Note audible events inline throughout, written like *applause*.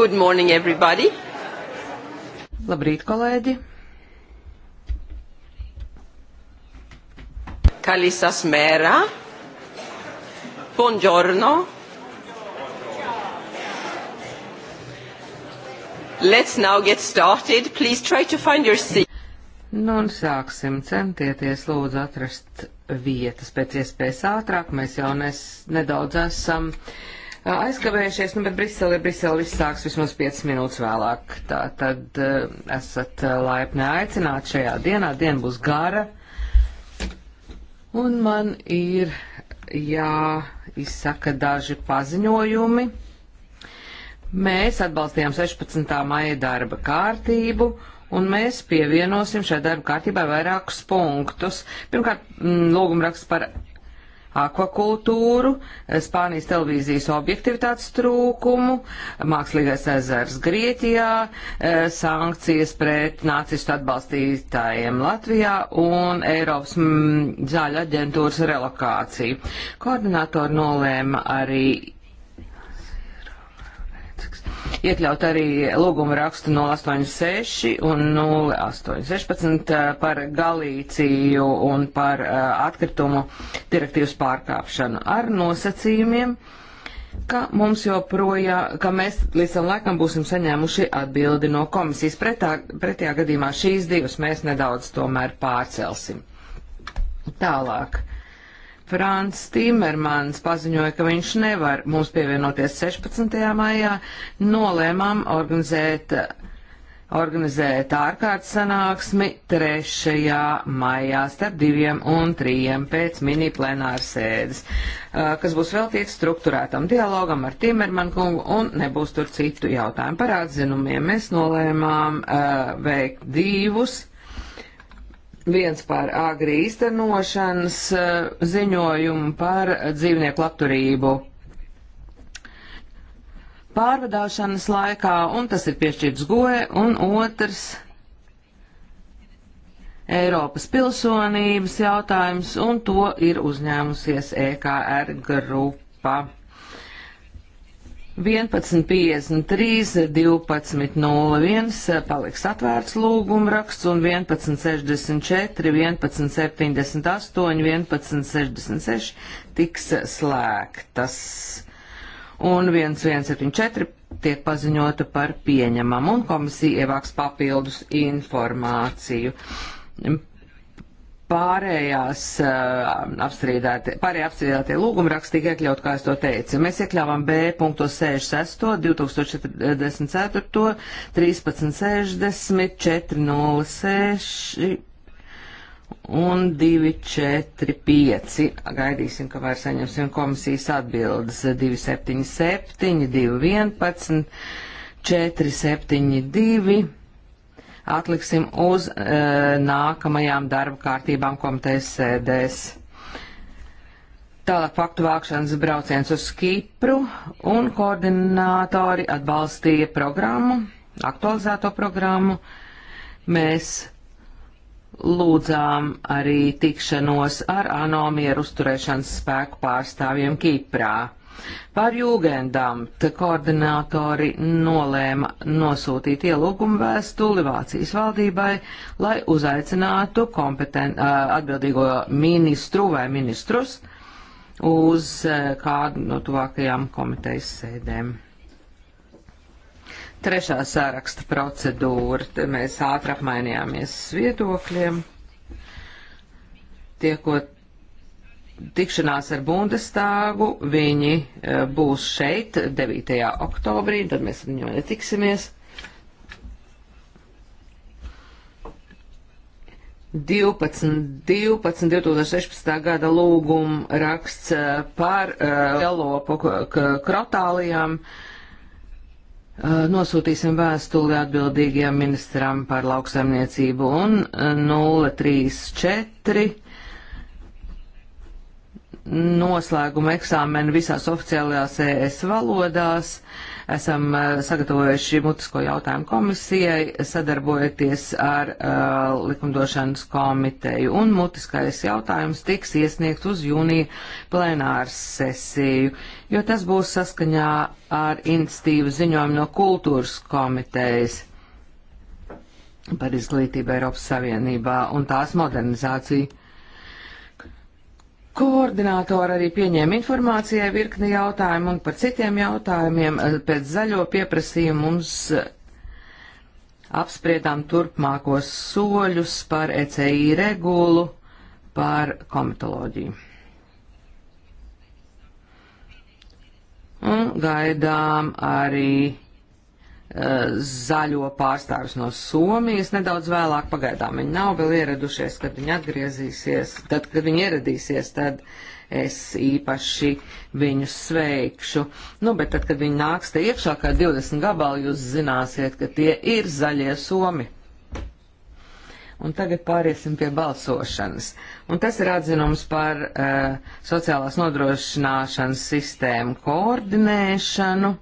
Good morning, everybody. Labrīt, kolēģi. Kalisas mērā. Buongiorno. Let's now get started. Please try to find your seat. Nu un sāksim. Centieties lūdzu atrast vietas pēc iespējas ātrāk. Mēs jau nes, nedaudz esam. Uh, aizkavējušies, nu, bet Brisele ir Brisele, viss sāks vismaz 5 minūtes vēlāk. Tā tad esat laipni aicināti šajā dienā, diena būs gara. Un man ir jāizsaka daži paziņojumi. Mēs atbalstījām 16. maija darba kārtību un mēs pievienosim šai darba kārtībai vairākus punktus. Pirmkārt, lūgumraksts par akvakultūru, Spānijas televīzijas objektivitātes trūkumu, mākslīgais ezers Grieķijā, eh, sankcijas pret nācistu atbalstītājiem Latvijā un Eiropas mm, zāļu aģentūras relokāciju. Koordinātori nolēma arī iekļaut arī lūgumu rakstu 086 un 0816 eh, par galīciju un par eh, atkritumu direktīvas pārkāpšanu ar nosacījumiem, ka mums joprojām, ka mēs līdz tam laikam būsim saņēmuši atbildi no komisijas. Pretā, pretējā gadījumā šīs divas mēs nedaudz tomēr pārcelsim. Tālāk. Uh, Frāns Timermans paziņoja, ka viņš nevar mums pievienoties 16. maijā, nolēmām organizēt, organizēt ārkārtas sanāksmi 3. maijā starp 2 un 3 pēc mini plenāras sēdes, kas būs veltīts struktūrētam dialogam ar Timerman kungu un nebūs tur citu jautājumu par atzinumiem. Mēs nolēmām uh, veikt divus viens par agri īstenošanas eh, ziņojumu par dzīvnieku labturību pārvadāšanas laikā, un tas ir piešķirts goe, un otrs Eiropas pilsonības jautājums, un to ir uzņēmusies EKR grupa. 11.53, 12.01 paliks atvērts lūguma raksts un 11.64, 11.78, 11.66 tiks slēgtas. Un 1174 tiek paziņota par pieņemamu un komisija ievāks papildus informāciju pārējās uh, apstrīdētie, pārējie apstrīdētie lūgumraksti tika iekļaut, kā es to teicu. Mēs iekļāvām B.66, 2044, 1360, 406 un 245. Gaidīsim, kamēr saņemsim komisijas atbildes 277, 211, 472 atliksim uz e, nākamajām darba kārtībām komitejas sēdēs. Tālāk faktu vākšanas brauciens uz Kipru un koordinātori atbalstīja programmu, aktualizēto programmu. Mēs lūdzām arī tikšanos ar ANO mieru uzturēšanas spēku pārstāvjiem Kiprā. Par Jūgendamt koordinātori nolēma nosūtīt ielūgumu vēstuli Vācijas valdībai, lai uzaicinātu kompeten, atbildīgo ministru vai ministrus uz kādu no tuvākajām komitejas sēdēm trešā sāraksta procedūra. Te mēs ātri apmainījāmies viedokļiem, tiekot tikšanās ar Bundestāgu, viņi e, būs šeit 9. oktobrī, tad mēs ar viņu netiksimies. 12, 12, 2016. gada lūguma raksts e, par uh, elopu krotālijām. Uh, nosūtīsim vēstuli atbildīgajam ministram par lauksaimniecību un 034 noslēguma eksāmenu visās oficiālajās ES valodās. Esam eh, sagatavojuši mutisko jautājumu komisijai, sadarbojoties ar uh, likumdošanas komiteju. Un mutiskais jautājums tiks iesniegt uz jūnija plenāras sesiju, jo tas būs saskaņā ar institīvu ziņojumu no kultūras komitejas par izglītību Eiropas Savienībā un tās modernizāciju. Koordinātori arī pieņēma informācijai virkni jautājumu un par citiem jautājumiem pēc zaļo pieprasījumu mums eh, apspriedām turpmākos soļus par ECI regulu, par komitoloģiju. Un gaidām arī zaļo pārstāvis no Somijas nedaudz vēlāk. Pagaidām viņi nav vēl ieradušies, kad viņi atgriezīsies. Tad, kad viņi ieradīsies, tad es īpaši viņus sveikšu. Nu, bet tad, kad viņi nāks te iekšā kā 20 gabali, jūs zināsiet, ka tie ir zaļie Somi. Un tagad pāriesim pie balsošanas. Un tas ir atzinums par uh, sociālās nodrošināšanas sistēmu koordinēšanu.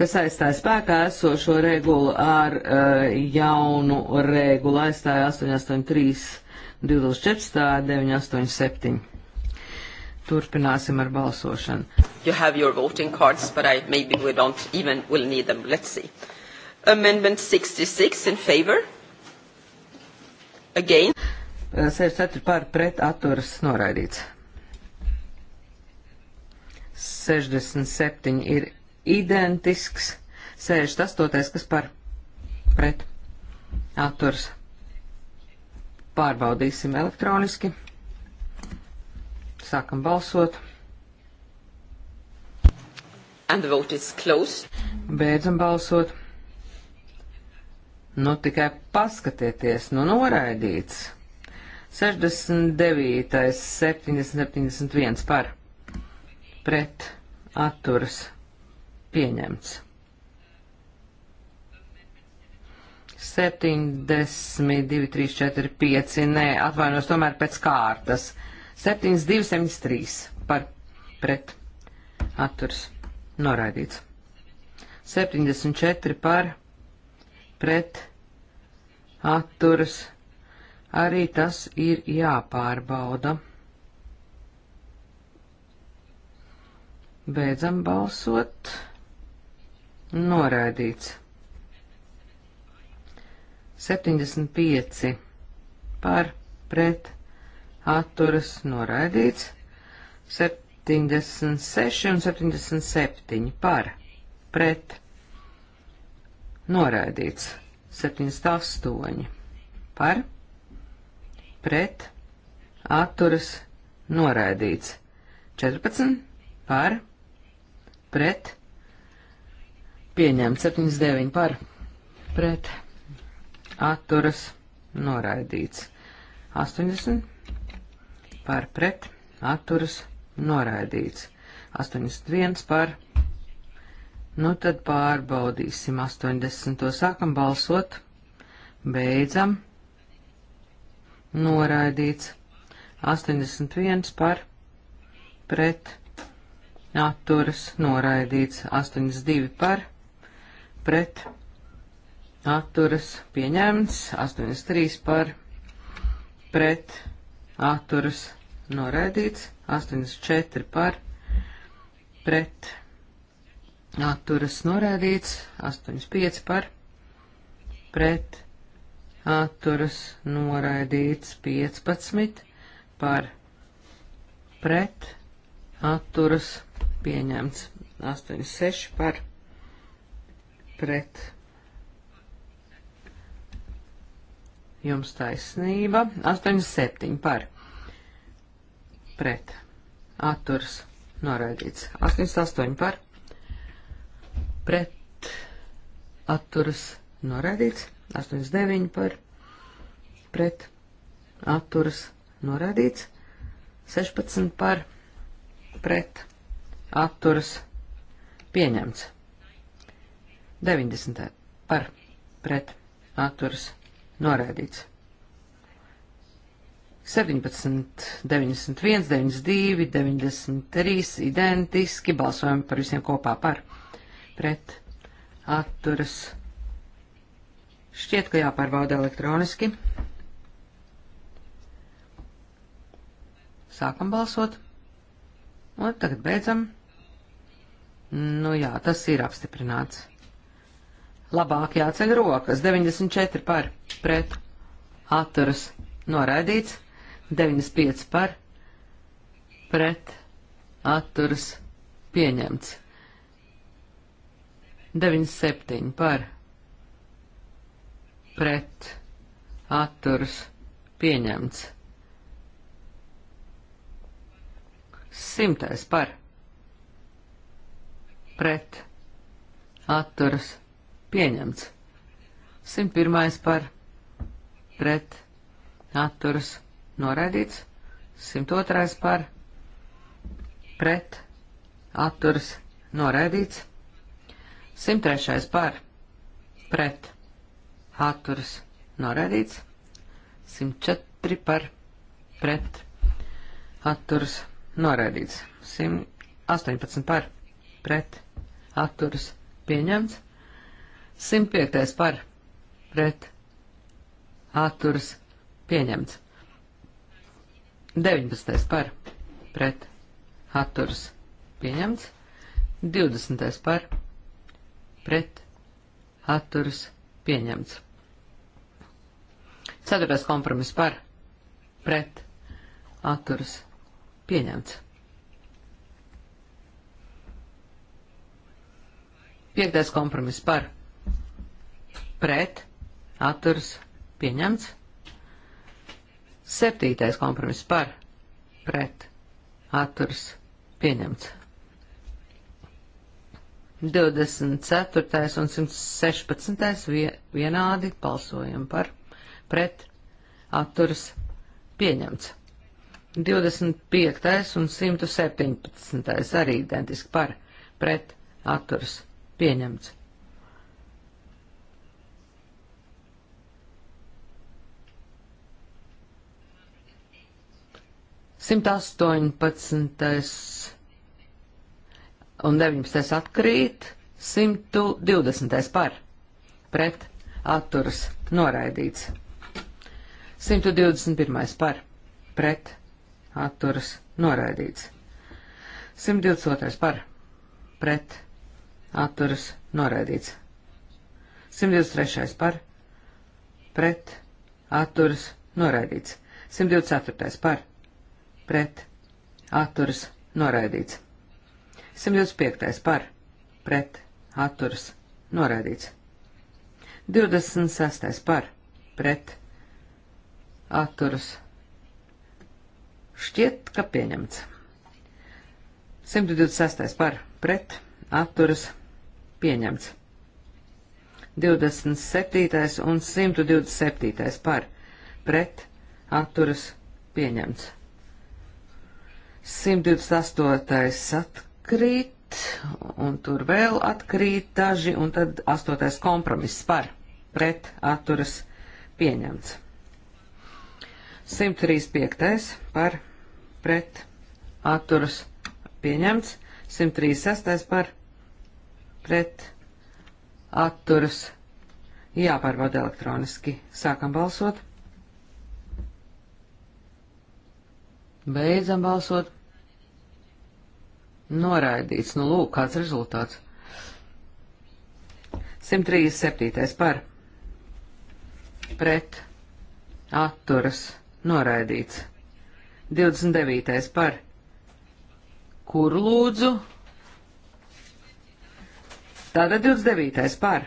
kas aizstāja spēkā esošo regulu ar uh, jaunu regulu aizstāja 883, 2014, 987. Turpināsim ar balsošanu. You have your voting cards, but I maybe we don't even will need them. Let's see. Amendment 66 in favor. Again. 64 eh, par pret atturas noraidīts. 67 ir identisks 68. kas par pret atturs. Pārbaudīsim elektroniski. Sākam balsot. And the vote is closed. Beidzam balsot. Nu, tikai paskatieties, nu noraidīts. 69, 70, 71 par pret atturas pieņemts. 72, 3, 4, 5, nē, atvainojos tomēr pēc kārtas. 72, 73 par pret atturs noraidīts. 74 par pret atturs arī tas ir jāpārbauda. Beidzam balsot. Noraidīts. 75 par pret atturas noraidīts. 76 un 77 par pret noraidīts. 78 par pret atturas noraidīts. 14 par pret Pieņemts 79 par pret atturas noraidīts. 80 par pret atturas noraidīts. 81 par. Nu tad pārbaudīsim 80. Sākam balsot. Beidzam. Noraidīts. 81 par pret atturas noraidīts. 82 par pret atturas pieņemts, 83 par pret atturas noraidīts, 84 par pret atturas noraidīts, 85 par pret atturas noraidīts, 15 par pret atturas pieņemts, 86 par pret pret. Jums taisnība. 87 par. Pret. Atturs. Noraidīts. 88 par. Pret. Atturs. Noraidīts. 89 par. Pret. Atturs. Noraidīts. 16 par. Pret. Atturs. Pieņemts. 90. par pret atturas noraidīts. 17, 91, 92, 93 identiski balsojam par visiem kopā par pret atturas. Šķiet, ka jāpārbauda elektroniski. Sākam balsot. Un tagad beidzam. Nu jā, tas ir apstiprināts. Labāk jāceļ rokas. 94 par pret atturas noraidīts. 95 par pret atturas pieņemts. 97 par pret atturas pieņemts. Simtais par pret atturas Pieņemts. 101. par pret atturas noraidīts. 102. par pret atturas noraidīts. 103. par pret atturas noraidīts. 104 par pret atturas noraidīts. 118 par pret atturas pieņemts. 105. par pret atturas pieņemts. 19. par pret atturas pieņemts. 20. par pret atturas pieņemts. 4. kompromiss par pret atturas pieņemts. 5. kompromiss par pret pret, atturs, pieņemts. Septītais kompromiss par, pret, atturs, pieņemts. 24. un 116. vienādi balsojam par, pret, atturs, pieņemts. 25. un 117. arī identiski par, pret, atturs, pieņemts. 118. un 19. atkrīt, 120. par, pret, atturas, noraidīts. 121. par, pret, atturas, noraidīts. 122. par, pret, atturas, noraidīts. 123. par, pret, atturas, noraidīts. 124. par, pret, atturas, noraidīts. 125. par, pret, atturas, noraidīts. 26. par, pret, atturas, šķiet, ka pieņemts. 126. par, pret, atturas, pieņemts. 27. un 127. par, pret, atturas, pieņemts. 128. atkrīt, un tur vēl atkrīt daži, un tad 8. kompromiss par pret atturas pieņemts. 135. par pret atturas pieņemts. 136. par pret atturas jāpārbauda elektroniski. Sākam balsot. Beidzam balsot. Noraidīts. Nu, lūk, kāds rezultāts. 137. par. Pret. Atturas. Noraidīts. 29. par. Kur lūdzu? Tātad 29. par.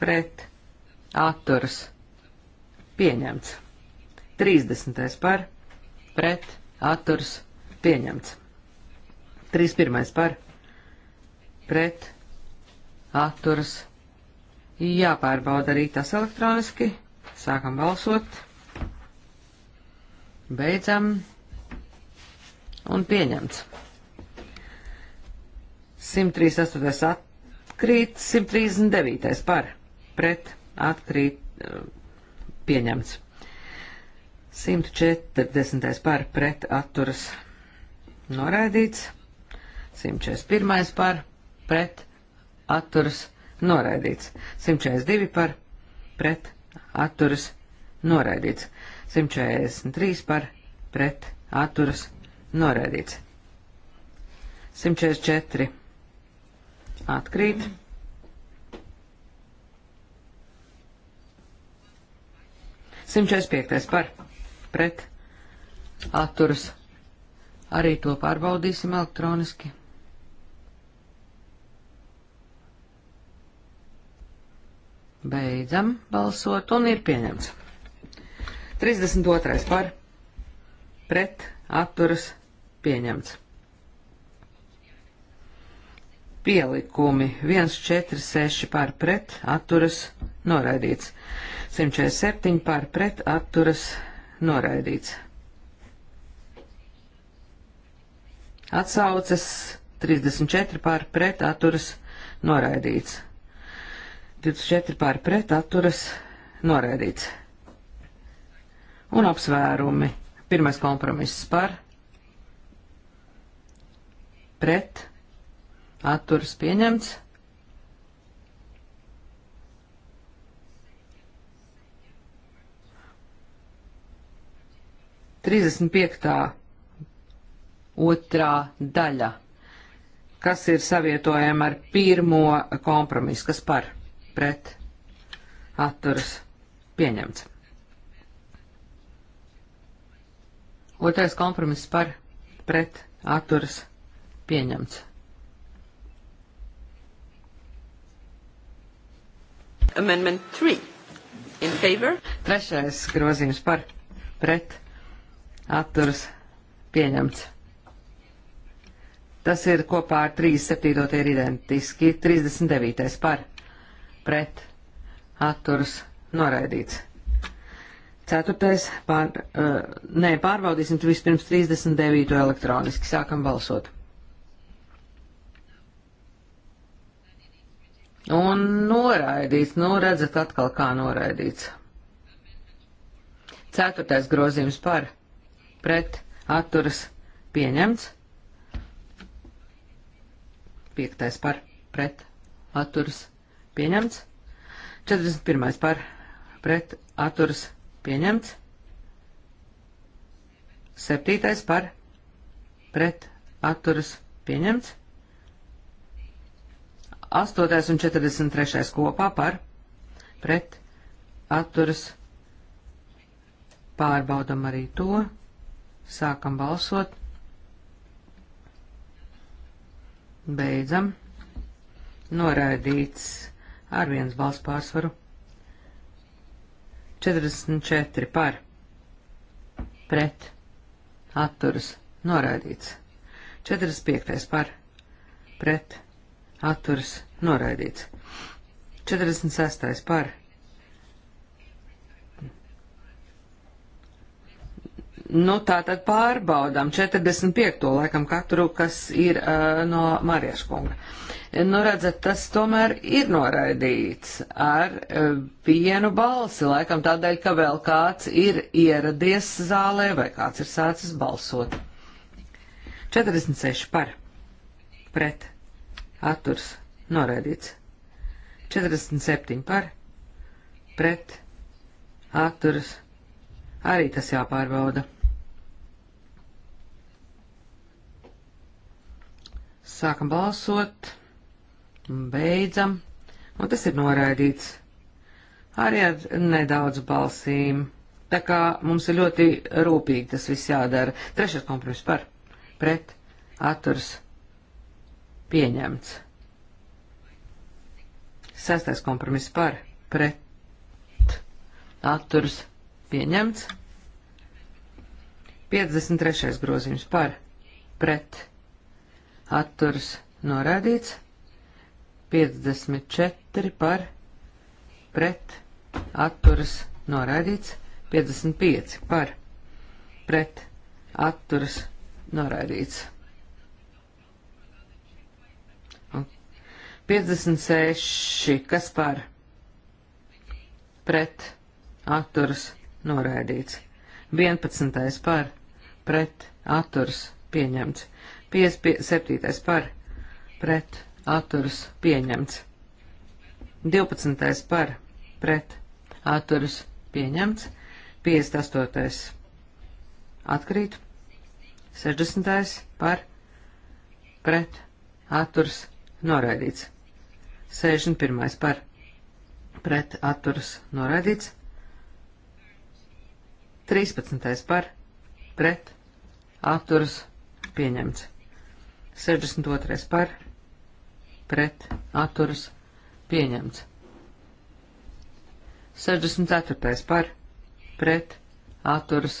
Pret. Atturas. Pieņemts. 30. par pret, atturs, pieņemts. 31. par, pret, atturs, jāpārbauda arī tas elektroniski, sākam balsot, beidzam un pieņemts. 138. atkrīt, 139. par, pret, atkrīt, pieņemts. 140. par pret atturas noraidīts, 141. par pret atturas noraidīts, 142 par pret atturas noraidīts, 143 par pret atturas noraidīts, 144 atkrīt. Simtčais piektais par pret atturas. Arī to pārbaudīsim elektroniski. Beidzam balsot un ir pieņemts. 32. par pret atturas pieņemts. Pielikumi 1, 4, 6 par pret atturas noraidīts. 147 par pret atturas pieņemts noraidīts. Atsaucas 34 pār pret atturas noraidīts. 24 pār pret atturas noraidīts. Un apsvērumi. Pirmais kompromiss par pret atturas pieņemts. 35. otrā daļa, kas ir savietojama ar pirmo kompromisu, kas par pret atturas pieņemts. Otrais kompromiss par pret atturas pieņemts. Amendment 3. In favor. Trešais grozījums par pret atturas pieņemts. Tas ir kopā ar 37. ir identiski, 39. par, pret, atturas noraidīts. Ceturtais, pār, uh, nē, pārbaudīsim vispirms 39. elektroniski, sākam balsot. Un noraidīts, nu redzat atkal kā noraidīts. Ceturtais grozījums par, pret pret atturas pieņemts. Piektais par pret atturas pieņemts. 41. par pret atturas pieņemts. 7. par pret atturas pieņemts. 8. un 43. kopā par pret atturas pārbaudam arī to. Sākam balsot. Beidzam. Noraidīts ar viens balss pārsvaru. 44 par. Pret. Atturas. Noraidīts. 45 par. Pret. Atturas. Noraidīts. 46 par. Nu, tā tad pārbaudām 45. laikam katru, kas ir uh, no Marieša kunga. Nu, redzat, tas tomēr ir noraidīts ar uh, vienu balsi, laikam tādēļ, ka vēl kāds ir ieradies zālē vai kāds ir sācis balsot. 46 par, pret, atturs, noraidīts. 47 par, pret, atturs, arī tas jāpārbauda. Sākam balsot, beidzam, un tas ir noraidīts. Arī ar nedaudz balsīm. Tā kā mums ir ļoti rūpīgi tas viss jādara. Trešais kompromiss par, pret, atturs, pieņemts. Sestais kompromiss par, pret, atturs, pieņemts. 53. grozījums par, pret, atturs atturas norādīts, 54 par pret atturas norādīts, 55 par pret atturas norādīts. Un 56, kas par pret atturas norādīts, 11 par pret atturas pieņemts, 57. par pret atturas pieņemts. 12. par pret atturas pieņemts. 58. atkrīt. 60. par pret atturas noraidīts. 61. par pret atturas noraidīts. 13. par pret atturas pieņemts. 62. par, pret, atturas, pieņemts. 64. par, pret, atturas,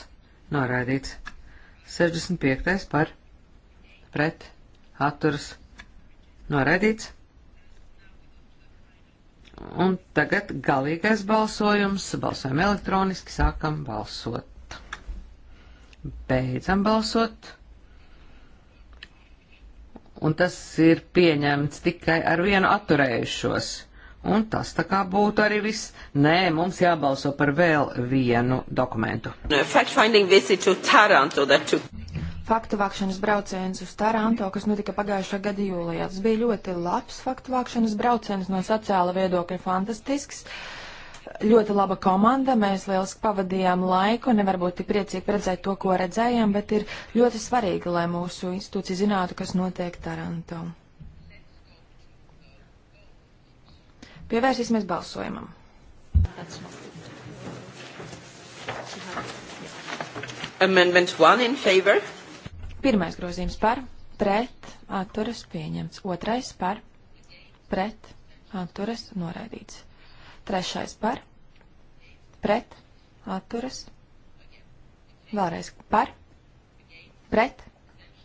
noraidīts. 65. par, pret, atturas, noraidīts. Un tagad galīgais balsojums. Balsojam elektroniski, sākam balsot. Beidzam balsot un tas ir pieņemts tikai ar vienu atturējušos. Un tas tā kā būtu arī viss. Nē, mums jābalso par vēl vienu dokumentu. Faktu vākšanas brauciens uz Taranto, kas notika nu pagājušā gada jūlijā. Tas bija ļoti labs faktu vākšanas brauciens no sociāla viedokļa fantastisks. Uh, ļoti laba komanda, mēs lieliski pavadījām laiku, nevar būt tik priecīgi redzēt to, ko redzējām, bet ir ļoti svarīgi, lai mūsu institūcija zinātu, kas notiek Taranto. Pievērsīsimies balsojumam. Amendment 1 in favor. Pirmais grozījums par, pret, atturas pieņemts. Otrais par, pret, atturas noraidīts. Trešais par, pret, atturas. Vēlreiz par, pret,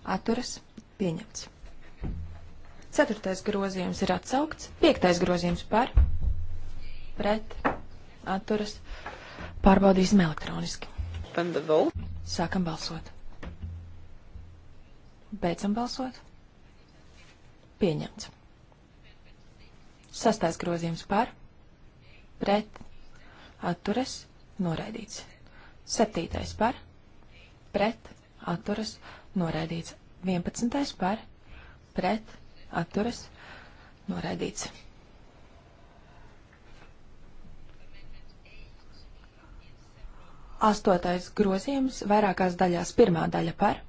atturas, pieņemts. Ceturtais grozījums ir atsaukts. Piektais grozījums par, pret, atturas. Pārbaudīsim elektroniski. Sākam balsot. Beidzam balsot. Pieņemts. Sastais grozījums par, pret, atturas, noraidīts. Septītais par, pret, atturas, noraidīts. Vienpadsmitais par, pret, atturas, noraidīts. Astotais grozījums vairākās daļās. Pirmā daļa par,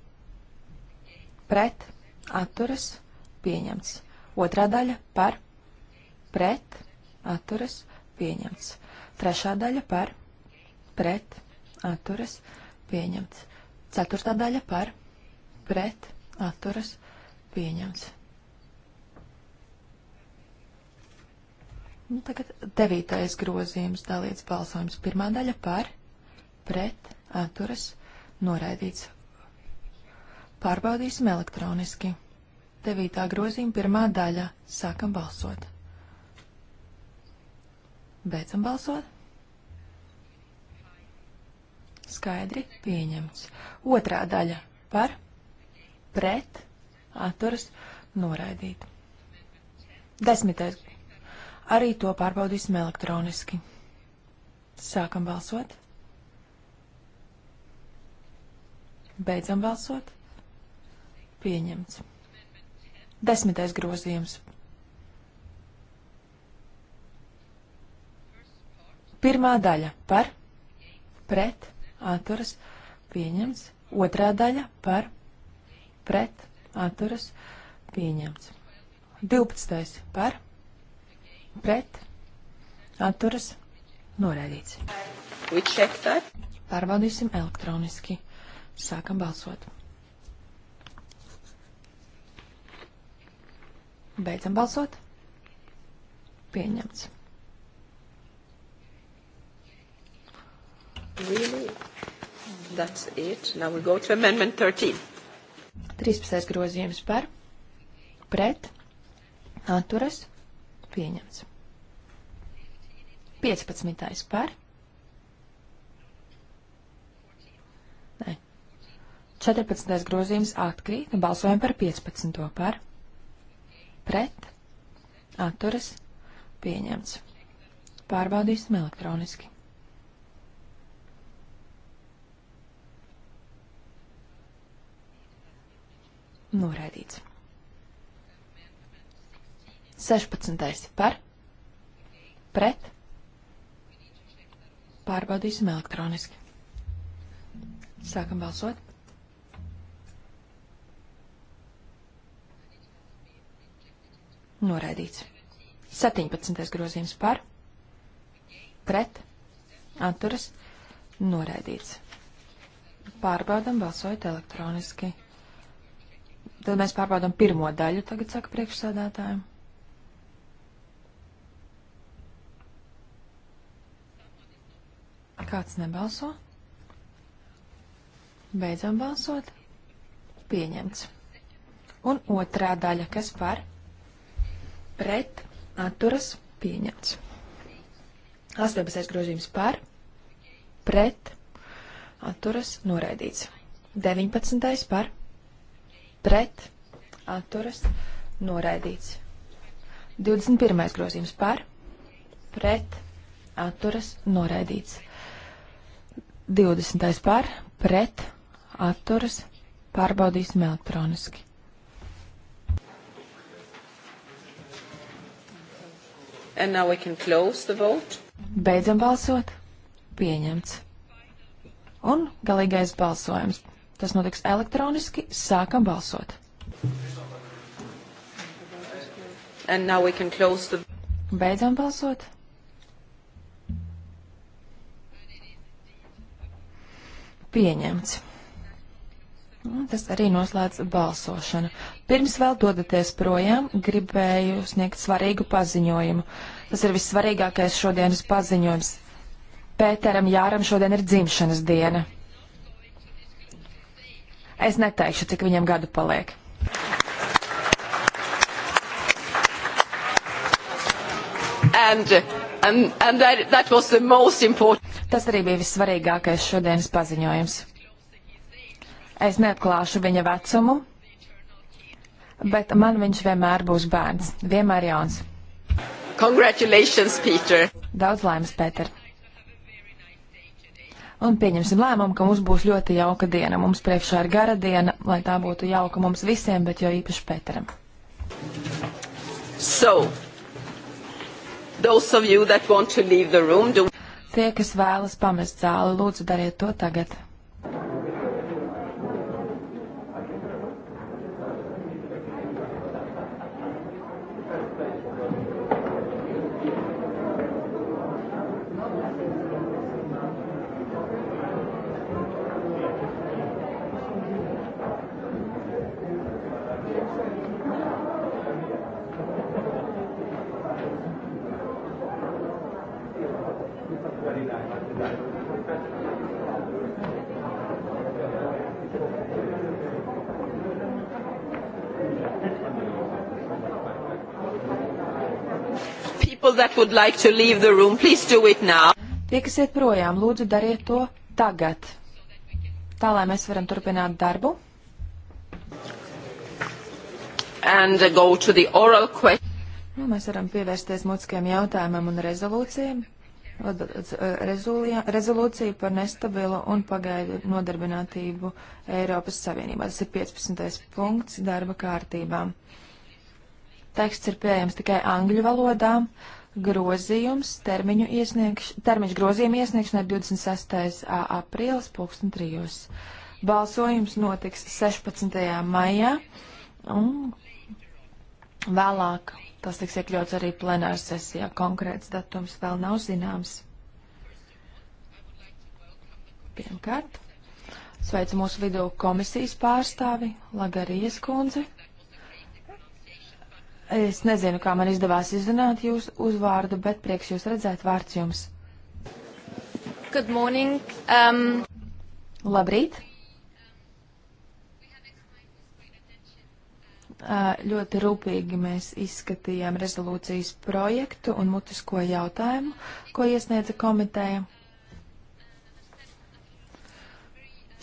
pret, atturas, pieņemts. Otrā daļa par, pret, atturas, pieņemts. Trešā daļa par, pret, atturas, pieņemts. Ceturtā daļa par, pret, atturas, pieņemts. Nu, tagad devītais grozījums dalīts balsojums. Pirmā daļa par, pret, atturas, noraidīts. Pārbaudīsim elektroniski. Devītā grozījuma pirmā daļa. Sākam balsot. Beidzam balsot. Skaidri pieņemts. Otrā daļa par, pret, atturas, noraidīt. Desmitais. Arī to pārbaudīsim elektroniski. Sākam balsot. Beidzam balsot. Pieņemts. Desmitais grozījums Pirmā daļa par, pret, atturas, pieņemts. Otrā daļa par, pret, atturas, pieņemts. 12. par, pret, atturas, noraidīts. Pārbaudīsim elektroniski. Sākam balsot. Beidzam balsot. Pieņemts. Really? That's it. Now we go to amendment 13. 13. grozījums par, pret, atturas, pieņemts. 15. par. Nē. 14. grozījums atkrīt un balsojam par 15. par. Pret, atturas, pieņemts. Pārbaudīsim elektroniski. Noraidīts. 16. par, pret, pārbaudīsim elektroniski. Sākam balsot. Noraidīts. 17. grozījums par, pret, atturas, noraidīts. Pārbaudam balsojot elektroniski. Tad mēs pārbaudām pirmo daļu, tagad saka priekšsēdētājiem. Kāds nebalso? Beidzam balsot. Pieņemts. Un otrā daļa, kas par? Pret, atturas, pieņemts. 18. grozījums par, pret, atturas, noraidīts. 19. par, pret pret, atturas, noraidīts. 21. grozījums par, pret, atturas, noraidīts. 20. par, pret, atturas, pārbaudīsim elektroniski. And now we can close the vote. Beidzam balsot. Pieņemts. Un galīgais balsojums. Tas notiks elektroniski. Sākam balsot. The... Beidzam balsot. Pieņemts. Nu, tas arī noslēdz balsošanu. Pirms vēl dodaties projām, gribēju sniegt svarīgu paziņojumu. Tas ir vissvarīgākais šodienas paziņojums. Pēteram Jāram šodien ir dzimšanas diena. Es neteikšu, cik viņam gadu paliek. And, and, and that, that was the most important. Tas arī bija vissvarīgākais šodienas paziņojums. Es neatklāšu viņa vecumu, bet man viņš vienmēr būs bērns, vienmēr jauns. Congratulations, Peter! Daudz laimes, Pēter! un pieņemsim lēmumu, ka mums būs ļoti jauka diena. Mums priekšā ir gara diena, lai tā būtu jauka mums visiem, bet jo īpaši Pēteram. So, those of you that want to leave the room, do... Tie, kas vēlas pamest zāli, lūdzu dariet to tagad. that would like to leave the room, please do it now. Tie, kas iet projām, lūdzu dariet to tagad, tā lai mēs varam turpināt darbu. And uh, go to the oral question. Nu, mēs varam pievērsties mūtiskiem jautājumiem un rezolūcijiem. E, rezolūcija, rezolūcija par nestabilu un pagaidu nodarbinātību Eiropas Savienībā. Tas ir 15. punkts darba kārtībā. Teksts ir pieejams tikai angļu valodā grozījums, termiņu iesniegš, termiņš grozījuma iesniegšanai 26. aprīlis pulksten trijos. Balsojums notiks 16. maijā un vēlāk tas tiks iekļauts arī plenāras sesijā. Konkrēts datums vēl nav zināms. Pirmkārt, sveicu mūsu vidū komisijas pārstāvi Lagarijas kundzi. Es nezinu, kā man izdevās izrunāt jūsu uzvārdu, bet prieks jūs redzēt, vārds jums. Good morning. Um... Labrīt. Uh, ļoti rūpīgi mēs izskatījām rezolūcijas projektu un mutisko jautājumu, ko iesniedza komiteja.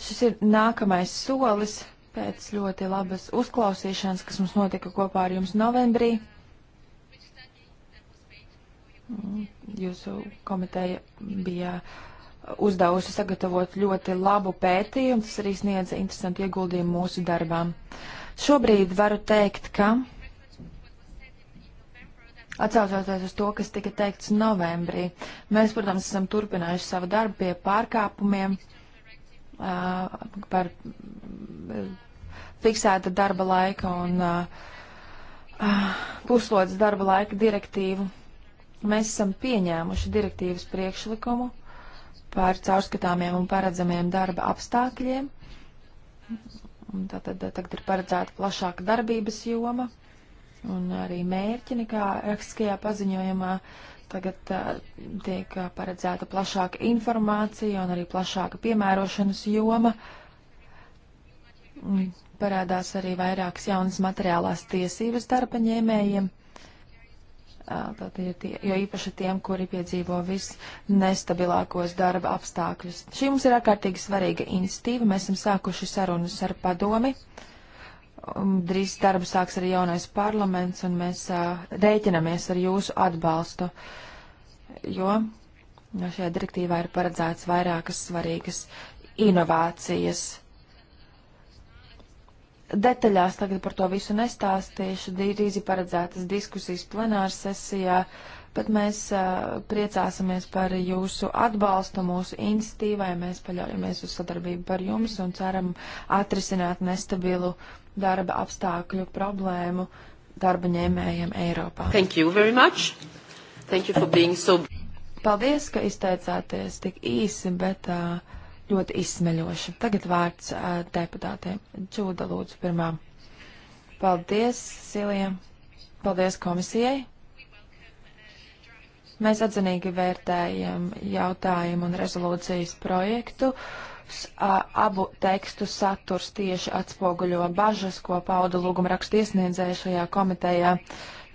Šis ir nākamais solis pēc ļoti labas uzklausīšanas, kas mums notika kopā ar jums novembrī. Jūsu komiteja bija uzdevusi sagatavot ļoti labu pētījumu, tas arī sniedza interesantu ieguldījumu mūsu darbām. Šobrīd varu teikt, ka Atcaucoties uz to, kas tika teikts novembrī, mēs, protams, esam turpinājuši savu darbu pie pārkāpumiem. Uh, par fiksēta darba laika un puslodes darba laika direktīvu. Mēs esam pieņēmuši direktīvas priekšlikumu par caurskatāmiem un paredzamiem darba apstākļiem. Tātad tagad ir paredzēta plašāka darbības joma un arī mērķi nekā rakstiskajā paziņojumā. Tagad uh, tiek paredzēta plašāka informācija un arī plašāka piemērošanas joma. Parādās arī vairākas jaunas materiālās tiesības darba ņēmējiem, uh, tie, jo īpaši tiem, kuri piedzīvo visnestabilākos darba apstākļus. Šī mums ir ārkārtīgi svarīga institīva. Mēs esam sākuši sarunas ar padomi. Uh, Um, drīz darbu sāks arī jaunais parlaments, un mēs rēķinamies ar jūsu atbalstu, jo šajā direktīvā ir paredzēts vairākas svarīgas inovācijas. Detaļās tagad par to visu nestāstīšu, drīz ir paredzētas diskusijas plenāra sesijā, bet mēs uh, priecāsimies par jūsu atbalstu mūsu institīvai, mēs paļaujamies uz sadarbību par jums un ceram atrisināt nestabilu uh, darba apstākļu problēmu darba ņēmējiem Eiropā. Thank you very much. Thank you for being so. Paldies, ka izteicāties tik īsi, bet uh, ļoti izsmeļoši. Tagad vārds uh, deputātiem. Čūda lūdzu pirmā. Paldies, Silija. Paldies komisijai. Mēs atzinīgi vērtējam jautājumu un rezolūcijas projektu. Uh, Abs, a, abu tekstu saturs tieši atspoguļo bažas, ko pauda lūguma rakstu iesniedzēja šajā komitejā,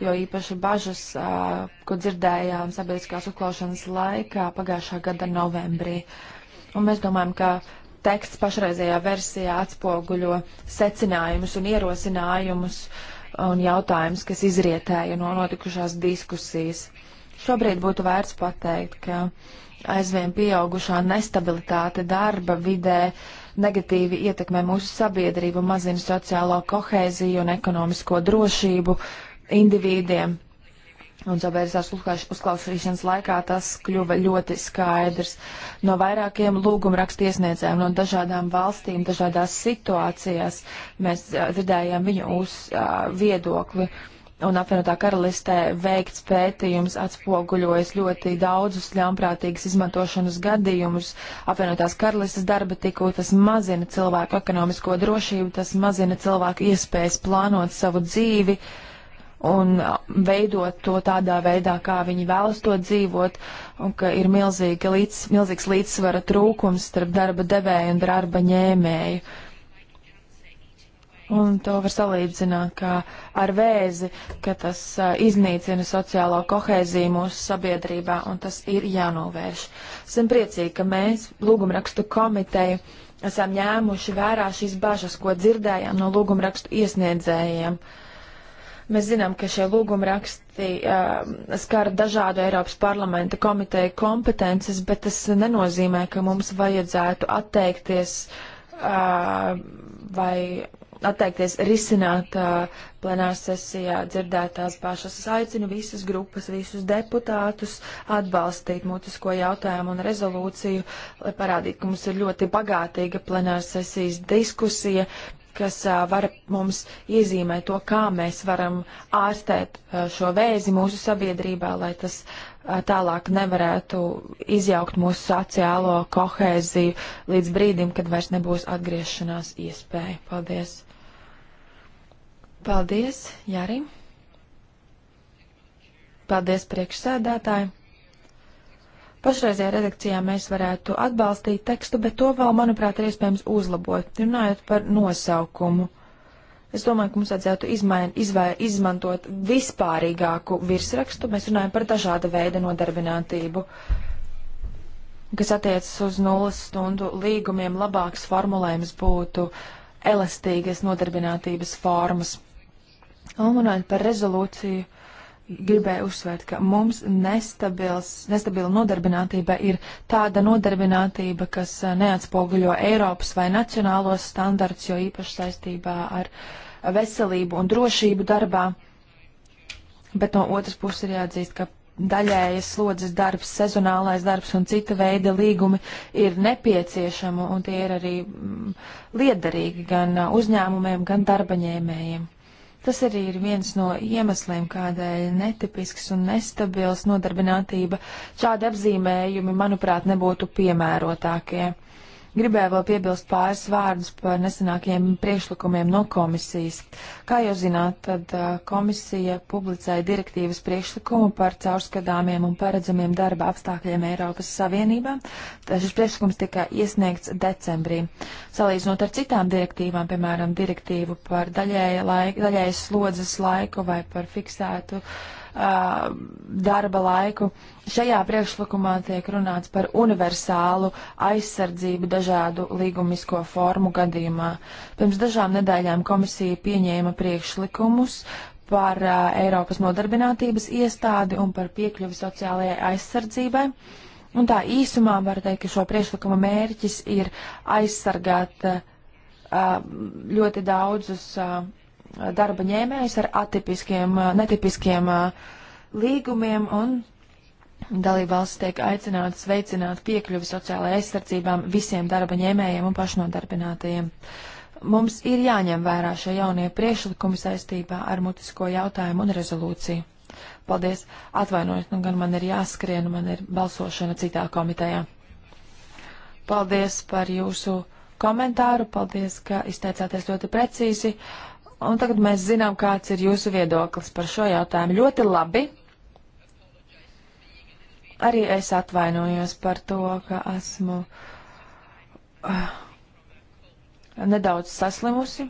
jo īpaši bažas, a, ko dzirdējām sabiedriskās uzklaušanas laikā pagājušā gada novembrī. Un mēs domājam, ka teksts pašreizējā versijā atspoguļo secinājumus un ierosinājumus un jautājumus, kas izrietēja no notikušās diskusijas. Šobrīd būtu vērts pateikt, ka aizvien pieaugušā nestabilitāte darba vidē negatīvi ietekmē mūsu sabiedrību, mazina sociālo kohēziju un ekonomisko drošību individiem. Un sabiedriskās uzklausīšanas laikā tas kļuva ļoti skaidrs. No vairākiem lūgumrakstu iesniedzējiem no dažādām valstīm, dažādās situācijās mēs dzirdējām viņu uz uh, viedokli. Uh, un apvienotā karalistē veikts pētījums atspoguļojas ļoti daudzus ļaunprātīgas izmantošanas gadījumus. Apvienotās karalistes darba tikū tas mazina cilvēku ekonomisko drošību, tas mazina cilvēku iespējas plānot savu dzīvi un veidot to tādā veidā, kā viņi vēlas to dzīvot, un ka ir milzīga līdz, milzīgs līdzsvara trūkums starp darba devēju un darba ņēmēju. Uh, Un to var salīdzināt ar vēzi, ka tas uh, iznīcina sociālo kohēziju mūsu sabiedrībā, un tas ir jānovērš. Esam priecīgi, ka mēs lūgumrakstu komiteju esam ņēmuši vērā šīs bažas, ko dzirdējām no lūgumrakstu iesniedzējiem. Mēs zinām, ka šie lūgumraksti uh, skar dažādu Eiropas parlamenta komiteju kompetences, bet tas nenozīmē, ka mums vajadzētu atteikties uh, vai atteikties risināt plenāru sesijā dzirdētās pašas. Es aicinu visas grupas, visus deputātus atbalstīt mutisko jautājumu un rezolūciju, lai parādītu, ka mums ir ļoti bagātīga plenāru sesijas diskusija, kas var mums iezīmēt to, kā mēs varam ārstēt šo vēzi mūsu sabiedrībā, lai tas tālāk nevarētu izjaukt mūsu sociālo kohēziju līdz brīdim, kad vairs nebūs atgriešanās iespēja. Paldies! Paldies, Jāri! Paldies priekšsēdētāji! Pašreizajā redakcijā mēs varētu atbalstīt tekstu, bet to vēl, manuprāt, ir iespējams uzlabot, runājot par nosaukumu. Uh, Es domāju, ka mums vajadzētu izmain, izvai, izmantot vispārīgāku virsrakstu. Mēs runājam par dažāda veida nodarbinātību, kas attiecas uz nulles stundu līgumiem. Labāks formulējums būtu elastīgas nodarbinātības formas. Un runājot par rezolūciju, gribēju uzsvērt, ka mums nestabils, nestabila nodarbinātība ir tāda nodarbinātība, kas neatspoguļo Eiropas vai nacionālos standarts, jo īpaši saistībā ar uh, veselību un drošību darbā, bet no otras puses ir jāatzīst, ka daļējas slodzes darbs, sezonālais darbs un cita veida līgumi ir nepieciešami un tie ir arī mm, liederīgi gan uh, uzņēmumiem, gan darbaņēmējiem. Tas arī ir viens no iemesliem, kādēļ netipisks un nestabils nodarbinātība šādi apzīmējumi, manuprāt, nebūtu piemērotākie. Gribēju vēl piebilst pāris vārdus par nesenākajiem priekšlikumiem no komisijas. Kā jau zināt, tad komisija publicēja direktīvas priekšlikumu par caurskatāmiem un paredzamiem darba apstākļiem Eiropas Savienībā. Šis priekšlikums tika iesniegts decembrī. Salīdzinot ar citām direktīvām, piemēram, direktīvu par daļējas daļēja slodzes laiku vai par fiksētu uh, uh, darba laiku. Šajā priekšlikumā tiek runāts par universālu aizsardzību dažādu līgumisko formu gadījumā. Pirms dažām nedēļām komisija pieņēma priekšlikumus par uh, Eiropas nodarbinātības iestādi un par piekļuvi sociālajai aizsardzībai. Un tā īsumā var teikt, ka šo priekšlikuma mērķis ir aizsargāt uh, ļoti daudzus uh, darba ņēmējus ar atipiskiem, uh, netipiskiem uh, līgumiem un dalībvalsts tiek aicinātas veicināt piekļuvi sociālajai aizsardzībām visiem darba ņēmējiem un pašnodarbinātajiem. Mums ir jāņem vērā šie jaunie priešlikumi saistībā ar mutisko jautājumu un rezolūciju. Paldies, atvainojiet, nu gan man ir jāskrien, man ir balsošana citā komitejā. Paldies par jūsu komentāru, paldies, ka izteicāties ļoti precīzi. Uh, Un tagad mēs zinām, kāds ir jūsu viedoklis par šo jautājumu. Ļoti labi. Arī es atvainojos par to, ka esmu uh, nedaudz saslimusi.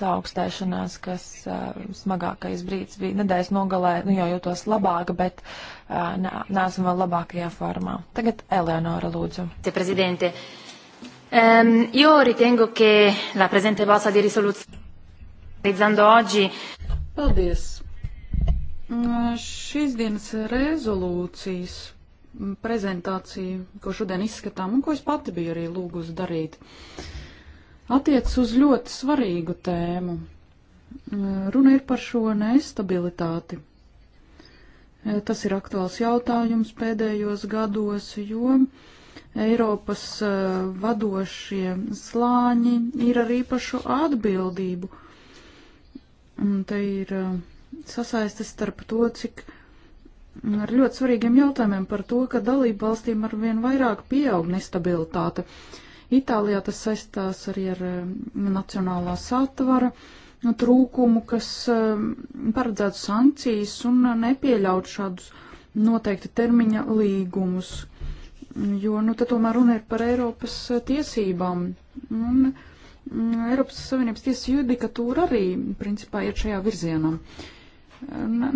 Saaugstēšanās, kas uh, smagākais brīdis bija nedēļas nogalē, nu jau jūtos labāk, bet uh, neesmu vēl labākajā formā. Tagad Eleonora lūdzu. Te prezidente, um, ehm, jo ritengo, ka la prezente balsa di risoluzione. Paldies! Šīs dienas rezolūcijas prezentācija, ko šodien izskatām un ko es pati biju arī lūgusi darīt, attiecas uz ļoti svarīgu tēmu. Runa ir par šo nestabilitāti. Tas ir aktuāls jautājums pēdējos gados, jo Eiropas vadošie slāņi ir ar īpašu atbildību Un te ir eh, sasaistes starp to, cik mm, ar ļoti svarīgiem jautājumiem par to, ka dalību valstīm ar vien vairāk pieaug nestabilitāte. Itālijā tas saistās arī ar eh, nacionālā satvara trūkumu, kas eh, paredzētu sankcijas un nepieļaut šādus noteikti termiņa līgumus. Jo, nu, te tomēr runa ir par Eiropas tiesībām. Un, nu, Eiropas Savienības tiesa judikatūra arī principā iet šajā virzienā.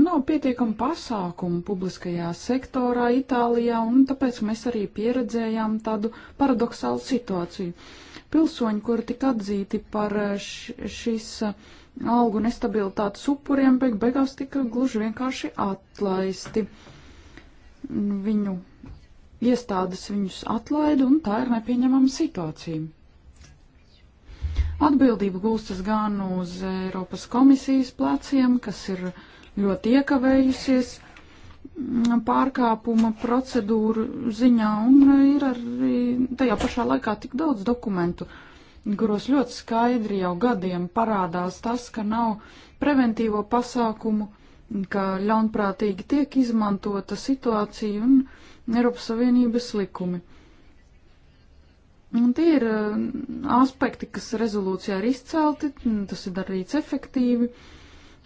Nav pietiekama pasākumu publiskajā sektorā Itālijā, un tāpēc mēs arī pieredzējām tādu paradoxālu situāciju. Pilsoņi, kuri tika atzīti par šīs uh, algu nestabilitātes upuriem, beig beigās tika gluži vienkārši atlaisti. Viņu iestādes viņus atlaida, un tā ir nepieņemama situācija. Atbildība gūstas gan uz Eiropas komisijas pleciem, kas ir ļoti iekavējusies mm, pārkāpuma procedūru ziņā, un ir arī tajā pašā laikā tik daudz dokumentu, kuros ļoti skaidri jau gadiem parādās tas, ka nav preventīvo pasākumu, ka ļaunprātīgi tiek izmantota situācija un Eiropas Savienības likumi. Un tie ir eh, aspekti, kas rezolūcijā ir izcelti, tas ir darīts efektīvi.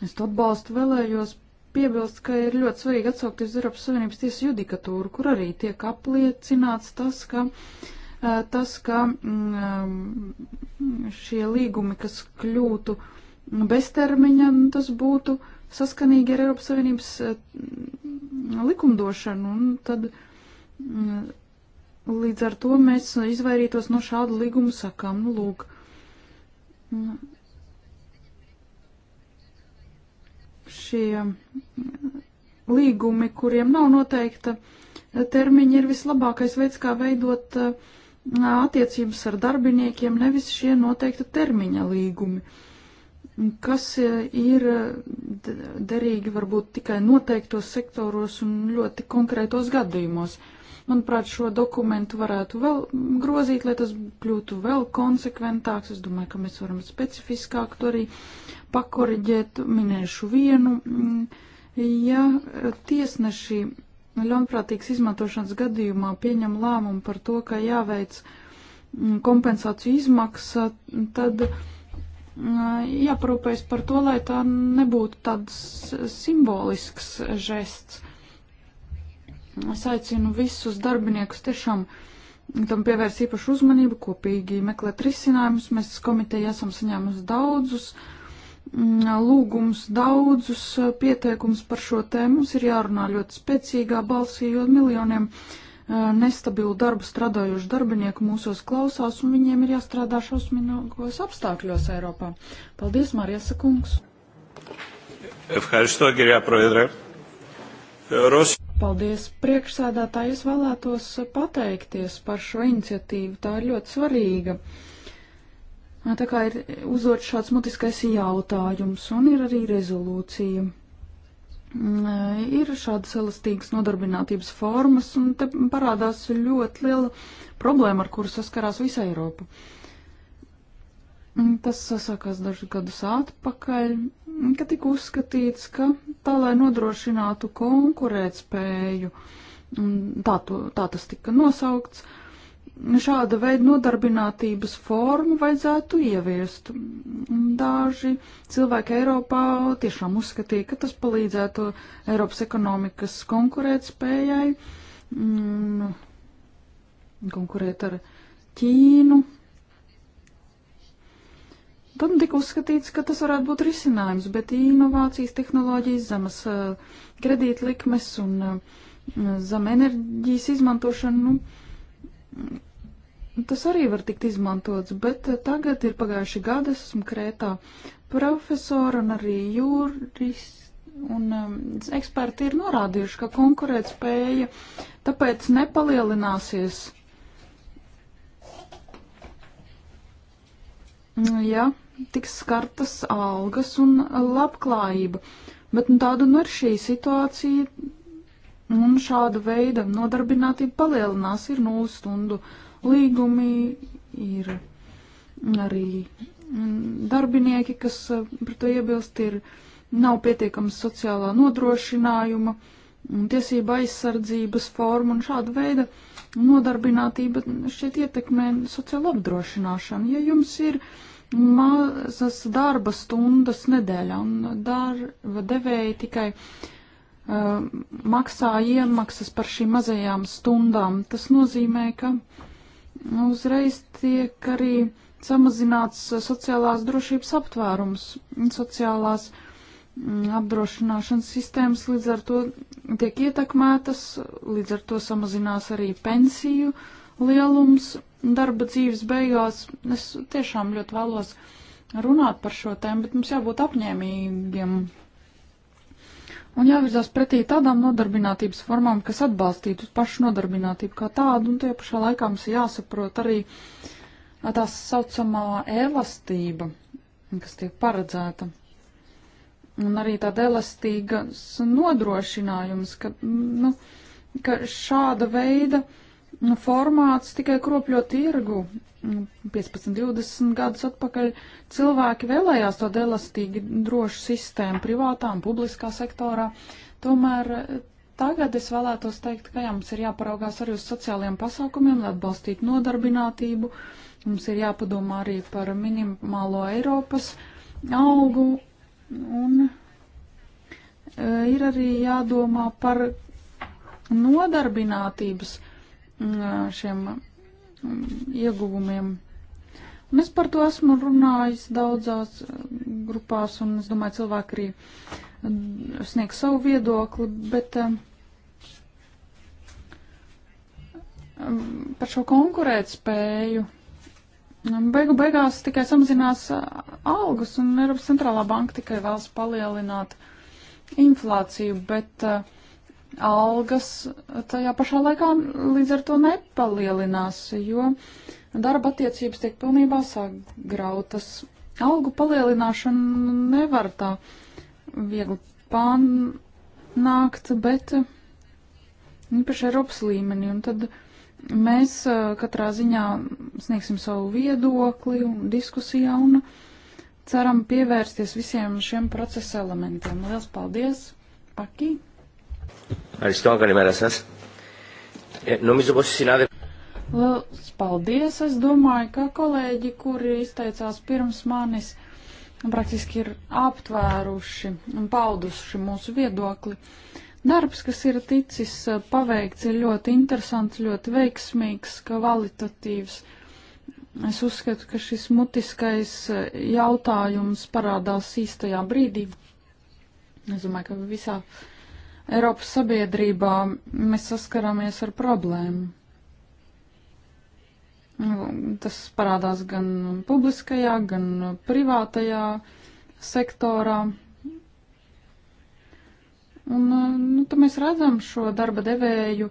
Es to atbalstu vēlējos piebilst, ka ir ļoti svarīgi atsaukties Eiropas Savienības tiesas judikatūru, kur arī tiek apliecināts tas, ka eh, tas, ka mm, eh, šie līgumi, kas kļūtu beztermiņa, tas būtu saskanīgi ar Eiropas Savienības likumdošanu, un tad mm, Līdz ar to mēs izvairītos no šādu līgumu sakām. Nu, lūk. Nu, šie līgumi, kuriem nav noteikta termiņa, ir vislabākais veids, kā veidot attiecības ar darbiniekiem, nevis šie noteikta termiņa līgumi, kas ir derīgi varbūt tikai noteiktos sektoros un ļoti konkrētos gadījumos. Manuprāt, šo dokumentu varētu vēl grozīt, lai tas kļūtu vēl konsekventāks. Es domāju, ka mēs varam specifiskāk to arī pakoriģēt. Minēšu vienu. Mm, ja tiesneši ļaunprātīgas izmantošanas gadījumā pieņem lēmumu par to, ka jāveic mm, kompensāciju izmaksa, tad mm, jāparūpējas par to, lai tā nebūtu tāds simbolisks žests. Es aicinu visus darbiniekus tiešām tam pievērst īpašu uzmanību, kopīgi meklēt risinājumus. Mēs komiteja esam saņēmusi daudzus mm, lūgums, daudzus eh, pieteikums par šo tēmu. Mums ir jārunā ļoti spēcīgā balsī, jo miljoniem eh, nestabilu darbu strādājuši darbinieki mūsos klausās, un viņiem ir jāstrādā šausmīgos apstākļos Eiropā. Paldies, Marijas kungs! Ευχαριστώ, κυρία Πρόεδρε. Ρώσ... Paldies, priekšsēdētāji. Es vēlētos pateikties par šo iniciatīvu. Tā ir ļoti svarīga. Tā kā ir uzdot šāds mutiskais jautājums un ir arī rezolūcija. Mm, ir šādas elastīgas nodarbinātības formas un te parādās ļoti liela problēma, ar kuru saskarās visa Eiropa. Uh, Tas sasākās dažus gadus atpakaļ, ka tika uzskatīts, ka tā, lai nodrošinātu konkurētspēju, tā, to, tā tas tika nosaukts, šāda veida nodarbinātības formu vajadzētu ieviest. Daži cilvēki Eiropā tiešām uzskatīja, ka tas palīdzētu Eiropas ekonomikas konkurētspējai, konkurēt ar Ķīnu, Tad tika uzskatīts, ka tas varētu būt risinājums, bet inovācijas, tehnoloģijas, zemas eh, kredītlikmes un eh, zem enerģijas izmantošana, nu, tas arī var tikt izmantots, bet eh, tagad ir pagājuši gadi, esmu Krētā profesora un arī jurists. Un um, eksperti ir norādījuši, ka konkurētspēja tāpēc nepalielināsies. Mm, ja tiks skartas algas un labklājība. Bet nu, tāda nu ir šī situācija, un šāda veida nodarbinātība palielinās, ir nulles stundu līgumi, ir arī mm, darbinieki, kas eh, par to iebilst, ir nav pietiekams sociālā nodrošinājuma, tiesība aizsardzības forma un šāda veida nodarbinātība šeit ietekmē sociālo apdrošināšanu. Ja jums ir uh, mazas darba stundas nedēļā, un darba devēji tikai uh, maksā iemaksas par šīm mazajām stundām. Tas nozīmē, ka nu, uzreiz tiek arī samazināts sociālās drošības aptvērums, sociālās mm, apdrošināšanas sistēmas līdz ar to tiek ietekmētas, līdz ar to samazinās arī pensiju lielums darba dzīves beigās. Es tiešām ļoti vēlos runāt par šo tēmu, bet mums jābūt apņēmīgiem un jāvirzās pretī tādām nodarbinātības formām, kas atbalstītu pašu nodarbinātību kā tādu, un tie pašā laikā mums jāsaprot arī tā saucamā elastība, kas tiek paredzēta. Un arī tāda elastīgas nodrošinājums, ka, nu, ka šāda veida uh, Nu, formāts tikai kropļo tirgu. 15, nu, 20 gadus atpakaļ cilvēki vēlējās tādu elastīgi drošu sistēmu privātā un publiskā sektorā. Tomēr eh, tagad es vēlētos teikt, ka jā, mums ir jāparaugās arī uz sociālajiem pasākumiem, lai atbalstītu nodarbinātību. Mums ir jāpadomā arī par minimālo Eiropas augu un eh, ir arī jādomā par nodarbinātības šiem ieguvumiem. Un es par to esmu runājis daudzās grupās, un es domāju, cilvēki arī sniegs savu viedokli, bet par šo konkurētspēju beigu beigās tikai samazinās algas, un Eiropas centrālā banka tikai vēlas palielināt inflāciju, bet uh, algas tajā pašā laikā līdz ar to nepalielinās, jo darba attiecības tiek pilnībā sagrautas. Algu palielināšanu nevar tā viegli panākt, bet īpaši Eiropas līmenī. Un tad mēs uh, katrā ziņā sniegsim savu viedokli un diskusijā un ceram pievērsties visiem šiem procesa elementiem. Lielas paldies! Paki! Ευχαριστώ. Καλημέρα σας. Ε, νομίζω πως οι συνάδελφοι... Lielas paldies! Es domāju, ka kolēģi, kuri izteicās pirms manis, praktiski ir aptvēruši un pauduši mūsu viedokli. Darbs, kas ir ticis eh, paveikts, ir ļoti interesants, ļoti veiksmīgs, kvalitatīvs. Es uzskatu, ka šis mutiskais eh, jautājums parādās īstajā brīdī. Es domāju, ka visā Eiropas sabiedrībā mēs saskaramies ar problēmu. Tas parādās gan publiskajā, gan privātajā sektorā. Un nu, tad mēs redzam šo darba devēju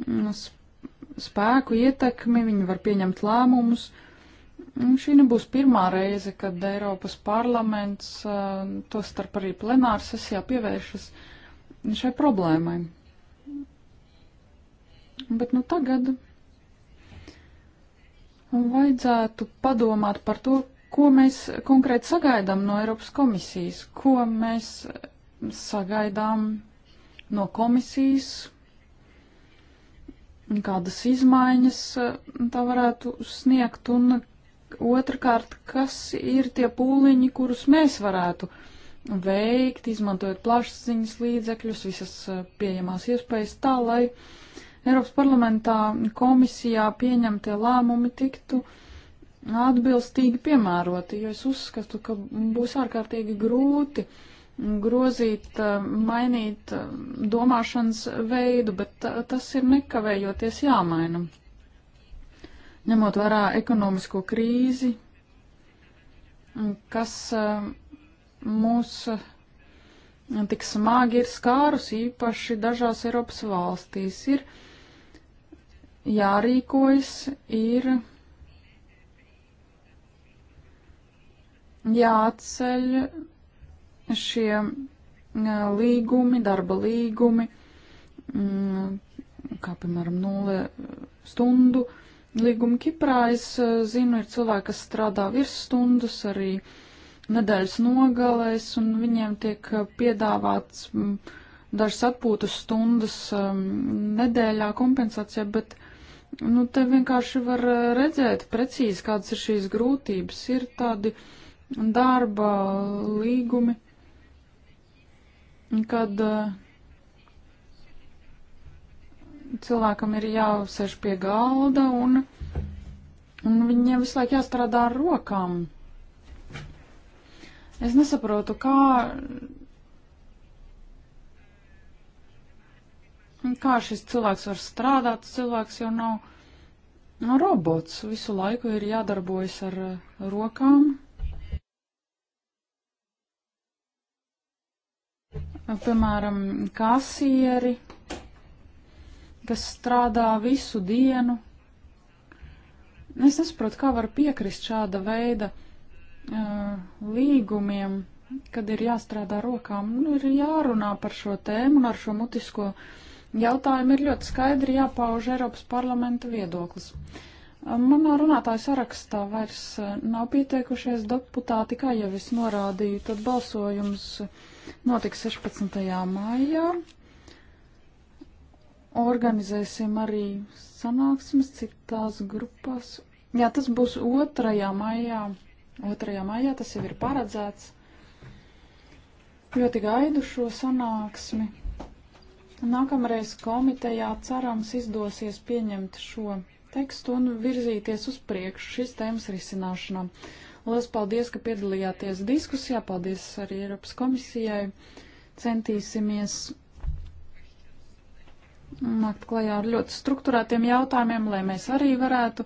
mm, spēku ietekmi, viņi var pieņemt lēmumus. Un šī nebūs pirmā reize, kad Eiropas parlaments, eh, to starp arī plenāra sesijā pievēršas uh, šai problēmai. Bet nu tagad vajadzētu padomāt par to, ko mēs konkrēti sagaidām no Eiropas komisijas, ko mēs sagaidām no komisijas, kādas izmaiņas tā varētu sniegt, un otrkārt, kas ir tie pūliņi, kurus mēs varētu uh, veikt, izmantojot plašsaziņas līdzekļus, visas eh, pieejamās iespējas tā, lai Eiropas parlamentā komisijā pieņemtie lēmumi tiktu atbilstīgi piemēroti, jo es uzskatu, ka būs ārkārtīgi grūti grozīt, eh, mainīt eh, domāšanas veidu, bet tas ir nekavējoties jāmaina. Ņemot vērā ekonomisko krīzi, kas mūs mm, tik smagi ir skārus, īpaši dažās Eiropas valstīs. Ir jārīkojas, ir jāatceļ šie mm, līgumi, darba līgumi, mm, kā piemēram nulle stundu līgumi Kiprā. Es eh, zinu, ir cilvēki, kas strādā virsstundas arī. Uh, nedēļas nogalēs, un viņiem tiek uh, piedāvāts mm, dažas atpūtas stundas um, nedēļā kompensācijā, bet nu, te vienkārši var uh, redzēt precīzi, kādas ir šīs grūtības. Ir tādi darba līgumi, kad uh, cilvēkam ir jāsēž pie galda un, un viņiem visu laiku jāstrādā ar rokām. Es nesaprotu, kā, kā šis cilvēks var strādāt. Cilvēks jau nav robots. Visu laiku ir jādarbojas ar rokām. Piemēram, kasieri, kas strādā visu dienu. Es nesaprotu, kā var piekrist šāda veida līgumiem, kad ir jāstrādā rokām, ir jārunā par šo tēmu un ar šo mutisko jautājumu ir ļoti skaidri jāpauž Eiropas parlamenta viedoklis. Manā runātāju sarakstā vairs nav pieteikušies deputāti, kā jau es norādīju, tad balsojums notiks 16. maijā. Organizēsim arī sanāksmes citās grupās. Jā, tas būs 2. maijā 2. maijā tas jau ir paredzēts. Ļoti gaidu šo sanāksmi. Nākamreiz komitejā cerams izdosies pieņemt šo tekstu un virzīties uz priekšu šīs tēmas risināšanā. Lielas paldies, ka piedalījāties diskusijā, paldies arī Eiropas komisijai. Centīsimies nākt klajā ar ļoti struktūrētiem jautājumiem, lai mēs arī varētu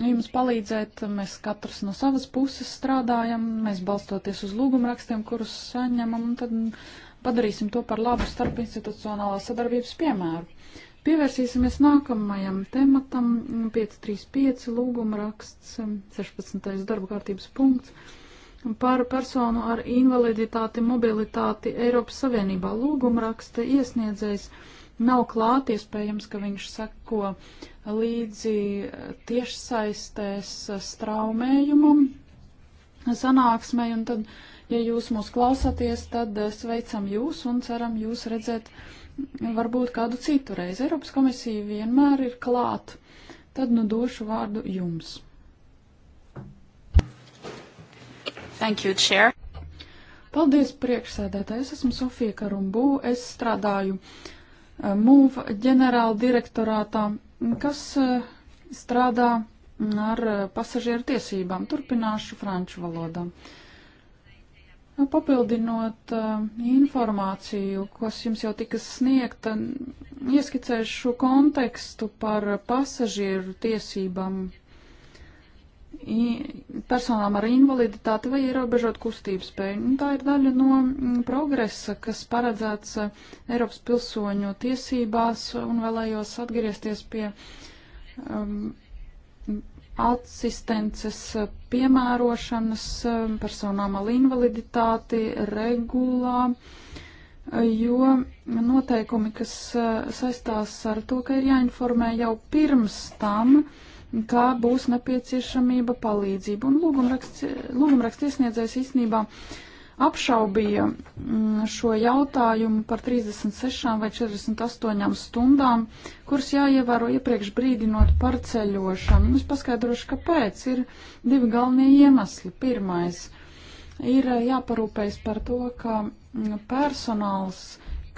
Nu, jums palīdzēt. Mēs katrs no savas puses strādājam, mēs balstoties uz lūgumrakstiem, kurus saņemam, un tad padarīsim to par labu starp institucionālās sadarbības piemēru. Pievērsīsimies nākamajam tematam 535 lūgumraksts 16. darba kārtības punkts par personu ar invaliditāti mobilitāti Eiropas Savienībā lūgumraksta iesniedzējs nav klāt, iespējams, ka viņš seko līdzi tiešsaistēs straumējumam, sanāksmē, un tad, ja jūs mūs klausāties, tad sveicam jūs un ceram jūs redzēt varbūt kādu citu reizi. Eiropas komisija vienmēr ir klāt. Tad nu došu vārdu jums. Thank you, Chair. Paldies, priekšsēdētāji. Es esmu Sofija Karumbū. Es strādāju uh, MUV ģenerāla direktorātā, kas e, strādā ar e, pasažieru tiesībām. Turpināšu franču valodā. Papildinot e, informāciju, kas jums jau tika sniegta, ieskicēšu kontekstu par pasažieru tiesībām personām ar invaliditāti vai ierobežot kustības spēju. Un nu, tā ir daļa no mm, progresa, kas paredzēts eh, Eiropas pilsoņu tiesībās, un vēlējos atgriezties pie um, ehm, asistences piemērošanas ehm, personām ar invaliditāti regulā, jo noteikumi, kas eh, saistās ar to, ka ir jāinformē jau pirms tam, uh, kā būs nepieciešamība palīdzība. Un lūgumraksts lūgumrakst iesniedzējs īstenībā apšaubīja mm, šo jautājumu par 36 vai 48 stundām, kuras jāievēro iepriekš brīdinot par ceļošanu. Es paskaidrošu, kāpēc. Ir divi galvenie iemesli. Pirmais ir jāparūpējas par to, ka mm, personāls,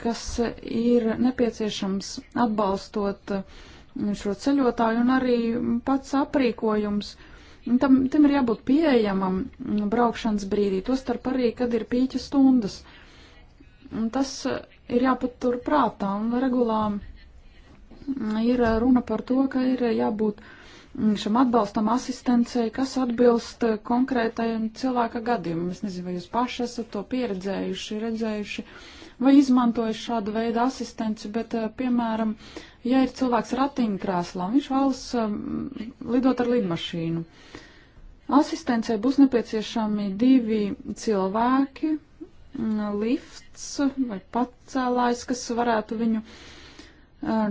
kas ir nepieciešams atbalstot uh, šo ceļotāju un arī pats aprīkojums. Tam, tam ir jābūt pieejamam braukšanas brīdī, tostarp arī, kad ir pīķa stundas. Un tas eh, ir jāpatur prātā un regulā mm, ir eh, runa par to, ka ir eh, jābūt šam mm, atbalstam asistencei, kas atbilst konkrētajam cilvēka gadījumam. Es nezinu, vai jūs paši esat to pieredzējuši, redzējuši vai izmantojuši šādu veidu asistenci, bet, piemēram, ja ir cilvēks ratiņkrēslā un viņš vēlas um, lidot ar lidmašīnu. Asistencē būs nepieciešami divi cilvēki, mm, lifts vai pacēlājs, kas varētu viņu uh,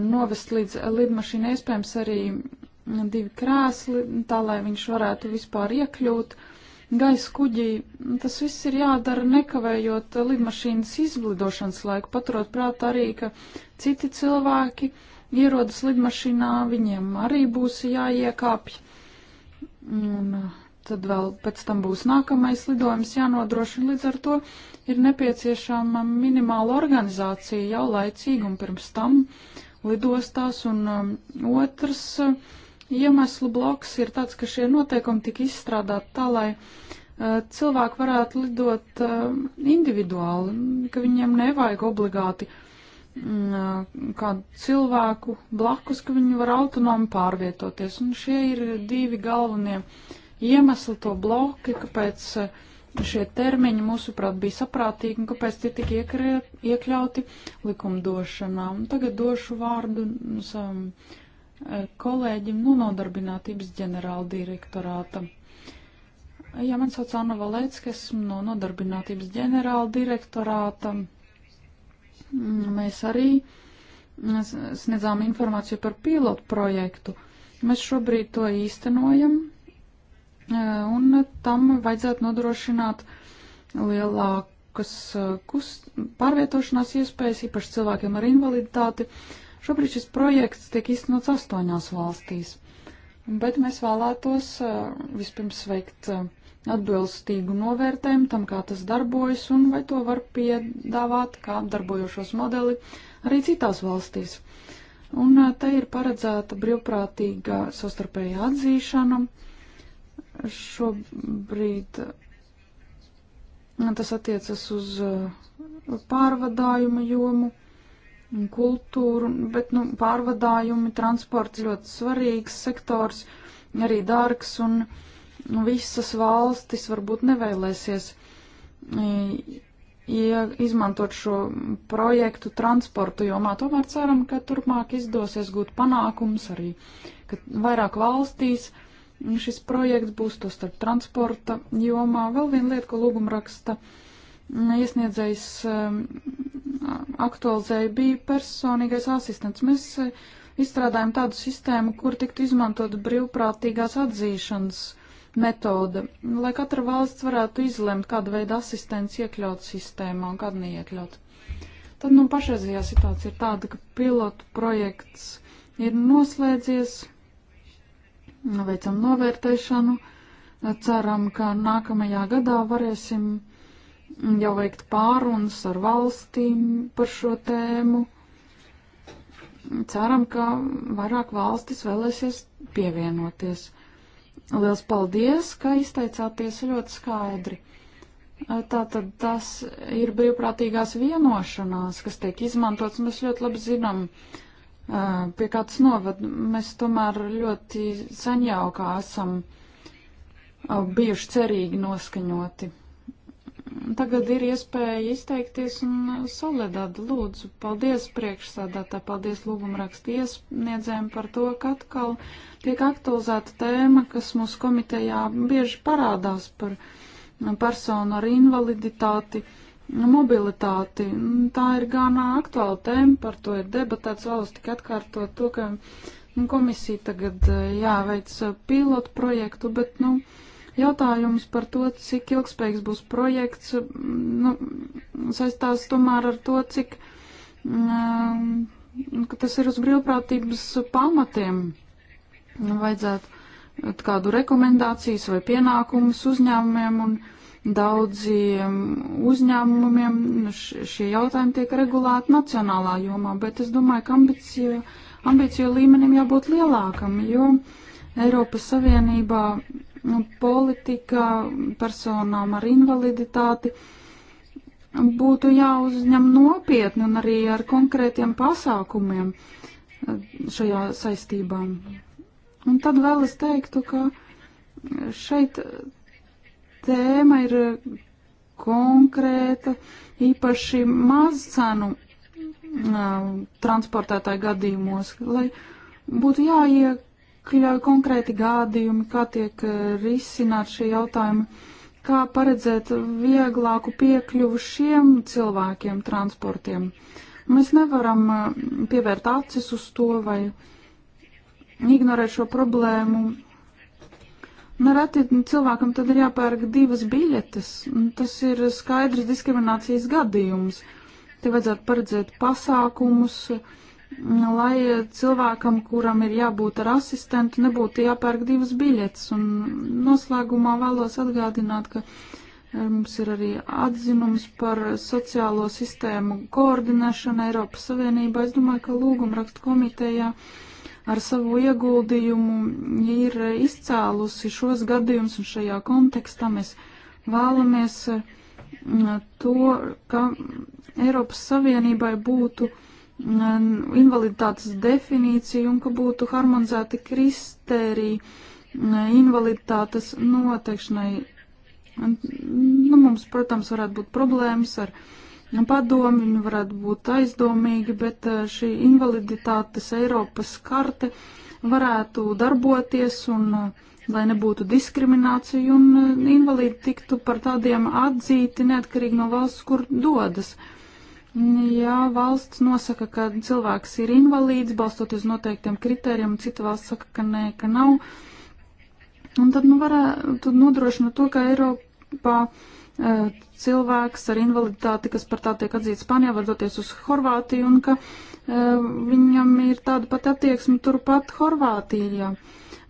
novest līdz lidmašīnai, iespējams arī mm, divi krēsli, tā lai viņš varētu vispār iekļūt. Gaisa kuģī mm, tas viss ir jādara nekavējot lidmašīnas izlidošanas laiku, paturot prātā arī, ka citi cilvēki uh, ierodas lidmašīnā, viņiem arī būs jāiekāpj. Un uh, tad vēl pēc tam būs nākamais lidojums jānodrošina. Līdz ar to ir nepieciešama minimāla organizācija jau laicīgi un pirms tam lidostās. Un um, otrs uh, iemeslu bloks ir tāds, ka šie noteikumi tika izstrādāti tā, lai uh, cilvēki varētu lidot uh, individuāli, ka viņiem nevajag obligāti uh, Mm, kādu cilvēku blakus, ka viņi var autonomi pārvietoties. Un šie ir divi galvenie iemesli to bloki, kāpēc šie termiņi mūsuprāt bija saprātīgi un kāpēc tie tika iekrē, iekļauti likumdošanā. Un tagad došu vārdu savam kolēģim no nu, nodarbinātības ģenerāla direktorāta. Jā, man sauc Anna Valēcka, esmu no nodarbinātības ģenerāla direktorāta mēs arī mm, sniedzām informāciju par pilotu projektu. Mēs šobrīd to īstenojam, e, un tam vajadzētu nodrošināt lielākas e, pārvietošanās iespējas, īpaši cilvēkiem ar invaliditāti. Šobrīd šis projekts tiek īstenots astoņās valstīs, bet mēs vēlētos e, vispirms veikt uh, atbilstīgu novērtējumu tam, kā tas darbojas un vai to var piedāvāt kā darbojošos modeli arī citās valstīs. Un te ir paredzēta brīvprātīga sastarpēja atzīšana. Šobrīd tas attiecas uz pārvadājumu jomu un kultūru, bet nu, pārvadājumi, transports ļoti svarīgs sektors, arī dārgs un uh, Nu, visas valstis varbūt nevēlēsies izmantot šo projektu transportu jomā. Tomēr ceram, ka turpmāk izdosies gūt panākums arī, ka vairāk valstīs šis projekts būs to starp transporta jomā. Vēl viena lieta, ko lūgumraksta iesniedzējs um, aktualizēja, bija personīgais asistents. Mēs uh, izstrādājam tādu sistēmu, kur tiktu izmantot brīvprātīgās atzīšanas metode, lai katra valsts varētu izlemt, kādu veidu asistents iekļaut sistēmā un kādu neiekļaut. Tad, nu, pašreizajā situācija ir tāda, ka pilotu projekts ir noslēdzies, veicam novērtēšanu, ceram, ka nākamajā gadā varēsim jau veikt pārunas ar valstīm par šo tēmu. Ceram, ka vairāk valstis vēlēsies pievienoties. Liels paldies, ka izteicāties ļoti skaidri. Tātad tas ir brīvprātīgās vienošanās, kas tiek izmantots. Mēs ļoti labi zinām, pie kā tas novad. Mēs tomēr ļoti saņaukā esam bijuši cerīgi noskaņoti. Tagad ir iespēja izteikties un solidāti lūdzu. Paldies priekšsādātā, paldies lūgumrakstu iesniedzējiem par to, ka atkal tiek aktualizēta tēma, kas mūsu komitejā bieži parādās par personu ar invaliditāti, mobilitāti. Tā ir gan aktuāla tēma, par to ir debatēts valsts tik atkārtot to, ka nu, komisija tagad jāveic pilotu projektu, bet, nu, Jautājums par to, cik ilgspējīgs būs projekts, mm, nu, saistās tomēr ar to, cik um, tas ir uz brīvprātības pamatiem. Vajadzētu kādu rekomendācijas vai pienākumus uzņēmumiem un daudziem mm, uzņēmumiem šie jautājumi tiek regulēti nacionālā jomā, bet es domāju, ka ambiciju, ambiciju līmenim jābūt lielākam, jo Eiropas Savienībā Nu, politika personām ar invaliditāti būtu jāuzņem nopietni un arī ar konkrētiem pasākumiem eh, šajā saistībā. Un tad vēl es teiktu, ka šeit tēma ir konkrēta, īpaši mazcenu eh, transportētāju gadījumos, lai būtu jāiek iekļauj konkrēti gādījumi, kā tiek eh, risināt šie jautājumi, kā paredzēt vieglāku piekļuvu šiem cilvēkiem transportiem. Mēs nevaram eh, pievērt acis uz to vai ignorēt šo problēmu. Nereti cilvēkam tad ir jāpērk divas biļetes. Tas ir skaidrs diskriminācijas gadījums. Te vajadzētu paredzēt pasākumus, uh, lai cilvēkam, kuram ir jābūt ar asistentu, nebūtu jāpērk divas biļetes. Un noslēgumā vēlos atgādināt, ka eh, mums ir arī atzinums par sociālo sistēmu koordinēšanu Eiropas Savienībā. Es domāju, ka lūgumrakstu komitejā ar savu ieguldījumu ir izcēlusi šos gadījumus un šajā kontekstā mēs vēlamies eh, to, ka Eiropas Savienībai būtu uh, invaliditātes definīciju un ka būtu harmonizēti kriteriji invaliditātes noteikšanai. Nu, mums, protams, varētu būt problēmas ar padomu, viņi varētu būt aizdomīgi, bet eh, šī invaliditātes Eiropas karte varētu darboties un eh, lai nebūtu diskriminācija un eh, invalīdi tiktu par tādiem atzīti neatkarīgi no valsts, kur dodas. Uh, Ja valsts nosaka, ka cilvēks ir invalīds, balstoties noteiktiem kritērijiem, cita valsts saka, ka nē, ka nav, un tad, nu, varētu nodrošina to, ka Eiropā e, cilvēks ar invaliditāti, kas par tā tiek atzīts Spanijā, var doties uz Horvātiju, un ka e, viņam ir tāda pati attieksme turpat Horvātijā.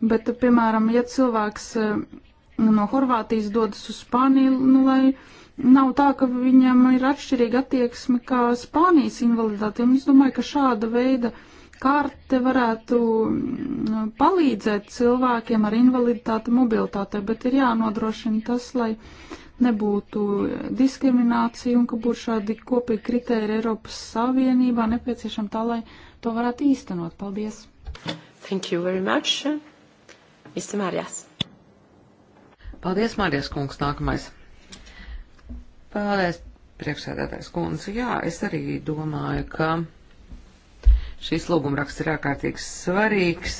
Bet, piemēram, ja cilvēks e, no Horvātijas dodas uz Spāniju, nu, lai nav tā, ka viņam ir atšķirīga attieksme kā Spānijas invaliditāte. Un es domāju, ka šāda veida kārte varētu mm, palīdzēt cilvēkiem ar invaliditāti mobilitātei, bet ir jānodrošina tas, lai nebūtu diskriminācija un ka būtu šādi kopīgi kritēri Eiropas Savienībā nepieciešami tā, lai to varētu īstenot. Paldies! Thank you very much, Mr. Marijas. Paldies, Marijas kungs, nākamais. Paldies, priekšsēdētājs kundze. Jā, es arī domāju, ka šīs lūgumraksts ir ārkārtīgi svarīgs.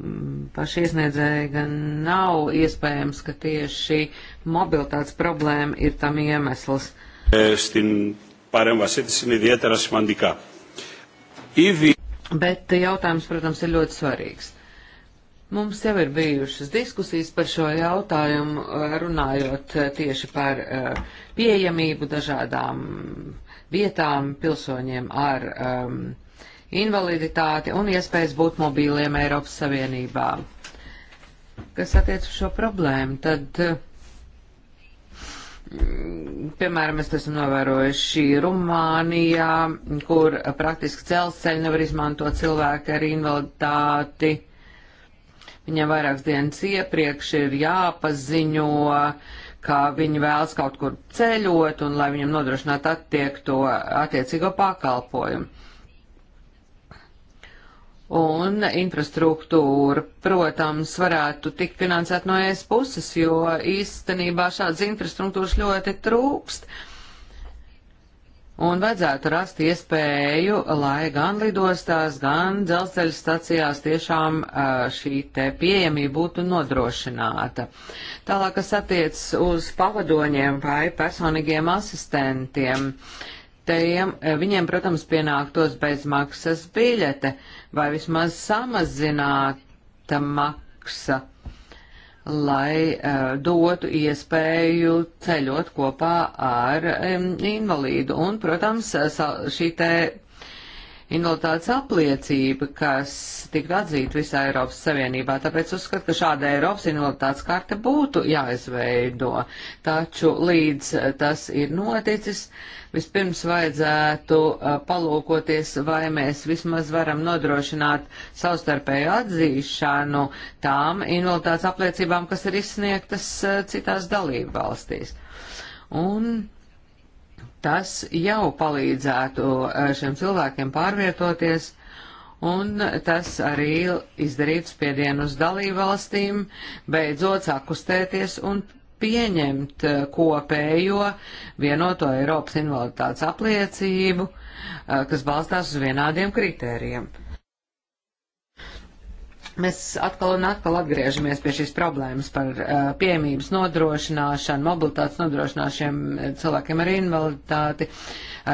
Mm, Paši iesniedzēji gan nav iespējams, ka tieši mobilitātes problēma ir tam iemesls. Bet jautājums, protams, ir ļoti svarīgs. Mums jau ir bijušas diskusijas par šo jautājumu, eh, runājot eh, tieši par eh, pieejamību dažādām vietām pilsoņiem ar um, invaliditāti un iespējas būt mobīliem Eiropas Savienībā. Kas attiec uz šo problēmu, tad, mm, piemēram, mēs esam novērojuši Rumānijā, kur praktiski celsceļi nevar izmantot cilvēki ar invaliditāti Viņiem vairākas dienas iepriekš ir jāpaziņo, ka viņi vēlas kaut kur ceļot un lai viņam nodrošinātu attiekto attiecīgo pakalpojumu. Un infrastruktūra, protams, varētu tikt finansēt no ES puses, jo īstenībā šādas infrastruktūras ļoti trūkst. Uh, un vajadzētu rast iespēju, lai gan lidostās, gan dzelzceļa stacijās tiešām šī te pieejamība būtu nodrošināta. Tālāk, kas attiec uz pavadoņiem vai personīgiem asistentiem, tiem, viņiem, protams, pienāktos bezmaksas biļete vai vismaz samazināta maksa lai uh, dotu iespēju ceļot kopā ar um, invalīdu. Un, protams, eh, šī te invaliditātes apliecība, kas tiktu atzīta visā Eiropas Savienībā. Tāpēc uzskatu, ka šāda Eiropas invaliditātes karte būtu jāizveido. Taču līdz tas ir noticis, vispirms vajadzētu uh, palūkoties, vai mēs vismaz varam nodrošināt savstarpēju atzīšanu tām invaliditātes apliecībām, kas ir izsniegtas uh, citās dalību valstīs. Un tas jau palīdzētu eh, šiem cilvēkiem pārvietoties, un tas arī izdarītu spiedienu uz dalībvalstīm, beidzot sakustēties un pieņemt eh, kopējo vienoto Eiropas invaliditātes apliecību, eh, kas balstās uz vienādiem kritērijiem. Mēs atkal un atkal atgriežamies pie šīs problēmas par uh, piemības nodrošināšanu, mobilitātes nodrošināšanu uh, cilvēkiem ar invaliditāti,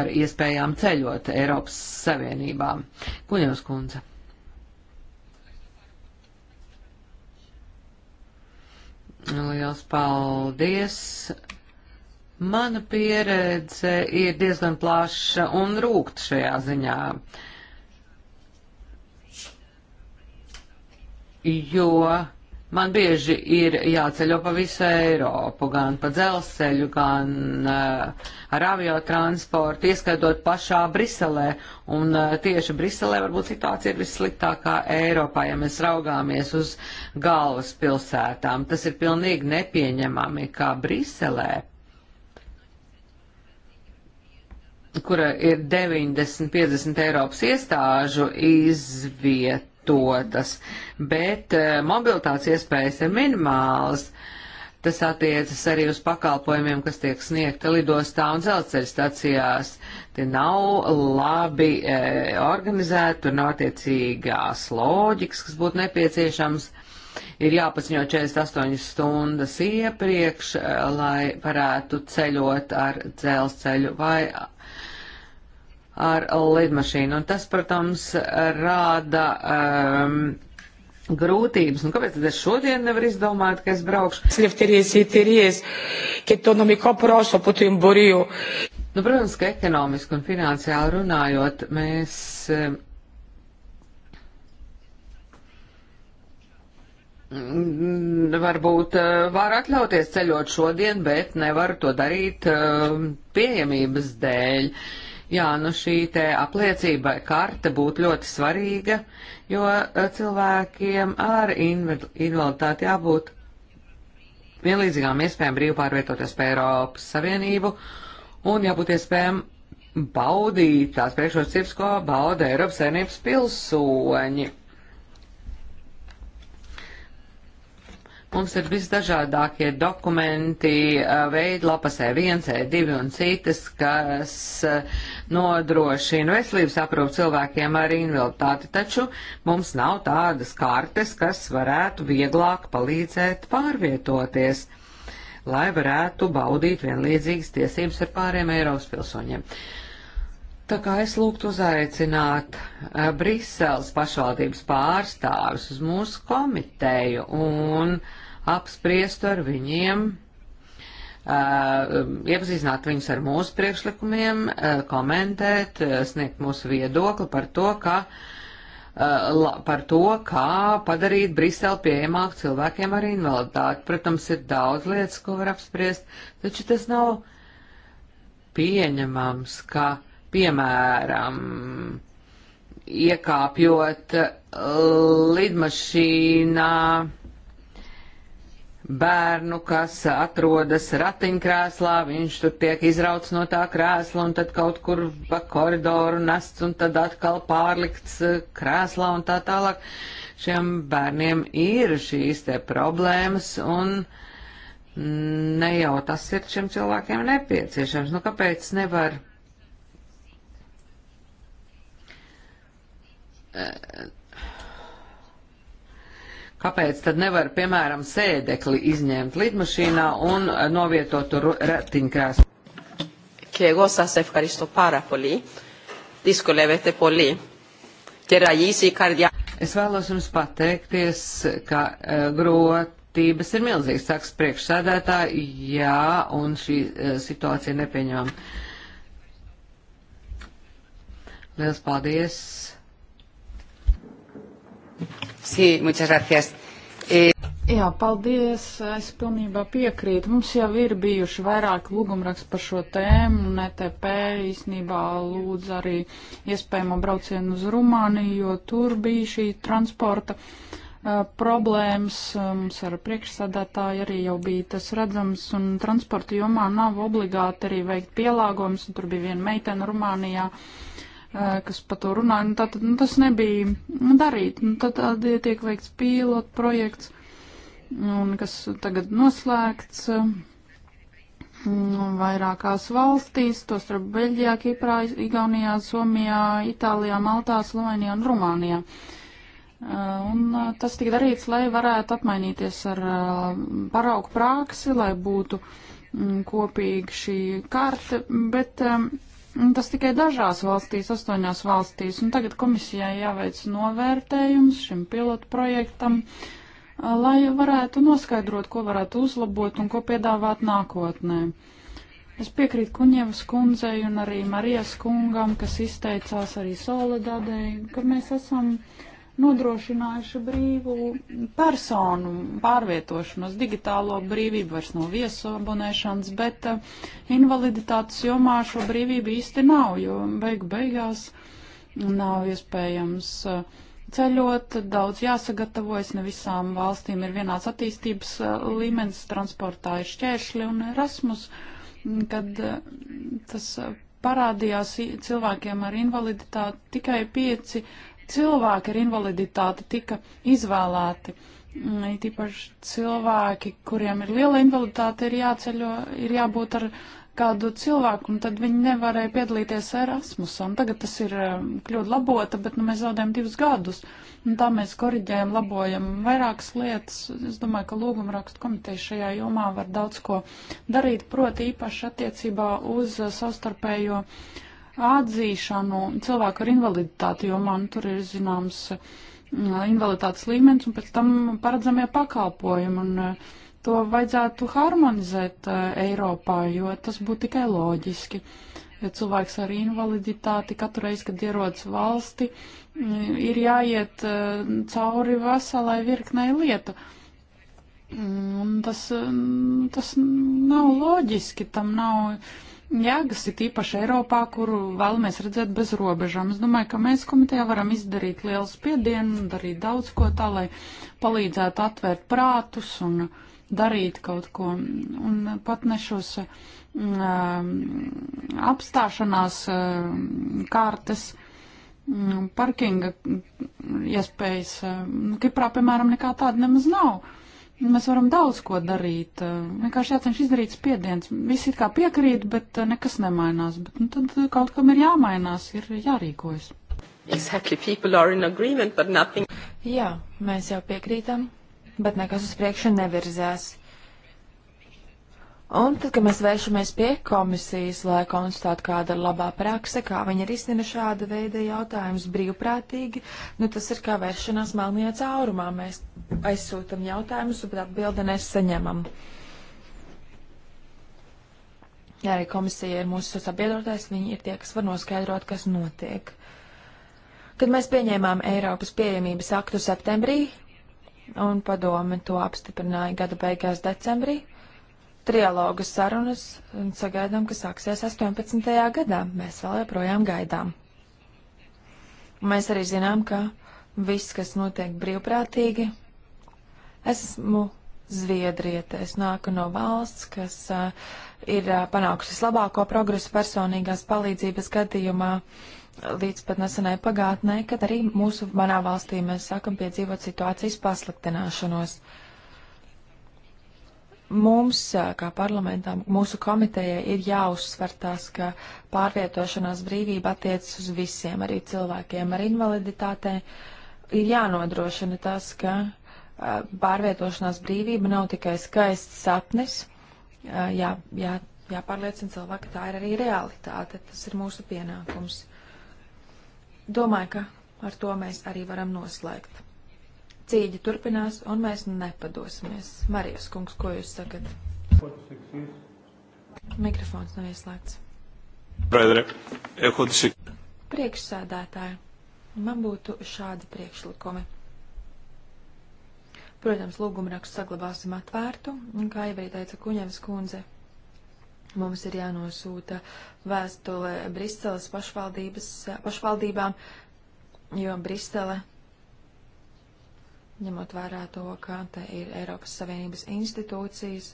ar iespējām ceļot Eiropas Savienībā. Kuņevs kundze. Liels paldies. Mana pieredze ir diezgan plaša un rūkta šajā ziņā. Uh, jo man bieži ir jāceļo pa visu Eiropu, gan pa dzelzceļu, gan uh, ar aviotransportu, ieskaitot pašā Briselē. Un uh, tieši Briselē varbūt situācija ir vissliktākā Eiropā, ja mēs raugāmies uz galvas pilsētām. Tas ir pilnīgi nepieņemami, kā Briselē kura ir 90-50 Eiropas iestāžu izviet izmantotas, bet eh, mobilitātes iespējas ir minimālas. Tas attiecas arī uz pakalpojumiem, kas tiek sniegta lidostā un dzelzceļa stacijās. Tie nav labi e, organizēti, tur nav attiecīgās loģikas, kas būtu nepieciešams. Ir jāpaziņo 48 stundas iepriekš, eh, lai varētu ceļot ar dzelzceļu vai ar lidmašīnu. Un tas, protams, rāda um, grūtības. Nu, kāpēc tad es šodien nevaru izdomāt, ka es braukšu? Slefteries, iterijas, ketonomiko prosopu tu imburiju. Nu, protams, ka ekonomiski un finansiāli runājot, mēs. Um, varbūt eh, var atļauties ceļot šodien, bet nevar to darīt ehm, pieejamības dēļ. Uh, Jā, nu šī te apliecība karte būtu ļoti svarīga, jo e, cilvēkiem ar invaliditāti jābūt vienlīdzīgām iespējām brīvi pārvietoties pa Eiropas Savienību un jābūt iespējām baudīt tās priekšrocības, ko bauda Eiropas Savienības pilsoņi. Mums ir visdažādākie dokumenti, veidlapas E1, E2 un citas, kas nodrošina veselības aprūpu cilvēkiem ar invaliditāti, taču mums nav tādas kartes, kas varētu vieglāk palīdzēt pārvietoties, lai varētu baudīt vienlīdzīgas tiesības ar pāriem Eiropas pilsoņiem. Tā kā es lūgtu uzaicināt uh, Briseles pašvaldības pārstāvis uz mūsu komiteju un uh, apspriestu ar viņiem, iepazīstināt viņus ar mūsu priekšlikumiem, komentēt, sniegt mūsu viedokli par to, ka par to, kā padarīt Briseli pieejamāku cilvēkiem ar invaliditāti. Protams, ir daudz lietas, ko var apspriest, taču tas nav pieņemams, ka, piemēram, iekāpjot lidmašīnā, uh, bērnu, kas atrodas ratiņkrēslā, viņš tur tiek izrauts no tā krēsla un tad kaut kur pa koridoru nests un tad atkal pārlikts eh, krēslā un tā tālāk. Šiem bērniem ir šīs te problēmas un ne jau tas ir šiem cilvēkiem nepieciešams. Nu, kāpēc nevar? Uh, Kāpēc tad nevar, piemēram, sēdekli izņemt lidmašīnā un novietot tur ratiņkrēslu? Και εγώ σας ευχαριστώ πάρα πολύ. Δυσκολεύεται πολύ. Και ραγίζει η καρδιά. Es vēlos jums pateikties, ka uh, e, grotības ir milzīgas, saks priekšsēdētāji, jā, un šī uh, situācija nepieņemama. Liels paldies! Sí, muchas gracias. E... Jā, paldies. Es pilnībā piekrītu. Mums jau ir bijuši vairāki lūgumraksti par šo tēmu, un ETP īsnībā lūdz arī iespējamo braucienu uz Rumāniju, jo tur bija šī transporta uh, problēmas. Mums ar priekšsādātāju arī jau bija tas redzams, un transporta jomā nav obligāti arī veikt pielāgojumus, un tur bija viena meitena Rumānijā. Uh, kas par to runāja, nu, tātad nu, tas nebija darīt. Nu, tad tad tiek veikts pilotu projekts, un kas tagad noslēgts mm, vairākās valstīs, tostarp Beļģijā, Kiprā, Igaunijā, Somijā, Itālijā, Maltā, Slovenijā un Rumānijā. Un tas tika darīts, lai varētu apmainīties ar paraugu prāksi, lai būtu mm, kopīgi šī karte, bet Tas tikai dažās valstīs, astoņās valstīs, un tagad komisijai jāveic novērtējums šim pilotu projektam, lai varētu noskaidrot, ko varētu uzlabot un ko piedāvāt nākotnē. Es piekrītu Kuņevas kundzei un arī Marijas kungam, kas izteicās arī Solidadei, ka mēs esam uh, nodrošinājuši brīvu personu pārvietošanos, digitālo brīvību vairs nav viesabonēšanas, bet eh, invaliditātes jomā šo brīvību īsti nav, jo beigu beigās nav iespējams eh, ceļot, daudz jāsagatavojas, ne visām valstīm ir vienāds attīstības eh, līmenis, transportā ir šķēršļi un Erasmus, kad tas parādījās cilvēkiem ar invaliditāti tikai 5 cilvēki ar invaliditāti tika izvēlēti. Mm, Tīpaši cilvēki, kuriem ir liela invaliditāte, ir jāceļo, ir jābūt ar kādu cilvēku, un tad viņi nevarēja piedalīties Erasmusā. Tagad tas ir um, kļūda labota, bet nu, mēs zaudējam divus gadus. Un tā mēs koriģējam, labojam vairākas lietas. Es domāju, ka lūguma rakstu komiteja šajā jomā var daudz ko darīt, proti īpaši attiecībā uz uh, savstarpējo uh, atzīšanu cilvēku ar invaliditāti, jo man tur ir zināms mm, invaliditātes līmenis un pēc tam paredzamie pakalpojumi. Un eh, to vajadzētu harmonizēt eh, Eiropā, jo tas būtu tikai loģiski. Ja cilvēks ar invaliditāti katru reizi, kad ierodas valsti, mm, ir jāiet eh, cauri veselai virknei lietu. Mm, un tas, tas nav loģiski, tam nav jēgas, it īpaši Eiropā, kuru vēlamies redzēt bez robežām. Es domāju, ka mēs komitejā varam izdarīt lielu spiedienu, darīt daudz ko tā, lai palīdzētu atvērt prātus un darīt kaut ko. Un pat ne šos um, apstāšanās um, kārtas mm, parkinga iespējas. Nu, Kiprā, piemēram, nekā tāda nemaz nav. Mēs varam daudz ko darīt. Eh, vienkārši jācenš izdarīt spiediens. Visi it kā piekrīt, bet eh, nekas nemainās. Bet, nu, tad kaut kam ir jāmainās, ir jārīkojas. Exactly. People are in agreement, but nothing. Jā, mēs jau piekrītam, bet nekas uz priekšu nevirzās. Un tad, kad mēs vēršamies pie komisijas, lai konstatētu, kāda ir labā prakse, kā viņi risina šāda veida jautājumus brīvprātīgi, nu tas ir kā vēršanās melnajā caurumā. Mēs aizsūtam jautājumus, bet atbildi nesaņemam. Jā, arī komisija ir mūsu sabiedrotais, viņi ir tie, kas var noskaidrot, kas notiek. Kad mēs pieņēmām Eiropas pieejamības aktu septembrī, un padome to apstiprināja gada beigās decembrī, trialoga sarunas un sagaidām, ka sāksies 18. gadā. Mēs vēl joprojām gaidām. Mēs arī zinām, ka viss, kas notiek brīvprātīgi, esmu Zviedriete. Es nāku no valsts, kas uh, ir uh, panākusi vislabāko progresu personīgās palīdzības gadījumā līdz pat nesenai pagātnē, kad arī mūsu manā valstī mēs sākam piedzīvot situācijas pasliktināšanos. Uh, mums, kā parlamentam, mūsu komitejai ir jāuzsver tas, ka pārvietošanās brīvība attiecas uz visiem, arī cilvēkiem ar invaliditātē. Ir jānodrošina tas, ka pārvietošanās brīvība nav tikai skaists sapnis, jā, jā, jāpārliecina cilvēki, tā ir arī realitāte, tas ir mūsu pienākums. Domāju, ka ar to mēs arī varam noslēgt cīņa turpinās, un mēs nepadosimies. Marijas kungs, ko jūs sakat? Mikrofons nav ieslēgts. Eh, Priekšsēdētāji, man būtu šādi priekšlikumi. Protams, lūgumrakstu saglabāsim atvērtu, un kā jau arī teica Kuņevs kundze, mums ir jānosūta vēstule Briseles pašvaldībām, jo Brisele ņemot vērā to, ka te ir Eiropas Savienības institūcijas.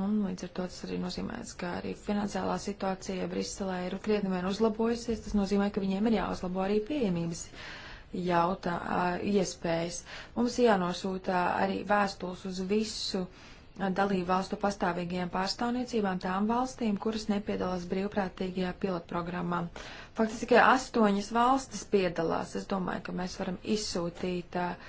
Un līdz ar to tas arī nozīmēs, ka arī finansiālā situācija Briselē ir krietni vien uzlabojusies. Tas nozīmē, ka viņiem ir jāuzlabo arī pieejamības jautā, iespējas. Mums jānosūta arī vēstules uz visu dalību valstu pastāvīgajām pārstāvniecībām tām valstīm, kuras nepiedalās brīvprātīgajā pilotprogrammā. Faktiski tikai astoņas valstis piedalās. Es domāju, ka mēs varam izsūtīt uh,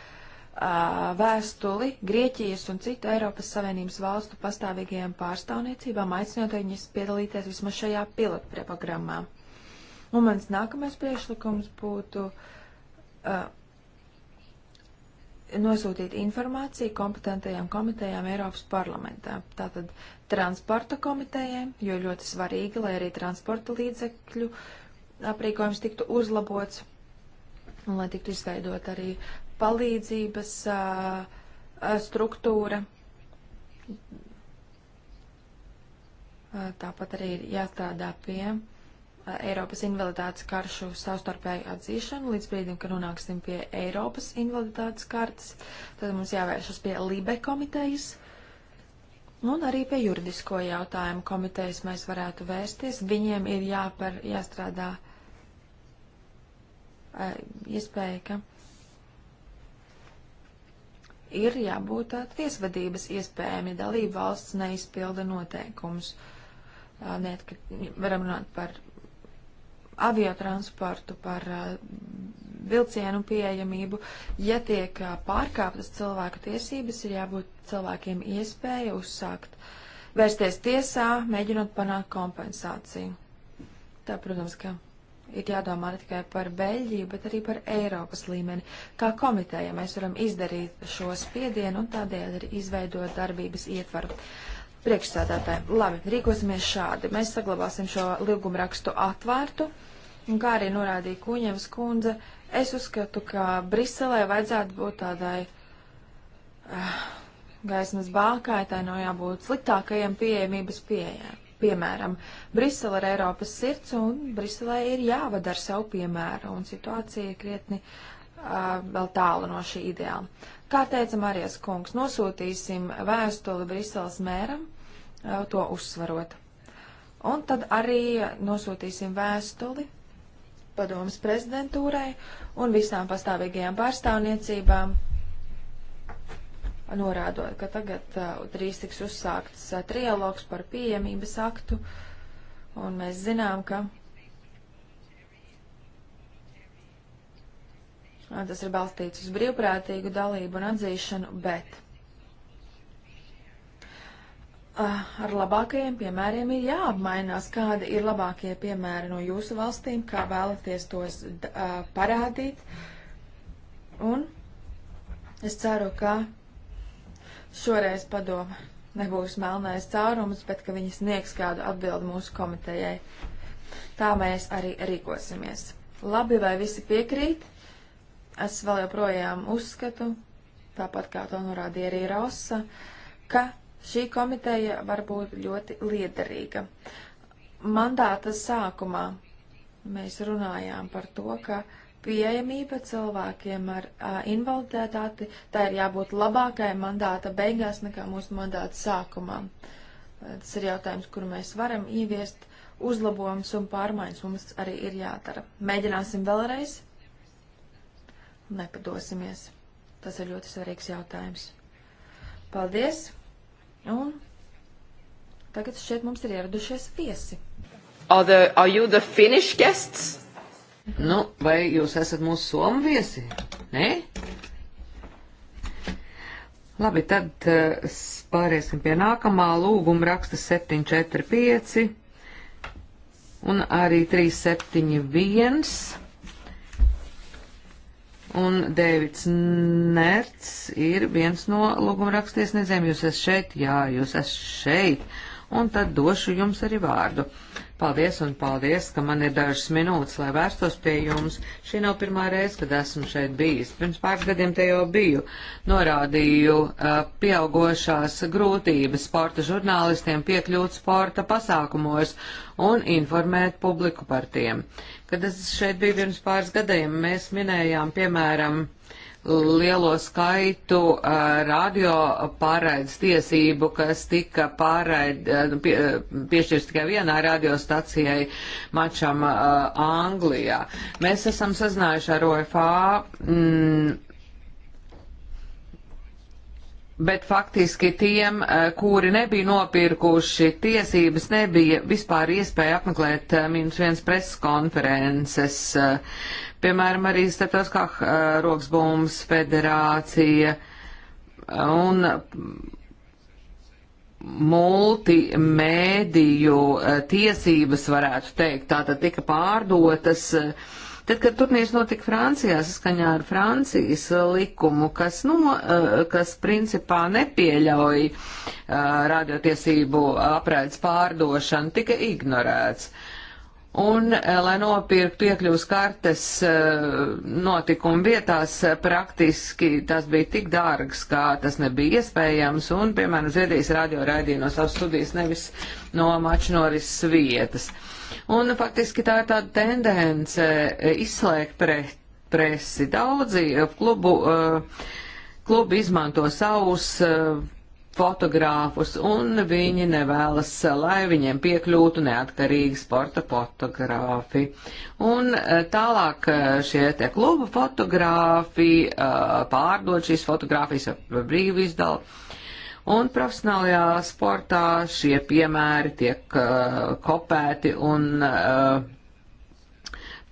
vēstuli Grieķijas un citu Eiropas Savienības valstu pastāvīgajām pārstāvniecībām, aicinot viņus piedalīties vismaz šajā pilotprogrammā. Un mans nākamais priekšlikums būtu uh, nosūtīt informāciju kompetentajām komitejām Eiropas parlamentā. Tātad transporta komitejiem, jo ļoti svarīgi, lai arī transporta līdzekļu uh, aprīkojums tiktu uzlabots un lai tiktu izveidot arī palīdzības uh, struktūra. Tāpat arī ir jāstrādā pie Eiropas invaliditātes karšu savstarpēju atzīšanu līdz brīdim, kad nonāksim pie Eiropas invaliditātes kartes. Tad mums jāvēršas pie LIBE komitejas un arī pie juridisko jautājumu komitejas mēs varētu vērsties. Viņiem ir jāpar, jāstrādā uh, iespēja, ka ir jābūt tiesvedības iespējām, ja dalība valsts neizpilda noteikumus. Neatkat, varam runāt par aviotransportu, par vilcienu pieejamību. Ja tiek pārkāptas cilvēka tiesības, ir jābūt cilvēkiem iespēja uzsākt, vērsties tiesā, mēģinot panākt kompensāciju. Tā, protams, ka ir jādomā ne tikai par Beļģiju, bet arī par Eiropas līmeni. Kā komiteja mēs varam izdarīt šo spiedienu un tādēļ arī izveidot darbības ietvaru. Priekšsādātāji, labi, rīkosimies šādi. Mēs saglabāsim šo līgumrakstu atvērtu, un kā arī norādīja Kuņevs kundze, es uzskatu, ka Briselē vajadzētu būt tādai uh, gaismas bākai, tai nav jābūt sliktākajiem pieejamības pieejām. Piemēram, Brisele ir Eiropas sirds, un Briselē ir jāvada ar savu piemēru, un situācija ir krietni uh, vēl tālu no šī ideāla. Kā teica Marijas kungs, nosūtīsim vēstuli Briseles mēram, uh, to uzsvarot. Un tad arī nosūtīsim vēstuli padomas prezidentūrai un visām pastāvīgajām pārstāvniecībām norādot, ka tagad drīz tiks uzsākts trialogs par pieejamības aktu, un mēs zinām, ka tas ir balstīts uz brīvprātīgu dalību un atzīšanu, bet ar labākajiem piemēriem ir jāapmainās, kādi ir labākie piemēri no jūsu valstīm, kā vēlaties tos parādīt. Un es ceru, ka šoreiz padoma nebūs melnais caurums, bet ka viņi sniegs kādu atbildi mūsu komitejai. Tā mēs arī rīkosimies. Labi, vai visi piekrīt? Es vēl joprojām uzskatu, tāpat kā to norādīja arī Rosa, ka šī komiteja var būt ļoti liederīga. Mandāta sākumā mēs runājām par to, ka uh, pieejamība cilvēkiem ar uh, invaliditāti, tā ir jābūt labākai mandāta beigās nekā mūsu mandāta sākumā. Tas ir jautājums, kur mēs varam ieviest uzlabojums un pārmaiņas mums arī ir jādara. Mēģināsim vēlreiz. Nepadosimies. Tas ir ļoti svarīgs jautājums. Paldies! Un tagad šeit mums ir ieradušies viesi. Are, the, are you the Finnish guests? Nu, vai jūs esat mūsu somu viesi? Nē? Labi, tad eh, pāriesim pie nākamā lūguma raksta 745 un arī 371. Un Dēvids Nerts ir viens no lūguma rakstiesniedzējiem. Jūs esat šeit? Jā, jūs esat šeit. Un tad došu jums arī vārdu. Uh, Paldies un paldies, ka man ir dažas minūtes, lai vērstos pie jums. Šī nav pirmā reize, kad esmu šeit bijis. Pirms pāris gadiem te jau biju. Norādīju uh, pieaugošās grūtības sporta žurnālistiem piekļūt sporta pasākumos un informēt publiku par tiem. Kad es šeit biju pirms pāris gadiem, mēs minējām, piemēram, uh, lielo skaitu radio pārraides tiesību, kas tika pārraid, nu, pie, piešķirts tikai vienā radiostacijai mačam Anglijā. Mēs esam sazinājuši ar OFA. Mm, bet faktiski tiem, kuri nebija nopirkuši tiesības, nebija vispār iespēja apmeklēt minus viens preses konferences, Piemēram, arī Startautiskā uh, Roksbumbas federācija un multimēdiju uh, tiesības varētu teikt, tātad tika pārdotas. Tad, kad turnīrs notika Francijā, saskaņā ar Francijas likumu, kas, no, nu, uh, kas principā nepieļauj radiotiesību apraides pārdošanu, tika ignorēts. Uh, Un, eh, lai nopirkt piekļuvas kartes eh, notikumu vietās, eh, praktiski tas bija tik dārgs, kā tas nebija iespējams. Un, piemēram, Zviedrijas radio raidīja no savas studijas nevis no mačnoris vietas. Un, nu, faktiski tā ir tāda tendence izslēgt pre, presi. Daudzi klubu, klubu izmanto savus fotogrāfus, un viņi nevēlas, lai viņiem piekļūtu neatkarīgi sporta fotogrāfi. Un eh, tālāk eh, šie te kluba fotogrāfi eh, pārdod šīs fotogrāfijas vai brīvi izdala. Un profesionālajā sportā šie piemēri tiek kopēti un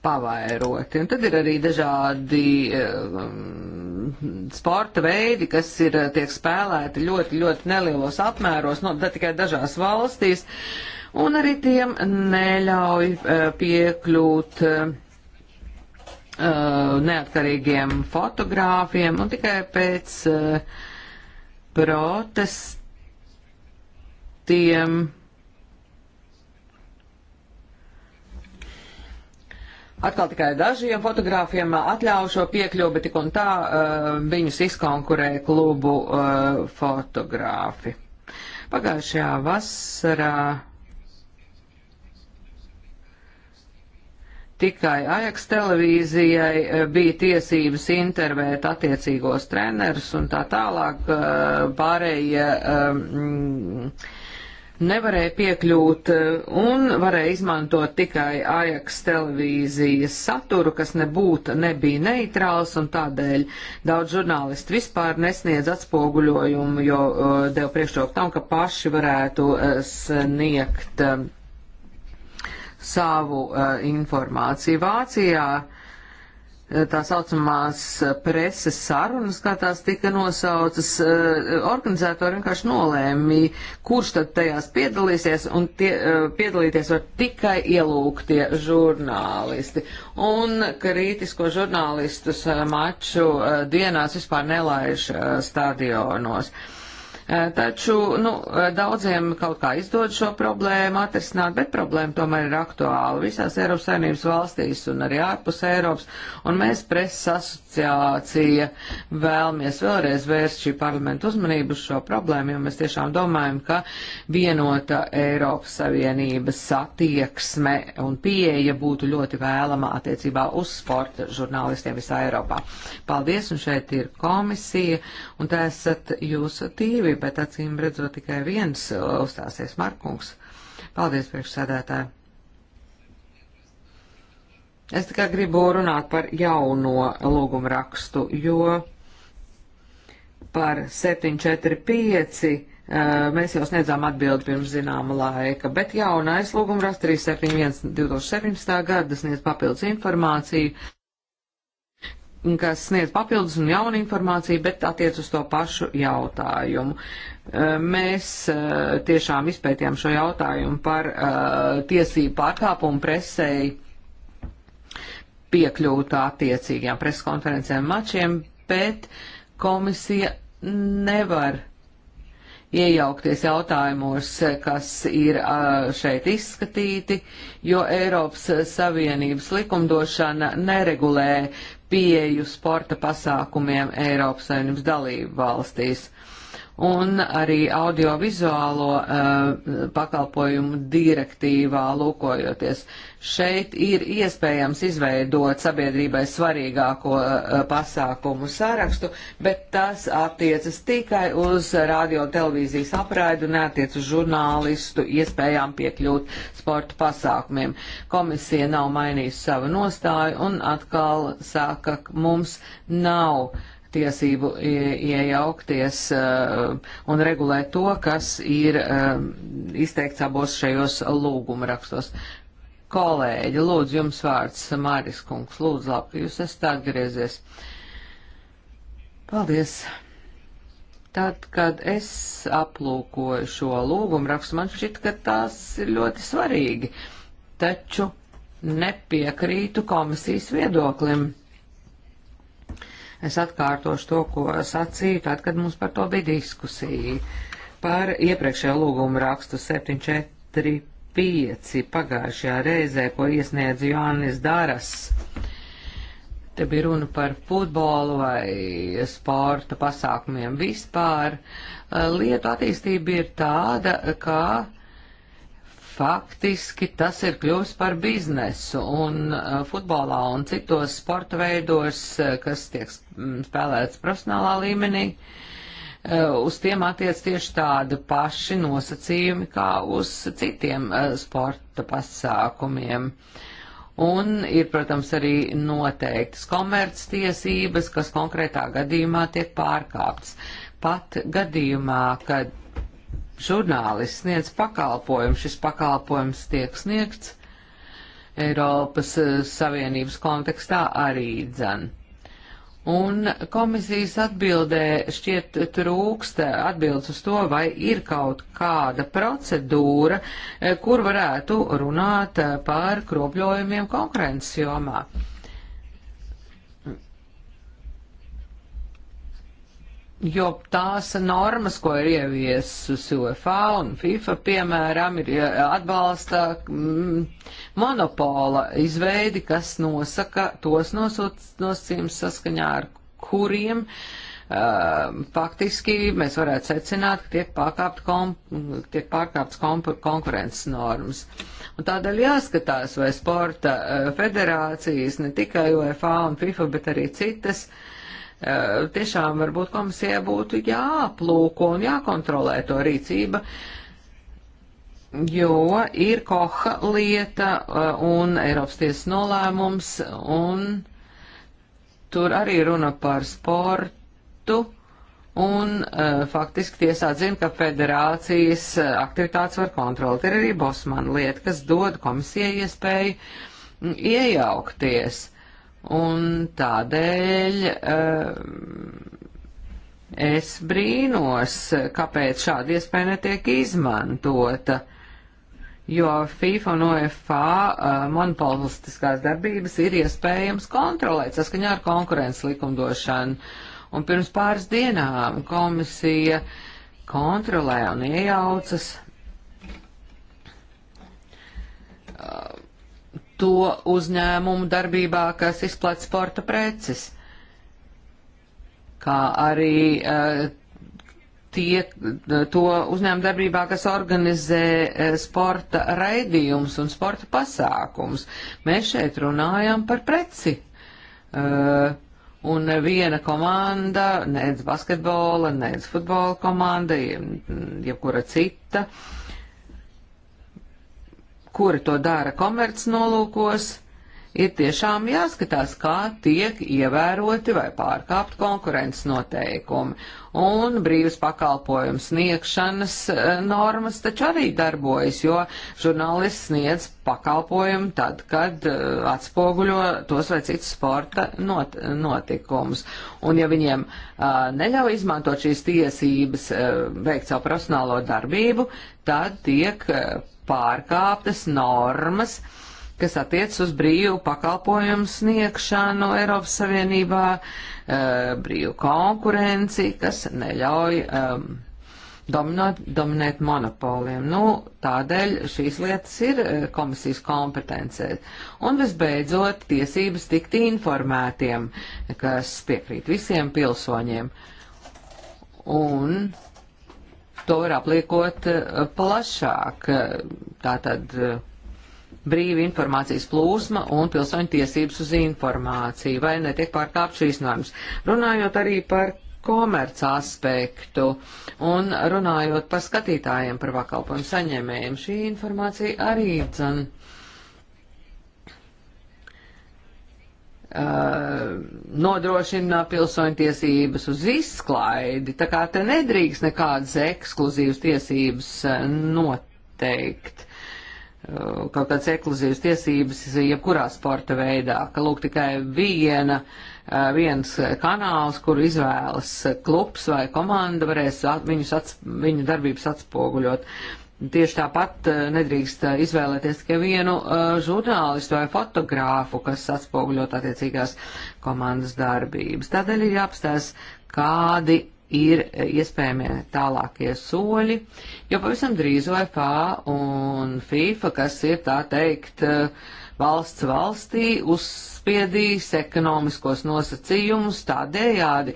pavairoti. Un tad ir arī dažādi um, sporta veidi, kas ir, eh, tiek spēlēti ļoti, ļoti nelielos apmēros, no, da, tikai dažās valstīs, un arī tiem neļauj uh, piekļūt uh, neatkarīgiem fotogrāfiem, un tikai pēc uh, protestiem atkal tikai dažiem fotogrāfiem atļauju šo piekļuvu, bet tik un tā uh, viņus izkonkurē klubu uh, eh, fotogrāfi. Pagājušajā vasarā tikai Ajax televīzijai eh, bija tiesības intervēt attiecīgos trenerus un tā tālāk pārējie. Um, nevarēja piekļūt eh, un varēja izmantot tikai AJAX televīzijas saturu, kas nebūtu, nebija neitrāls un tādēļ daudz žurnālisti vispār nesniedz atspoguļojumu, jo eh, deva priekšroku tam, ka paši varētu eh, sniegt savu informāciju. Vācijā uh, Eh, tā saucamās eh, preses sarunas, kā tās tika nosaucas, eh, organizatori vienkārši nolēma, kurš tad tajās piedalīsies, un tie, piedalīties var tikai ielūgtie žurnālisti. Un kritisko žurnālistus maču dienās vispār nelaiž stadionos. Uh, Eh, taču nu, eh, daudziem kaut kā izdod šo problēmu atrisināt, bet problēma tomēr ir aktuāla visās Eiropas saimnības valstīs un arī ārpus Eiropas, un mēs preses asociācija vēlamies vēlreiz vērst šī parlamenta uzmanību uz šo problēmu, jo mēs tiešām domājam, ka vienota Eiropas Savienības attieksme un pieeja būtu ļoti vēlama attiecībā uz sporta žurnālistiem visā Eiropā. Paldies, un šeit ir komisija, un tā esat jūs divi, bet acīm redzot tikai viens uzstāsies Markungs. Paldies, priekšsēdētāji! Es tikai gribu runāt par jauno lūgumu rakstu, jo par 745 eh, mēs jau sniedzām atbildi pirms zināma laika, bet jaunais lūguma raksts 371 2017. gada sniedz papildus informāciju, kas sniedz papildus un jaunu informāciju, bet attiec uz to pašu jautājumu. Eh, mēs eh, tiešām izpētījām šo jautājumu par tiesību pārkāpumu presēji piekļūt attiecīgajām preskonferencēm mačiem, bet komisija nevar iejaukties jautājumos, kas ir šeit izskatīti, jo Eiropas Savienības likumdošana neregulē pieju sporta pasākumiem Eiropas Savienības dalību valstīs un arī audiovizuālo uh, pakalpojumu direktīvā lūkojoties. Šeit ir iespējams izveidot sabiedrībai svarīgāko uh, pasākumu sārakstu, bet tas attiecas tikai uz radio televīzijas apraidu, neatiec uz žurnālistu iespējām piekļūt sporta pasākumiem. Komisija nav mainījusi savu nostāju un atkal saka, ka mums nav uh, tiesību iejaukties eh, un regulēt to, kas ir eh, izteikts abos šajos lūguma rakstos. Kolēģi, lūdzu, jums vārds Māris Kungs, lūdzu, labi, jūs esat atgriezies. Paldies! Tad, kad es aplūkoju šo lūgumu rakstu, man šķiet, ka tās ir ļoti svarīgi, taču nepiekrītu komisijas viedoklim Es atkārtošu to, ko sacīju, tad, kad mums par to bija diskusija. Par iepriekšējo lūgumu rakstu 745 pagājušajā reizē, ko iesniedz Jānis Dāras. Te bija runa par futbolu vai sporta pasākumiem vispār. Lietu attīstība ir tāda, ka faktiski tas ir kļuvis par biznesu, un uh, futbolā un citos sporta veidos, uh, kas tiek mm, spēlēts profesionālā līmenī, uh, uz tiem attiec tieši tādi paši nosacījumi kā uz citiem sporta pasākumiem. Un ir, protams, arī noteiktas komerctiesības, kas konkrētā gadījumā tiek pārkāptas. Pat gadījumā, kad žurnālists sniedz pakalpojumu, šis pakalpojums tiek sniegts Eiropas eh, Savienības kontekstā arī dzen. Un komisijas atbildē šķiet trūkst atbildes uz to, vai ir kaut kāda procedūra, eh, kur varētu runāt eh, par kropļojumiem konkurences jomā. Uh, jo tās normas, ko ir ieviesusi UEFA un FIFA, piemēram, ir atbalsta mm, monopola izveidi, kas nosaka tos nosacījums saskaņā ar kuriem uh, faktiski mēs varētu secināt, ka tiek, pārkāpt kom, tiek pārkāptas konkurences normas. Un tādēļ jāskatās, vai sporta uh, federācijas, ne tikai UEFA un FIFA, bet arī citas, uh, Eh, tiešām varbūt komisijai būtu jāaplūko un jākontrolē to rīcība, jo ir koha lieta eh, un Eiropas tiesas nolēmums, un tur arī runa par sportu. Un uh, faktiski tiesā atzina, ka federācijas aktivitātes var kontrolēt. Ir arī Bosmana lieta, kas dod komisijai iespēju mm, iejaukties. Uh, Un tādēļ eh, es brīnos, kāpēc šāda iespēja netiek izmantota, jo FIFA un UEFA eh, monopolistiskās darbības ir iespējams kontrolēt saskaņā ar konkurences likumdošanu. Un pirms pāris dienām komisija kontrolē un iejaucas to uzņēmumu darbībā, kas izplat sporta preces, kā arī uh, tie, to uzņēmumu darbībā, kas organizē uh, sporta raidījums un sporta pasākums. Mēs šeit runājam par preci. Uh, un viena komanda, nec basketbola, nec futbola komanda, jebkura cita. Uh, kuri to dara komerc nolūkos, ir tiešām jāskatās, kā tiek ievēroti vai pārkāpt konkurences noteikumi. Un brīvas pakalpojums sniegšanas e, normas taču arī darbojas, jo žurnālists sniedz pakalpojumu tad, kad e, atspoguļo tos vai citus sporta not notikumus. Un ja viņiem uh, neļauj izmantot šīs tiesības uh, veikt savu profesionālo darbību, tad tiek uh, pārkāptas normas, kas attiec uz brīvu pakalpojumu sniegšanu Eiropas Savienībā, eh, brīvu konkurenci, kas neļauj um, ehm, dominot, dominēt monopoliem. Nu, tādēļ šīs lietas ir eh, komisijas kompetencē. Un visbeidzot, tiesības tikt informētiem, kas piekrīt visiem pilsoņiem. Un to var apliekot eh, plašāk. Tātad eh, brīva informācijas plūsma un pilsoņu tiesības uz informāciju, vai netiek pārkāpt šīs normas. Runājot arī par komerc aspektu un runājot par skatītājiem, par pakalpojumu saņēmējiem, šī informācija arī, dzen, uh, Uh, nodrošina pilsoņtiesības uz izklaidi, tā kā te nedrīkst nekādas ekskluzīvas tiesības uh, noteikt. Uh, kaut kāds ekskluzīvas tiesības jebkurā sporta veidā, ka lūk tikai viena, viens kanāls, kuru izvēlas klubs vai komanda varēs viņus, ats, viņu darbības atspoguļot. Uh, Tieši tāpat eh, nedrīkst eh, izvēlēties tikai vienu uh, žurnālistu vai fotogrāfu, kas atspoguļot attiecīgās komandas darbības. Tādēļ ir jāapstās, kādi ir iespējamie tālākie soļi, jo pavisam drīz UEFA un FIFA, kas ir tā teikt, uh, valsts valstī uzspiedīs ekonomiskos nosacījumus tādējādi,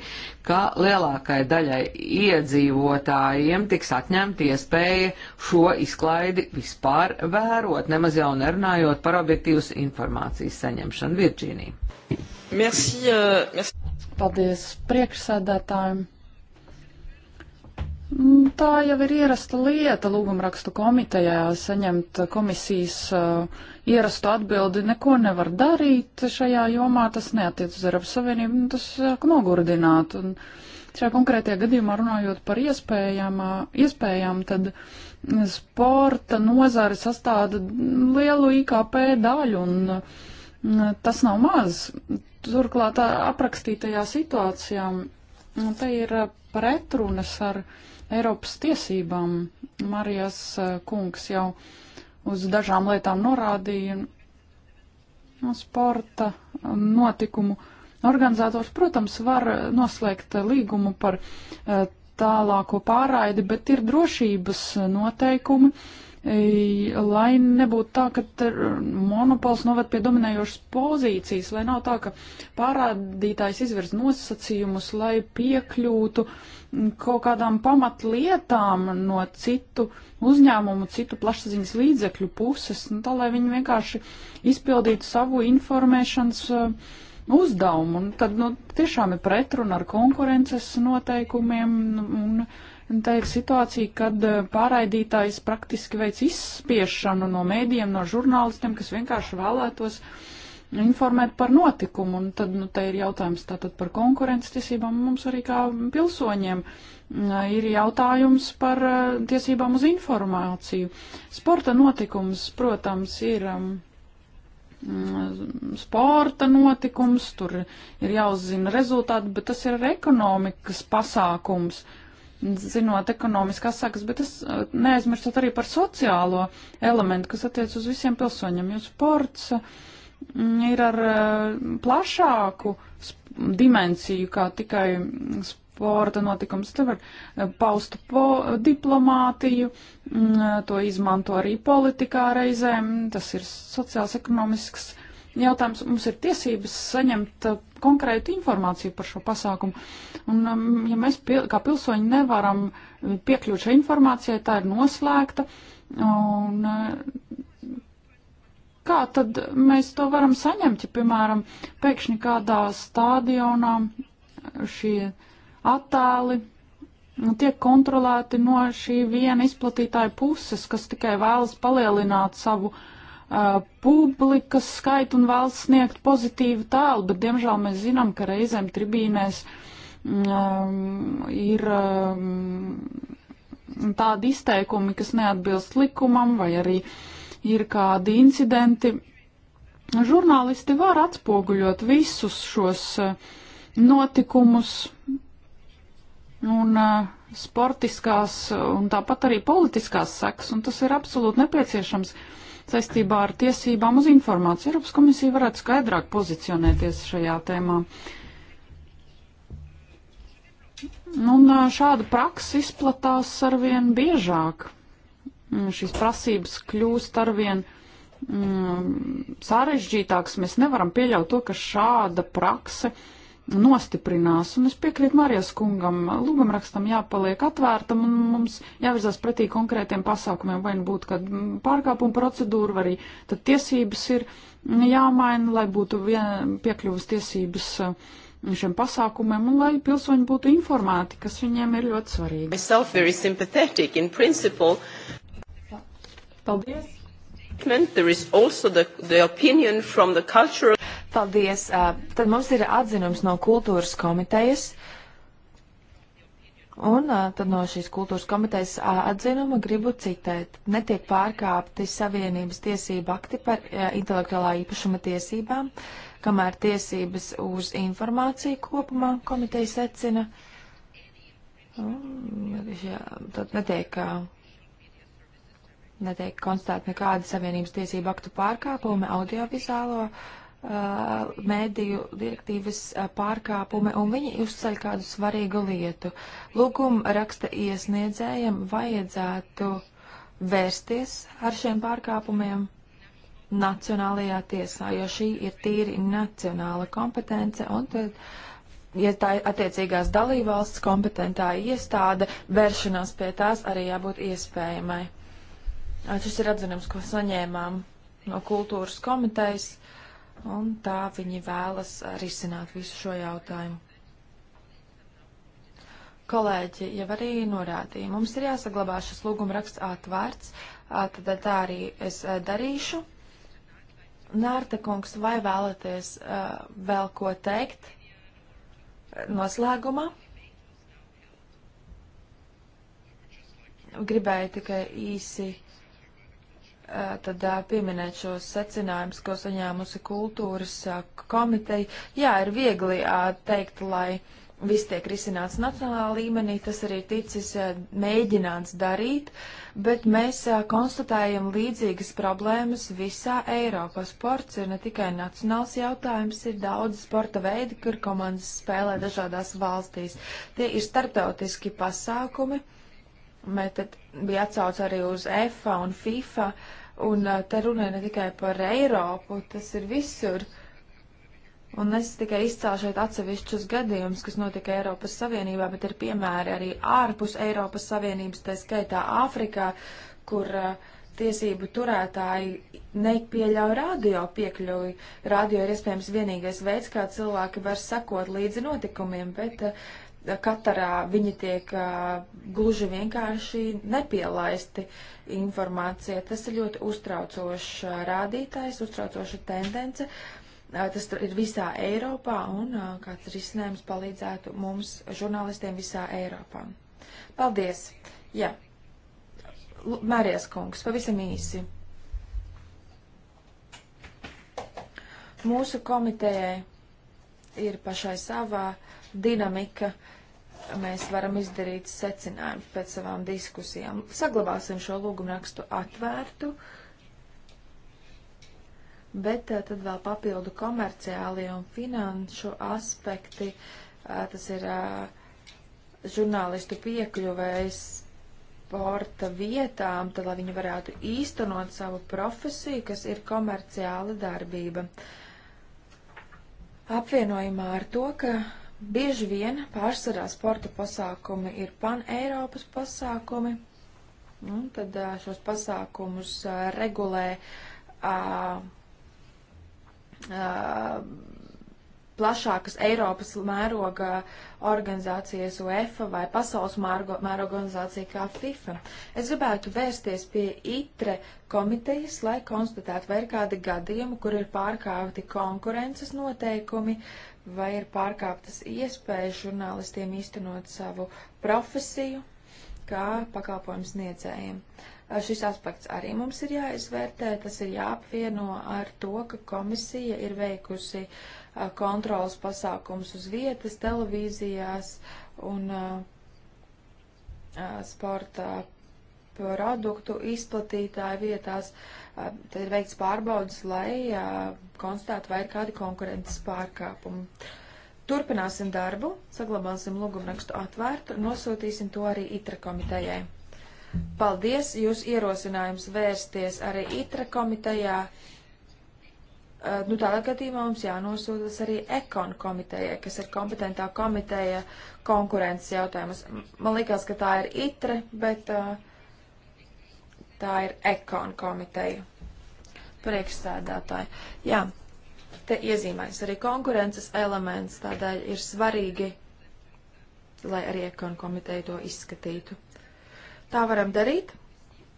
ka lielākai daļai iedzīvotājiem tiks atņemta iespēja šo izklaidi vispār vērot, nemaz jau nerunājot par objektīvas informācijas saņemšanu Virģīnī. Merci, uh, merci. Paldies priekšsēdētājiem. Mm, tā jau ir ierasta lieta lūgumrakstu komitejā saņemt komisijas uh, ierastu atbildi. Neko nevar darīt šajā jomā, tas neatiec uz Eiropas Savienību, tas sāk nogurdināt. Un šajā konkrētajā gadījumā runājot par iespējām, uh, iespējām tad sporta nozare sastāda lielu IKP daļu un mm, tas nav maz. Turklāt uh, aprakstītajā situācijā mm, te ir pretrunas ar. Uh, Eiropas tiesībām. Marijas eh, kungs jau uz dažām lietām norādīja sporta notikumu. Organizators, protams, var noslēgt līgumu par eh, tālāko pārraidi, bet ir drošības noteikumi, uh, lai nebūtu tā, ka monopols noved pie dominējošas pozīcijas, lai nav tā, ka pārādītājs izvirz nosacījumus, lai piekļūtu kaut kādām pamatlietām no citu uzņēmumu, citu plašsaziņas līdzekļu puses, nu, tā lai viņi vienkārši izpildītu savu informēšanas uh, uzdevumu. Un tad nu, tiešām ir pretruna ar konkurences noteikumiem nu, un Un tā ir situācija, kad eh, pārraidītājs praktiski veic izspiešanu no mēdījiem, no žurnālistiem, kas vienkārši vēlētos informēt par notikumu. Un tad, nu, te ir jautājums tātad par konkurences tiesībām. Mums arī kā pilsoņiem eh, ir jautājums par eh, tiesībām uz informāciju. Sporta notikums, protams, ir um, mm, sporta notikums, tur ir jāuzzina rezultāti, bet tas ir ekonomikas pasākums. Uh, zinot ekonomiskās sakas, bet es eh, neaizmirstot arī par sociālo elementu, kas attiec uz visiem pilsoņiem. Jo sports mm, ir ar eh, plašāku dimensiju kā tikai sporta notikums. Te var eh, paust po diplomātiju, mm, to izmanto arī politikā reizēm, tas ir sociāls ekonomisks jautājums. Mums ir tiesības saņemt uh, konkrētu informāciju par šo pasākumu. Un, um, ja mēs pil, kā pilsoņi nevaram uh, piekļūt šai informācijai, tā ir noslēgta. Un, uh, kā tad mēs to varam saņemt, ja, piemēram, pēkšņi kādā stadionā šie attēli tiek kontrolēti no šī viena izplatītāja puses, kas tikai vēlas palielināt savu uh, publikas skaitu un valsts sniegt pozitīvu tēlu, bet diemžēl mēs zinām, ka reizēm tribīnēs um, ir um, tādi izteikumi, kas neatbilst likumam, vai arī ir kādi incidenti. Žurnālisti var atspoguļot visus šos notikumus un uh, sportiskās un tāpat arī politiskās sekas, un tas ir absolūti nepieciešams. Uh, saistībā ar tiesībām uz informāciju. Eiropas komisija varētu skaidrāk pozicionēties šajā tēmā. Un šāda praksa izplatās arvien biežāk. Mm, šīs prasības kļūst arvien mm, sarežģītākas. Mēs nevaram pieļaut to, ka šāda praksa uh, nostiprinās, un es piekrītu Marijas kungam, lūgumrakstam jāpaliek atvērtam, un mums jāvirzās pretī konkrētiem pasākumiem, vai nu būtu kāda pārkāpuma procedūra, vai arī tad tiesības ir jāmaina, lai būtu piekļuvas tiesības uh, šiem pasākumiem, un lai pilsoņi būtu informēti, kas viņiem ir ļoti svarīgi. Paldies! Paldies. Uh, tad mums ir atzinums no kultūras komitejas. Un uh, tad no šīs kultūras komitejas uh, atzinuma gribu citēt. Netiek pārkāpti Savienības tiesība akti par intelektuālā īpašuma tiesībām, kamēr tiesības uz informāciju kopumā komiteja secina. Tad netiek netiek konstatēti nekādi Savienības tiesību aktu pārkāpumi, audiovizālo uh, mēdīju direktīvas uh, pārkāpumi, un viņi uzceļ kādu svarīgu lietu. Lūguma raksta iesniedzējiem vajadzētu vērsties ar šiem pārkāpumiem Nacionālajā tiesā, jo šī ir tīri nacionāla kompetence, un tad, ja tā ir attiecīgās dalībvalsts kompetentā iestāde, vēršanās pie tās arī jābūt iespējamai. Šis ir atzinums, ko saņēmām no kultūras komitejas, un tā viņi vēlas risināt visu šo jautājumu. Kolēģi jau arī norādīja, mums ir jāsaglabā šis lūgumraksts atvērts, tad tā arī es darīšu. Nārta kungs, vai vēlaties uh, vēl ko teikt noslēgumā? Gribēju tikai īsi tad pieminēt šos secinājumus, ko saņēmusi kultūras komiteja. Jā, ir viegli teikt, lai viss tiek risināts nacionālā līmenī, tas arī ticis mēģināts darīt, bet mēs konstatējam līdzīgas problēmas visā Eiropā. Sports ir ne tikai nacionāls jautājums, ir daudz sporta veidi, kur komandas spēlē dažādās valstīs. Tie ir starptautiski pasākumi. Mēs tad bija atsauc arī uz EFA un FIFA uh, Un te runa ne tikai par Eiropu, tas ir visur. Un es tikai izcēlu šeit atsevišķus gadījumus, kas notika Eiropas Savienībā, bet ir piemēri arī ārpus Eiropas Savienības, tā skaitā Āfrikā, kur uh, tiesību turētāji nepieļauj radio piekļuvi. Radio ir iespējams vienīgais veids, kā cilvēki var sekot līdzi notikumiem, bet uh, Katarā viņi tiek gluži vienkārši nepielaisti informācija. Tas ir ļoti uztraucošs rādītājs, uztraucoša tendence. Tas ir visā Eiropā un kāds risinājums palīdzētu mums, žurnālistiem visā Eiropā. Paldies! Jā. Mērijas kungs, pavisam īsi. Mūsu komitejai ir pašai savā dinamika. Uh, mēs varam izdarīt secinājumus pēc savām diskusijām. Saglabāsim šo lūgumrakstu atvērtu, bet eh, tad vēl papildu komerciālie un finanšu aspekti. Eh, tas ir eh, žurnālistu piekļuvējs sporta vietām, tad, lai viņi varētu īstenot savu profesiju, kas ir komerciāla darbība. Apvienojumā ar to, ka Bieži vien pārsvarā sporta pasākumi ir pan-Eiropas pasākumi, un tad šos pasākumus regulē a, a, plašākas Eiropas mēroga organizācijas UEFA vai pasaules mēroga organizācija kā FIFA. Es gribētu vērsties pie ITRE komitejas, lai konstatētu, vai ir kādi gadījumi, kur ir pārkāpti konkurences noteikumi, uh, vai ir pārkāptas iespējas žurnālistiem īstenot savu profesiju kā pakalpojumu sniedzējiem. Šis aspekts arī mums ir jāizvērtē, tas ir jāapvieno ar to, ka komisija ir veikusi kontrolas pasākums uz vietas, televīzijās un sporta produktu izplatītāju vietās. Uh, Tad ir veikts pārbaudas, lai konstatētu, vai ir kādi konkurences pārkāpumi. Turpināsim darbu, saglabāsim lūgumrakstu atvērtu, nosūtīsim to arī ITRA komitejai. Paldies! Jūs ierosinājums vērsties arī ITRA komitejā. Nu, tādā gadījumā mums jānosūtas arī ekon komitejai, kas ir kompetentā komiteja konkurences jautājumus. Man liekas, ka tā ir ITRA, bet uh, tā ir ekonu komiteja priekšsēdētāji. Jā, te iezīmēs arī konkurences elements, tādēļ ir svarīgi, lai arī ekonu komiteja to izskatītu. Tā varam darīt,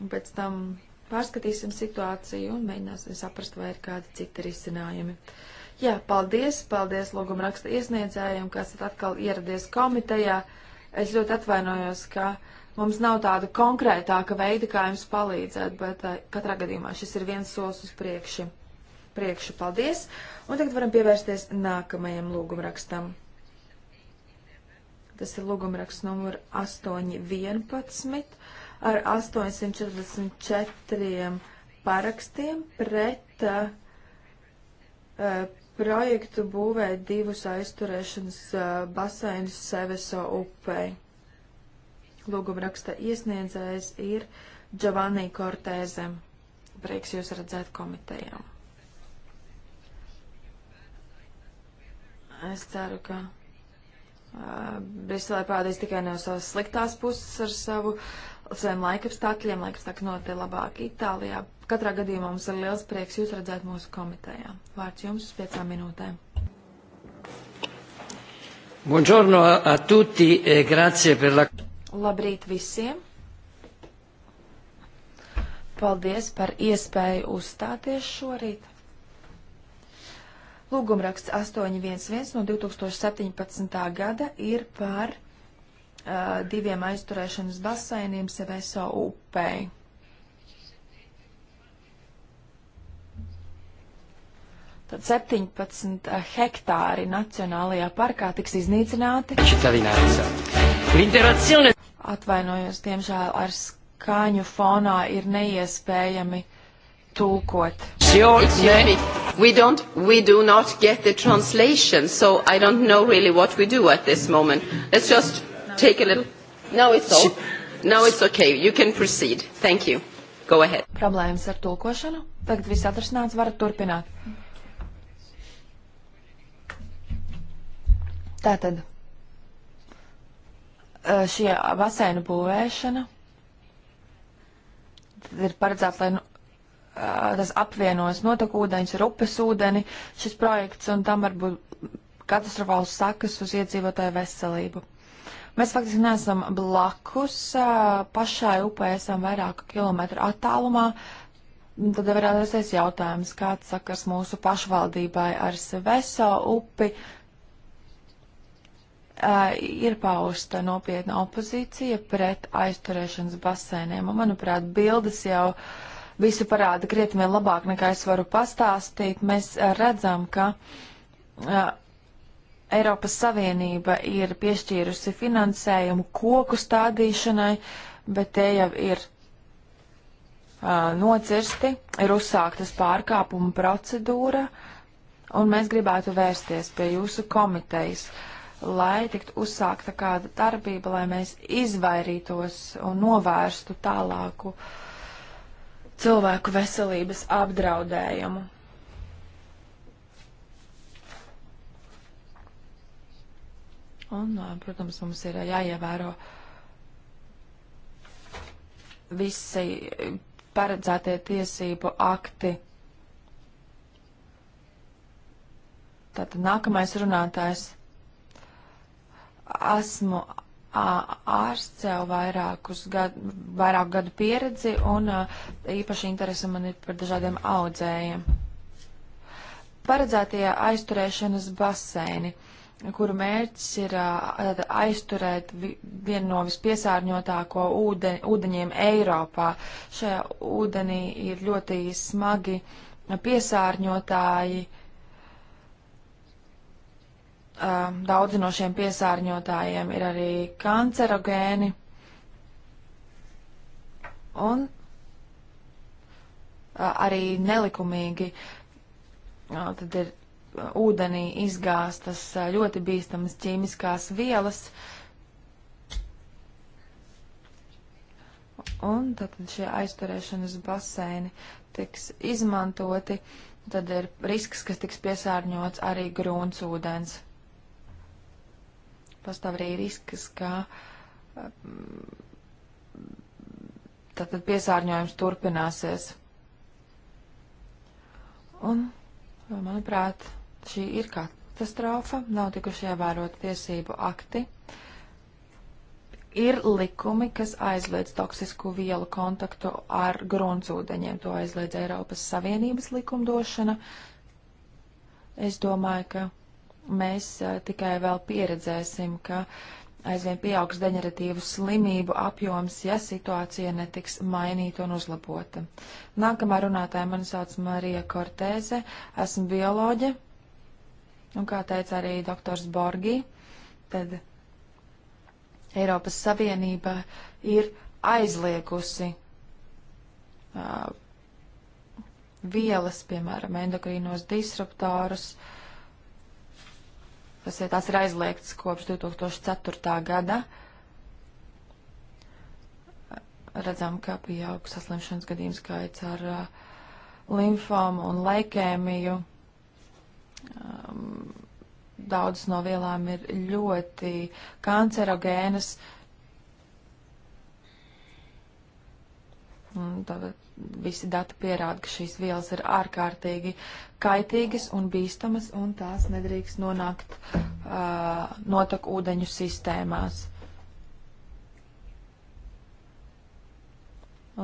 un pēc tam pārskatīsim situāciju un mēģināsim saprast, vai ir kādi citi risinājumi. Jā, paldies, paldies lūguma raksta iesniedzējiem, kas esat atkal ieradies komitejā. Es ļoti atvainojos, ka Mums nav tāda konkrētāka veida, kā jums palīdzēt, bet eh, katrā gadījumā šis ir viens solis uz priekšu. Priekšu paldies. Un tagad varam pievērsties nākamajam lūgumrakstam. Tas ir lūgumraksts numur 811 ar 844 parakstiem pret uh, projektu būvēt divus aizturēšanas uh, basēnus Seveso upei. Lūguma raksta iesniedzējs ir Giovanni Cortēze. Prieks jūs redzēt komitejām. Es ceru, ka uh, Briselē pādīs tikai no savas sliktās puses ar savu saviem laikapstākļiem, laikapstākļi notiek labāk Itālijā. Katrā gadījumā mums ir liels prieks jūs redzēt mūsu komitejā. Vārds jums uz piecām minūtēm. Buongiorno a tutti e grazie per la. Labrīt visiem! Paldies par iespēju uzstāties šorīt. Lūgumraksts 811 no 2017. gada ir par uh, diviem aizturēšanas basainiem Seveso upei. Tad 17 uh, hektāri Nacionālajā parkā tiks iznīcināti. Cittadinanza. L'interazione Atvainojos, diemžēl ar skaņu fonā ir neiespējami tulkot. We don't, we do not get the translation, so I don't know really what we do at this moment. Let's just take a little. Now it's all. Now it's okay. You can proceed. Thank you. Go ahead. Problēmas ar tulkošanu? Tagad viss atrasināts, varat turpināt. Tātad Eh, šie baseinu būvēšana. Tad ir paredzēts, lai nu, eh, tas apvienos notekūdeņus ar upes ūdeni šis projekts, un tam var būt katastrofāls sakas uz iedzīvotāju veselību. Mēs faktiski neesam blakus, eh, pašai upē esam vairāku kilometru attālumā. Tad varētu rasties jautājums, kāds sakars mūsu pašvaldībai ar Seveso upi, Uh, ir pausta nopietna opozīcija pret aizturēšanas basēniem. Un, manuprāt, bildes jau visu parāda krietni vien labāk, nekā es varu pastāstīt. Mēs uh, redzam, ka uh, Eiropas Savienība ir piešķīrusi finansējumu koku stādīšanai, bet te jau ir uh, nocirsti, ir uzsāktas pārkāpuma procedūra, un mēs gribētu vērsties pie jūsu komitejas. Uh, lai tiktu uzsākta kāda darbība, lai mēs izvairītos un novērstu tālāku cilvēku veselības apdraudējumu. Un, protams, mums ir jāievēro visi paredzētie tiesību akti. Tātad nākamais runātājs. Esmu ārsts jau vairākus gadu, vairāku gadu pieredzi un īpaši interese man ir par dažādiem audzējiem. Paredzētie aizturēšanas baseini, kuru mērķis ir aizturēt vienu no vispiesārņotāko ūdeņ, ūdeņiem Eiropā. Šajā ūdenī ir ļoti smagi piesārņotāji Um, daudzi no šiem piesārņotājiem ir arī kancerogēni. Un uh, arī nelikumīgi uh, tad ir uh, ūdenī izgāstas ļoti bīstamas ķīmiskās vielas. Un tad šie aizturēšanas baseini tiks izmantoti, tad ir risks, kas tiks piesārņots arī grūns ūdens pastāv arī risks, ka mm, tātad piesārņojums turpināsies. Un, manuprāt, šī ir katastrofa, nav tikuši ievērot tiesību akti. Ir likumi, kas aizliedz toksisku vielu kontaktu ar gruntsūdeņiem. To aizliedz Eiropas Savienības likumdošana. Es domāju, ka mēs tikai vēl pieredzēsim, ka aizvien pieaugs deģeneratīvu slimību apjoms, ja situācija netiks mainīta un uzlabota. Nākamā runātāja mani sauc Marija Kortēze, esmu bioloģe, un kā teica arī doktors Borgī, tad Eiropas Savienība ir aizliegusi uh, vielas, piemēram, endokrīnos disruptorus, uh, Tas ir, tās ir aizliegts kopš 2004. gada. Redzam, ka pieaug saslimšanas gadījums skaits ar uh, limfomu un leikēmiju. Um, Daudzas no vielām ir ļoti kancerogēnas. Un tātad visi dati pierāda, ka šīs vielas ir ārkārtīgi kaitīgas un bīstamas, un tās nedrīkst nonākt uh, notaku ūdeņu sistēmās.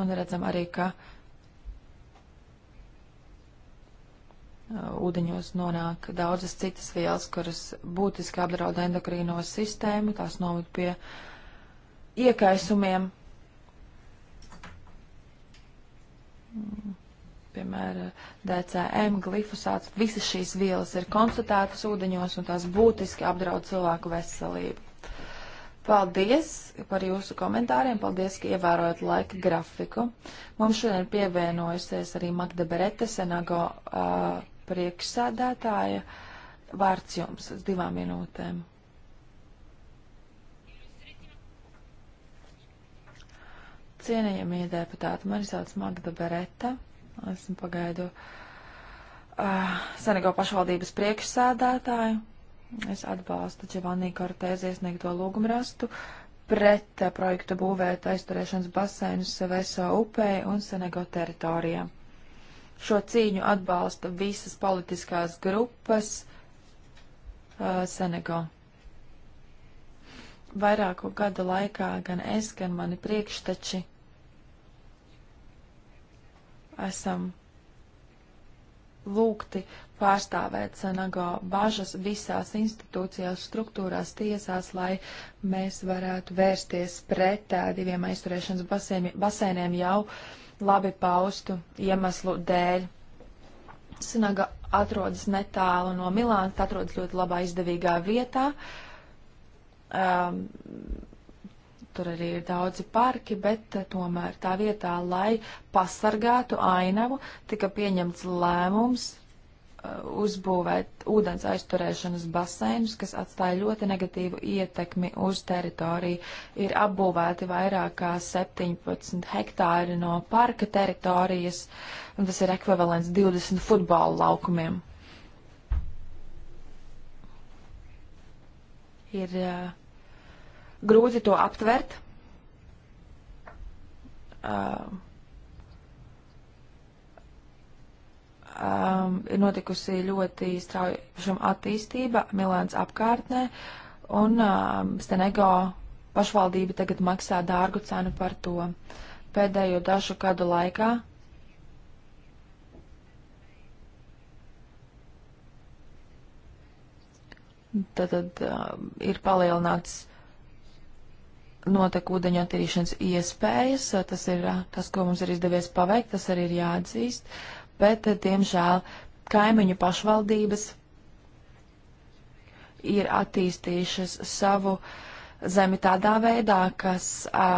Un redzam arī, ka uh, ūdeņos nonāk daudzas citas vielas, kuras būtiski apdraud endokrīno sistēmu, tās noved pie iekaisumiem. piemēram, DCM, glifosāts, visas šīs vielas ir konstatētas ūdeņos un tās būtiski apdraud cilvēku veselību. Paldies par jūsu komentāriem, paldies, ka ievērojat laika grafiku. Mums šodien pievienojusies arī Magda Berete, Senago uh, priekšsēdētāja. Vārds jums uz divām minūtēm. Cienījamie deputāti, mani sauc Magda Bereta, esmu pagaidu uh, Senego pašvaldības priekšsēdētāju. Es atbalstu Čevanī Kortēzi iesniegto lūgumrastu pret projektu būvēt aizturēšanas basēnus Seveso upē un Senego teritorijā. Šo cīņu atbalsta visas politiskās grupas uh, Senego. Vairāku gadu laikā gan es, gan mani priekšteči esam lūgti pārstāvēt senago bažas visās institūcijās, struktūrās, tiesās, lai mēs varētu vērsties pret diviem aizturēšanas basēm, basēniem jau labi paustu iemeslu dēļ. Sinaga atrodas netālu no Milānas, atrodas ļoti labā izdevīgā vietā. Um, Tur arī ir daudzi parki, bet eh, tomēr tā vietā, lai pasargātu ainavu, tika pieņemts lēmums eh, uzbūvēt ūdens aizturēšanas baseinus, kas atstāja ļoti negatīvu ietekmi uz teritoriju. Ir apbūvēti vairāk kā 17 hektāri no parka teritorijas, un tas ir ekvivalents 20 futbola laukumiem. Ir uh, grūti to aptvert. Uh, um, ir notikusi ļoti strauja attīstība Milāns apkārtnē, un um, Stenego pašvaldība tagad maksā dārgu cenu par to pēdējo dažu gadu laikā. Tad, tad um, ir palielināts notiek ūdeņa attīrīšanas iespējas, tas ir tas, ko mums ir izdevies paveikt, tas arī ir jāatzīst, bet, diemžēl, kaimiņu pašvaldības ir attīstījušas savu zemi tādā veidā, kas ā,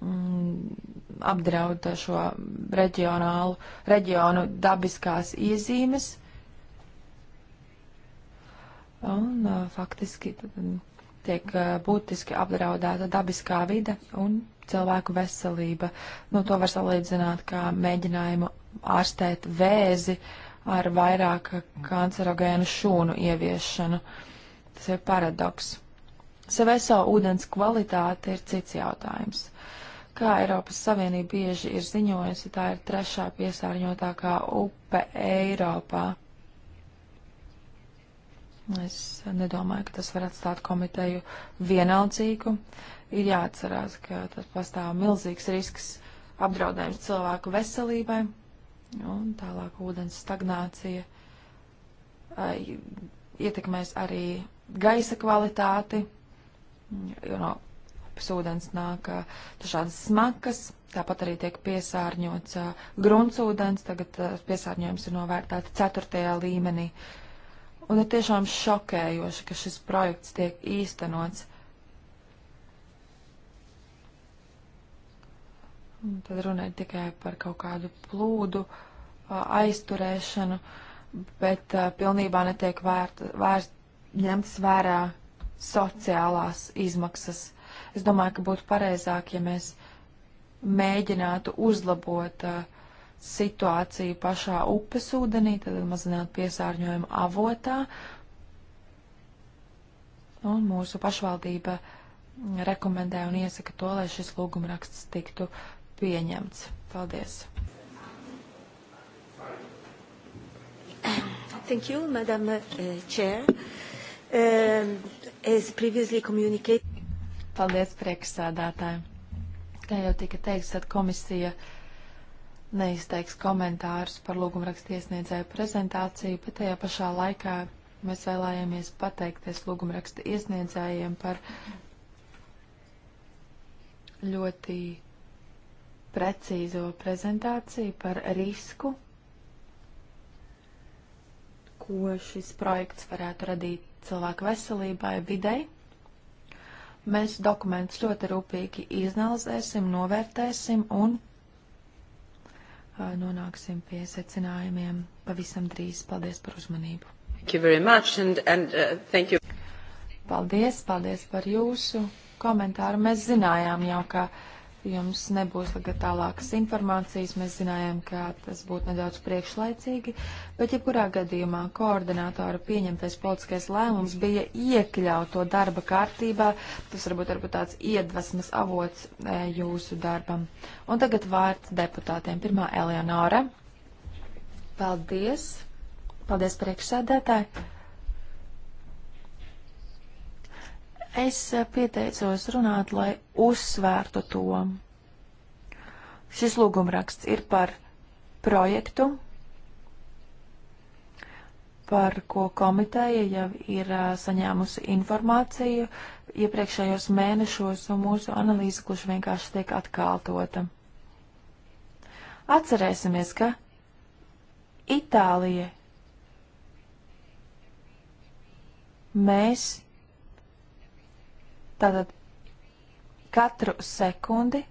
mm, apdraud šo reģionālu, reģionu dabiskās iezīmes. Un, uh, faktiski, tad, tiek eh, būtiski apdraudēta dabiskā vide un cilvēku veselība. Nu, to var salīdzināt kā mēģinājumu ārstēt vēzi ar vairāk kancerogēnu šūnu ieviešanu. Tas ir paradoks. Seveso ūdens kvalitāte ir cits jautājums. Kā Eiropas Savienība bieži ir ziņojusi, tā ir trešā piesārņotākā upe Eiropā. Es nedomāju, ka tas var atstāt komiteju vienaldzīgu. Ir jāatcerās, ka tas pastāv milzīgs risks apdraudējums cilvēku veselībai un tālāk ūdens stagnācija ietekmēs arī gaisa kvalitāti, jo no upes ūdens nāk dažādas smakas, tāpat arī tiek piesārņots gruntsūdens, tagad piesārņojums ir novērtēts ceturtajā līmenī. Uh, Un ir tiešām šokējoši, ka šis projekts tiek īstenots. Un tad runāja tikai par kaut kādu plūdu aizturēšanu, bet a, pilnībā netiek vērt, vērst, ņemts vērā sociālās izmaksas. Es domāju, ka būtu pareizāk, ja mēs mēģinātu uzlabot uh, situāciju pašā upes ūdenī, tad mazināt piesārņojumu avotā. Un mūsu pašvaldība rekomendē un iesaka to, lai šis lūgumraksts tiktu pieņemts. Paldies! Thank you, Madam uh, Chair. Um, as previously communicated. Paldies, priekšsādātāji. Kā jau tika teiks, tad komisija uh, neizteiks komentārus par lūgumrakstu iesniedzēju prezentāciju, bet tajā pašā laikā mēs vēlējāmies pateikties lūgumraksta iesniedzējiem par ļoti precīzo prezentāciju par risku, ko šis projekts varētu radīt cilvēku veselībai, videi. Mēs dokumentus ļoti rūpīgi izanalizēsim, novērtēsim un nonāksim pie secinājumiem pavisam drīz. Paldies par uzmanību. And, and, uh, paldies, paldies par jūsu komentāru. Mēs zinājām jau, ka. Kā jums nebūs tagad tālākas informācijas. Mēs zinājām, ka tas būtu nedaudz priekšlaicīgi, bet jebkurā gadījumā koordinātora pieņemtais politiskais lēmums bija iekļaut to darba kārtībā. Tas varbūt ir tāds iedvesmas avots e, jūsu darbam. Un tagad vārds deputātiem. Pirmā Eleonora. Paldies. Paldies priekšsēdētāji. Es eh, pieteicos runāt, lai uzsvērtu to. Šis lūgumraksts ir par projektu, par ko komiteja jau ir eh, saņēmusi informāciju iepriekšējos mēnešos, un mūsu analīze gluži vienkārši tiek atkārtota. Atcerēsimies, ka Itālija mēs Tātad katru sekundi uh,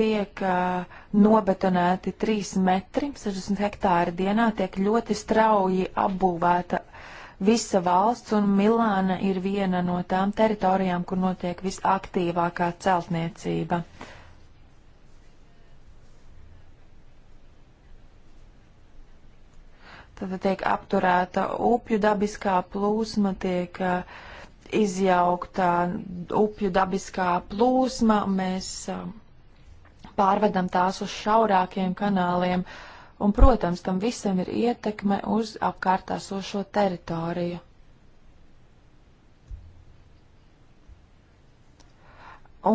tiek uh, nobetonēti 3 metri, 60 hektāri dienā, tiek ļoti strauji apbūvēta visa valsts, un Milāna ir viena no tām teritorijām, kur notiek visaktīvākā celtniecība. Uh, Tad tiek apturēta upju dabiskā plūsma, tiek uh, izjaukta upju dabiskā plūsma, mēs uh, pārvedam tās uz šaurākiem kanāliem, un, protams, tam visam ir ietekme uz apkārt esošo teritoriju.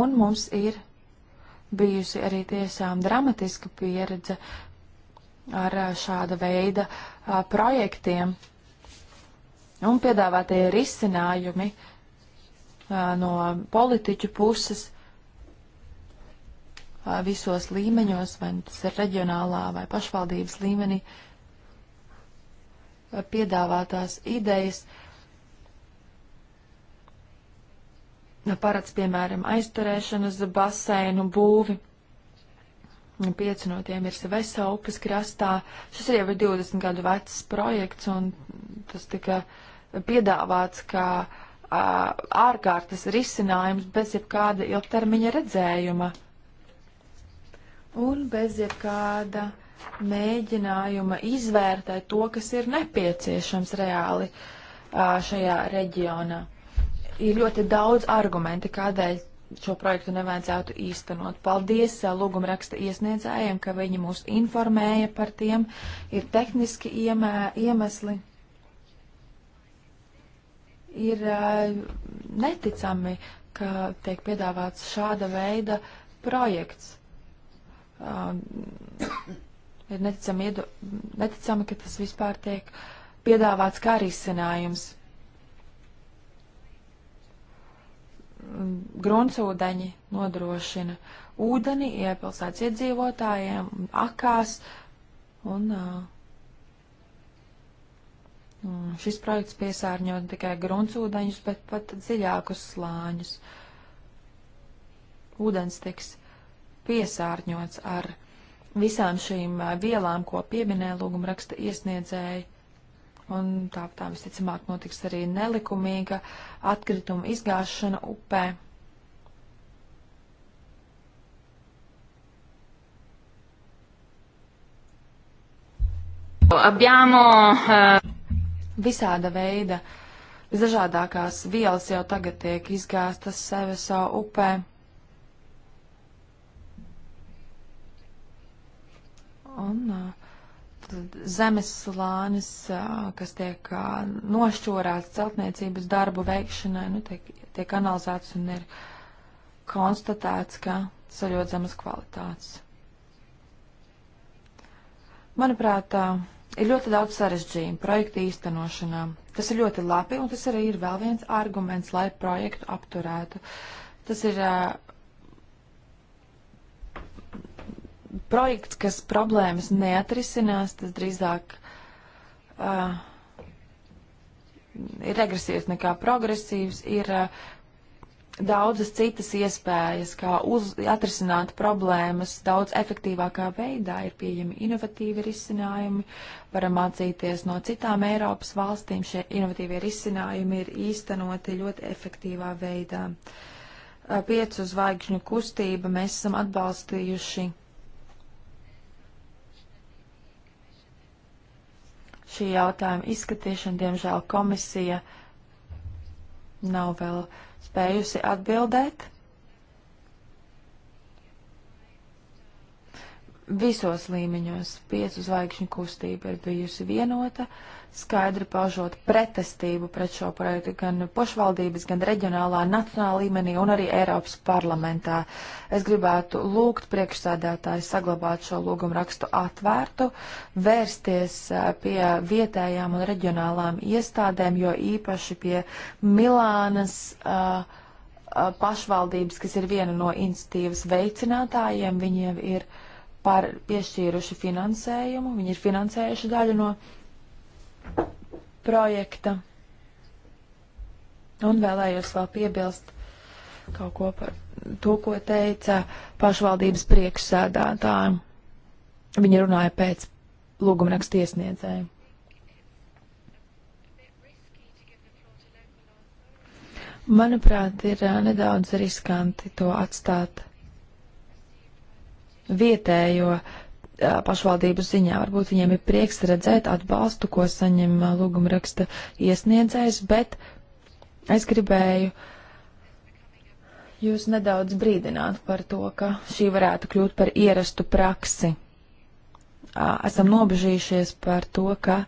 Un mums ir bijusi arī tiešām dramatiska pieredze, ar šāda veida projektiem. Un piedāvātie risinājumi no politiķu puses visos līmeņos, vai nu tas ir reģionālā vai pašvaldības līmenī, piedāvātās idejas paredz, piemēram, aizturēšanas baseinu būvi Pieci no tiem ir Sevesa upes krastā. Šis ir jau ir 20 gadu vecs projekts, un tas tika piedāvāts kā ārkārtas risinājums bez jebkāda ilgtermiņa redzējuma un bez jebkāda mēģinājuma izvērtēt to, kas ir nepieciešams reāli šajā reģionā. Ir ļoti daudz argumenti, kādēļ šo projektu nevajadzētu īstenot. Paldies eh, lūguma raksta iesniedzējiem, ka viņi mūs informēja par tiem. Ir tehniski iemē, iemesli. Ir eh, neticami, ka tiek piedāvāts šāda veida projekts. Um, ir neticami, neticami ka tas vispār tiek piedāvāts kā risinājums. gruntsūdeņi nodrošina ūdeni iepilsētas iedzīvotājiem, akās, uh, un šis projekts piesārņo ne tikai gruntsūdeņus, bet pat dziļākus slāņus. Ūdens tiks piesārņots ar visām šīm uh, vielām, ko pieminē lūgumraksta iesniedzēji un tā, tā visticamāk notiks arī nelikumīga atkrituma izgāšana upē. Abbiamo, uh... Eh, Visāda veida, visdažādākās vielas jau tagad tiek izgāstas sevi savu upē. Un uh, zemes slānis, kas tiek nošķorāts celtniecības darbu veikšanai, nu, tiek, tiek analizēts un ir konstatēts, ka tas ir ļoti zemas kvalitātes. Manuprāt, ir ļoti daudz sarežģījumu projektu īstenošanā. Tas ir ļoti labi, un tas arī ir vēl viens arguments, lai projektu apturētu. Tas ir projekts, kas problēmas neatrisinās, tas drīzāk uh, ir regresīvs nekā progresīvs, ir uh, daudzas citas iespējas, kā uz, atrisināt problēmas daudz efektīvākā veidā, ir pieejami inovatīvi risinājumi, varam mācīties no citām Eiropas valstīm, šie inovatīvie risinājumi ir īstenoti ļoti efektīvā veidā. Uh, piecu zvaigžņu kustība mēs esam atbalstījuši šī jautājuma izskatīšanu, diemžēl komisija nav vēl spējusi atbildēt. Visos līmeņos piecu zvaigžņu kustība ir bijusi vienota. Uh, skaidri paužot pretestību pret šo projektu gan pašvaldības, gan reģionālā, nacionālā līmenī un arī Eiropas parlamentā. Es gribētu lūgt priekšsēdētāju saglabāt šo lūgumu rakstu atvērtu, vērsties pie vietējām un reģionālām iestādēm, jo īpaši pie Milānas uh, pašvaldības, kas ir viena no institīvas veicinātājiem, viņiem ir par piešķīruši finansējumu, viņi ir finansējuši daļu no projekta. Un vēlējos vēl piebilst kaut ko par to, ko teica pašvaldības priekšsēdētāja. Viņa runāja pēc lūgumraksta iesniedzēja. Manuprāt, ir uh, nedaudz riskanti to atstāt vietējo uh, pašvaldību ziņā. Varbūt viņiem ir prieks redzēt atbalstu, ko saņem lūguma raksta iesniedzējs, bet es gribēju jūs nedaudz brīdināt par to, ka šī varētu kļūt par ierastu praksi. Esam nobežījušies par to, ka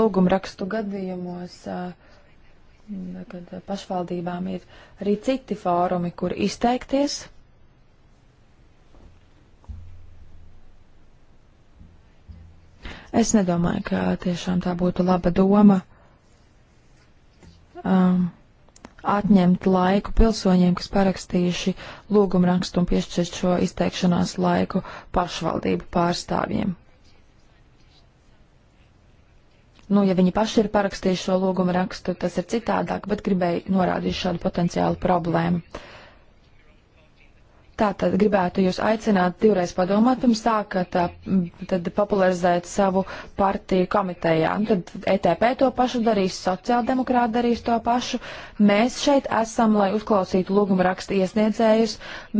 lūguma rakstu gadījumos kad pašvaldībām ir arī citi fórumi, kur izteikties Es nedomāju, ka tiešām tā būtu laba doma um, atņemt laiku pilsoņiem, kas parakstījuši lūgumrakstu un piešķirt šo izteikšanās laiku pašvaldību pārstāvjiem. Nu, ja viņi paši ir parakstījuši šo lūgumu rakstu, tas ir citādāk, bet gribēju norādīt šādu potenciālu problēmu. Uh, Tātad gribētu jūs aicināt divreiz padomāt, pirms sākat tad popularizēt savu partiju komitejā. Un nu, tad ETP to pašu darīs, sociāldemokrāti darīs to pašu. Mēs šeit esam, lai uzklausītu lūgumu rakstu iesniedzējus.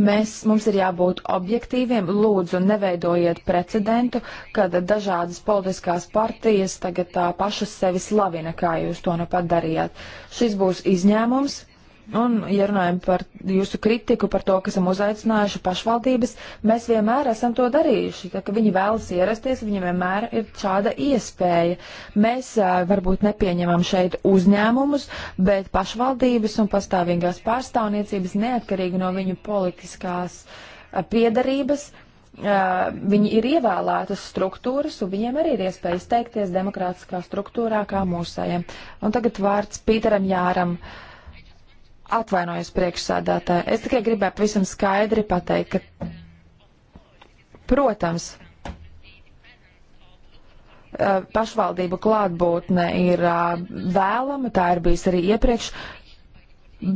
Mēs, mums ir jābūt objektīviem. Lūdzu, neveidojiet precedentu, kad dažādas politiskās partijas tagad tā pašas sevi slavina, kā jūs to nu pat darījāt. Šis būs izņēmums Un, ja runājam par jūsu kritiku par to, ka esam uzaicinājuši pašvaldības, mēs vienmēr esam to darījuši. Tā, ka viņi vēlas ierasties, viņiem vienmēr ir šāda iespēja. Mēs varbūt nepieņemam šeit uzņēmumus, bet pašvaldības un pastāvīgās pārstāvniecības neatkarīgi no viņu politiskās piedarības. Viņi ir ievēlētas struktūras, un viņiem arī ir iespēja izteikties demokrātiskā struktūrā kā mūsējiem. Un tagad vārds Pīteram Jāram. Uh, Atvainojos priekšsēdētāji. Es tikai gribēju pavisam skaidri pateikt, ka, protams, pašvaldību klātbūtne ir vēlama, tā ir bijis arī iepriekš,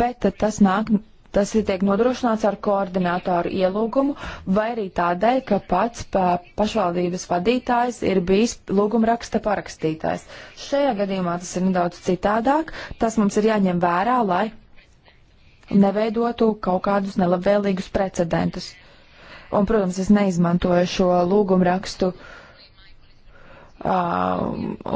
bet tas nāk. Tas ir tiek nodrošināts ar koordinātoru ielūgumu vai arī tādēļ, ka pats pa pašvaldības vadītājs ir bijis lūgumraksta parakstītājs. Šajā gadījumā tas ir nedaudz citādāk. Tas mums ir jāņem vērā, lai neveidotu kaut kādus nelabvēlīgus precedentus. Un, protams, es neizmantoju šo lūgumu rakstu uh,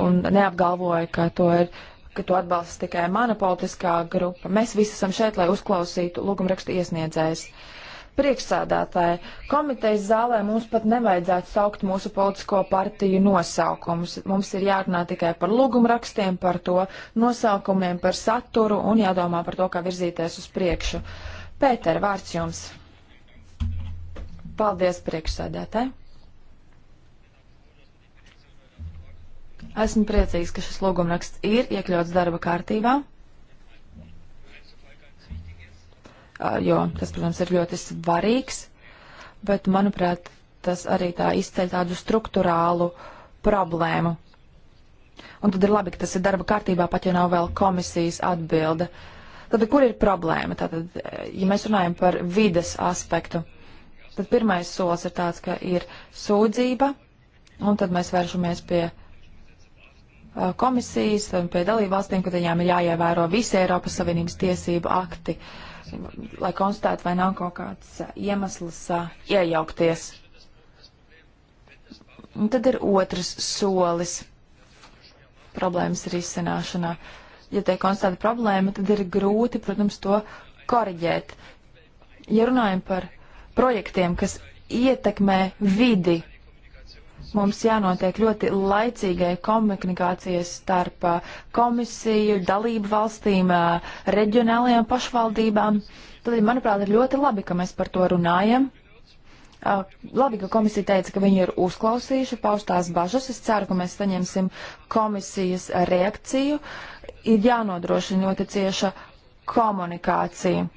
un neapgalvoju, ka to ir ka to atbalsta tikai mana politiskā grupa. Mēs visi esam šeit, lai uzklausītu lūgumrakstu iesniedzējs. Uh, Priekšsēdētāji, komitejas zālē mums pat nevajadzētu saukt mūsu politisko partiju nosaukumus. Mums ir jārunā tikai par lūgumrakstiem, par to nosaukumiem, par saturu un jādomā par to, kā virzīties uz priekšu. Pēter, vārds jums. Paldies, priekšsēdētāji. Esmu priecīgs, ka šis lūgumraksts ir iekļauts darba kārtībā. jo tas, protams, ir ļoti svarīgs, bet, manuprāt, tas arī tā izceļ tādu struktūrālu problēmu. Un tad ir labi, ka tas ir darba kārtībā, pat ja nav vēl komisijas atbilde. Tad, kur ir problēma? Tātad, ja mēs runājam par vides aspektu, tad pirmais solis ir tāds, ka ir sūdzība, un tad mēs vēršamies pie komisijas un pie dalībvalstīm, ka viņām ir jāievēro visi Eiropas Savienības tiesību akti. Uh, lai konstatētu, vai nav kaut kāds iemesls iejaukties. Un tad ir otrs solis problēmas risināšanā. Ja tiek konstatēta problēma, tad ir grūti, protams, to koriģēt. Ja runājam par projektiem, kas ietekmē vidi, Mums jānotiek ļoti laicīgai komunikācijai starp uh, komisiju, dalību valstīm, uh, reģionālajām pašvaldībām. Tad, manuprāt, ir ļoti labi, ka mēs par to runājam. Uh, labi, ka komisija teica, ka viņi ir uzklausījuši paustās bažas. Es ceru, ka mēs saņemsim komisijas reakciju. Ir jānodrošina ļoti cieša komunikācija.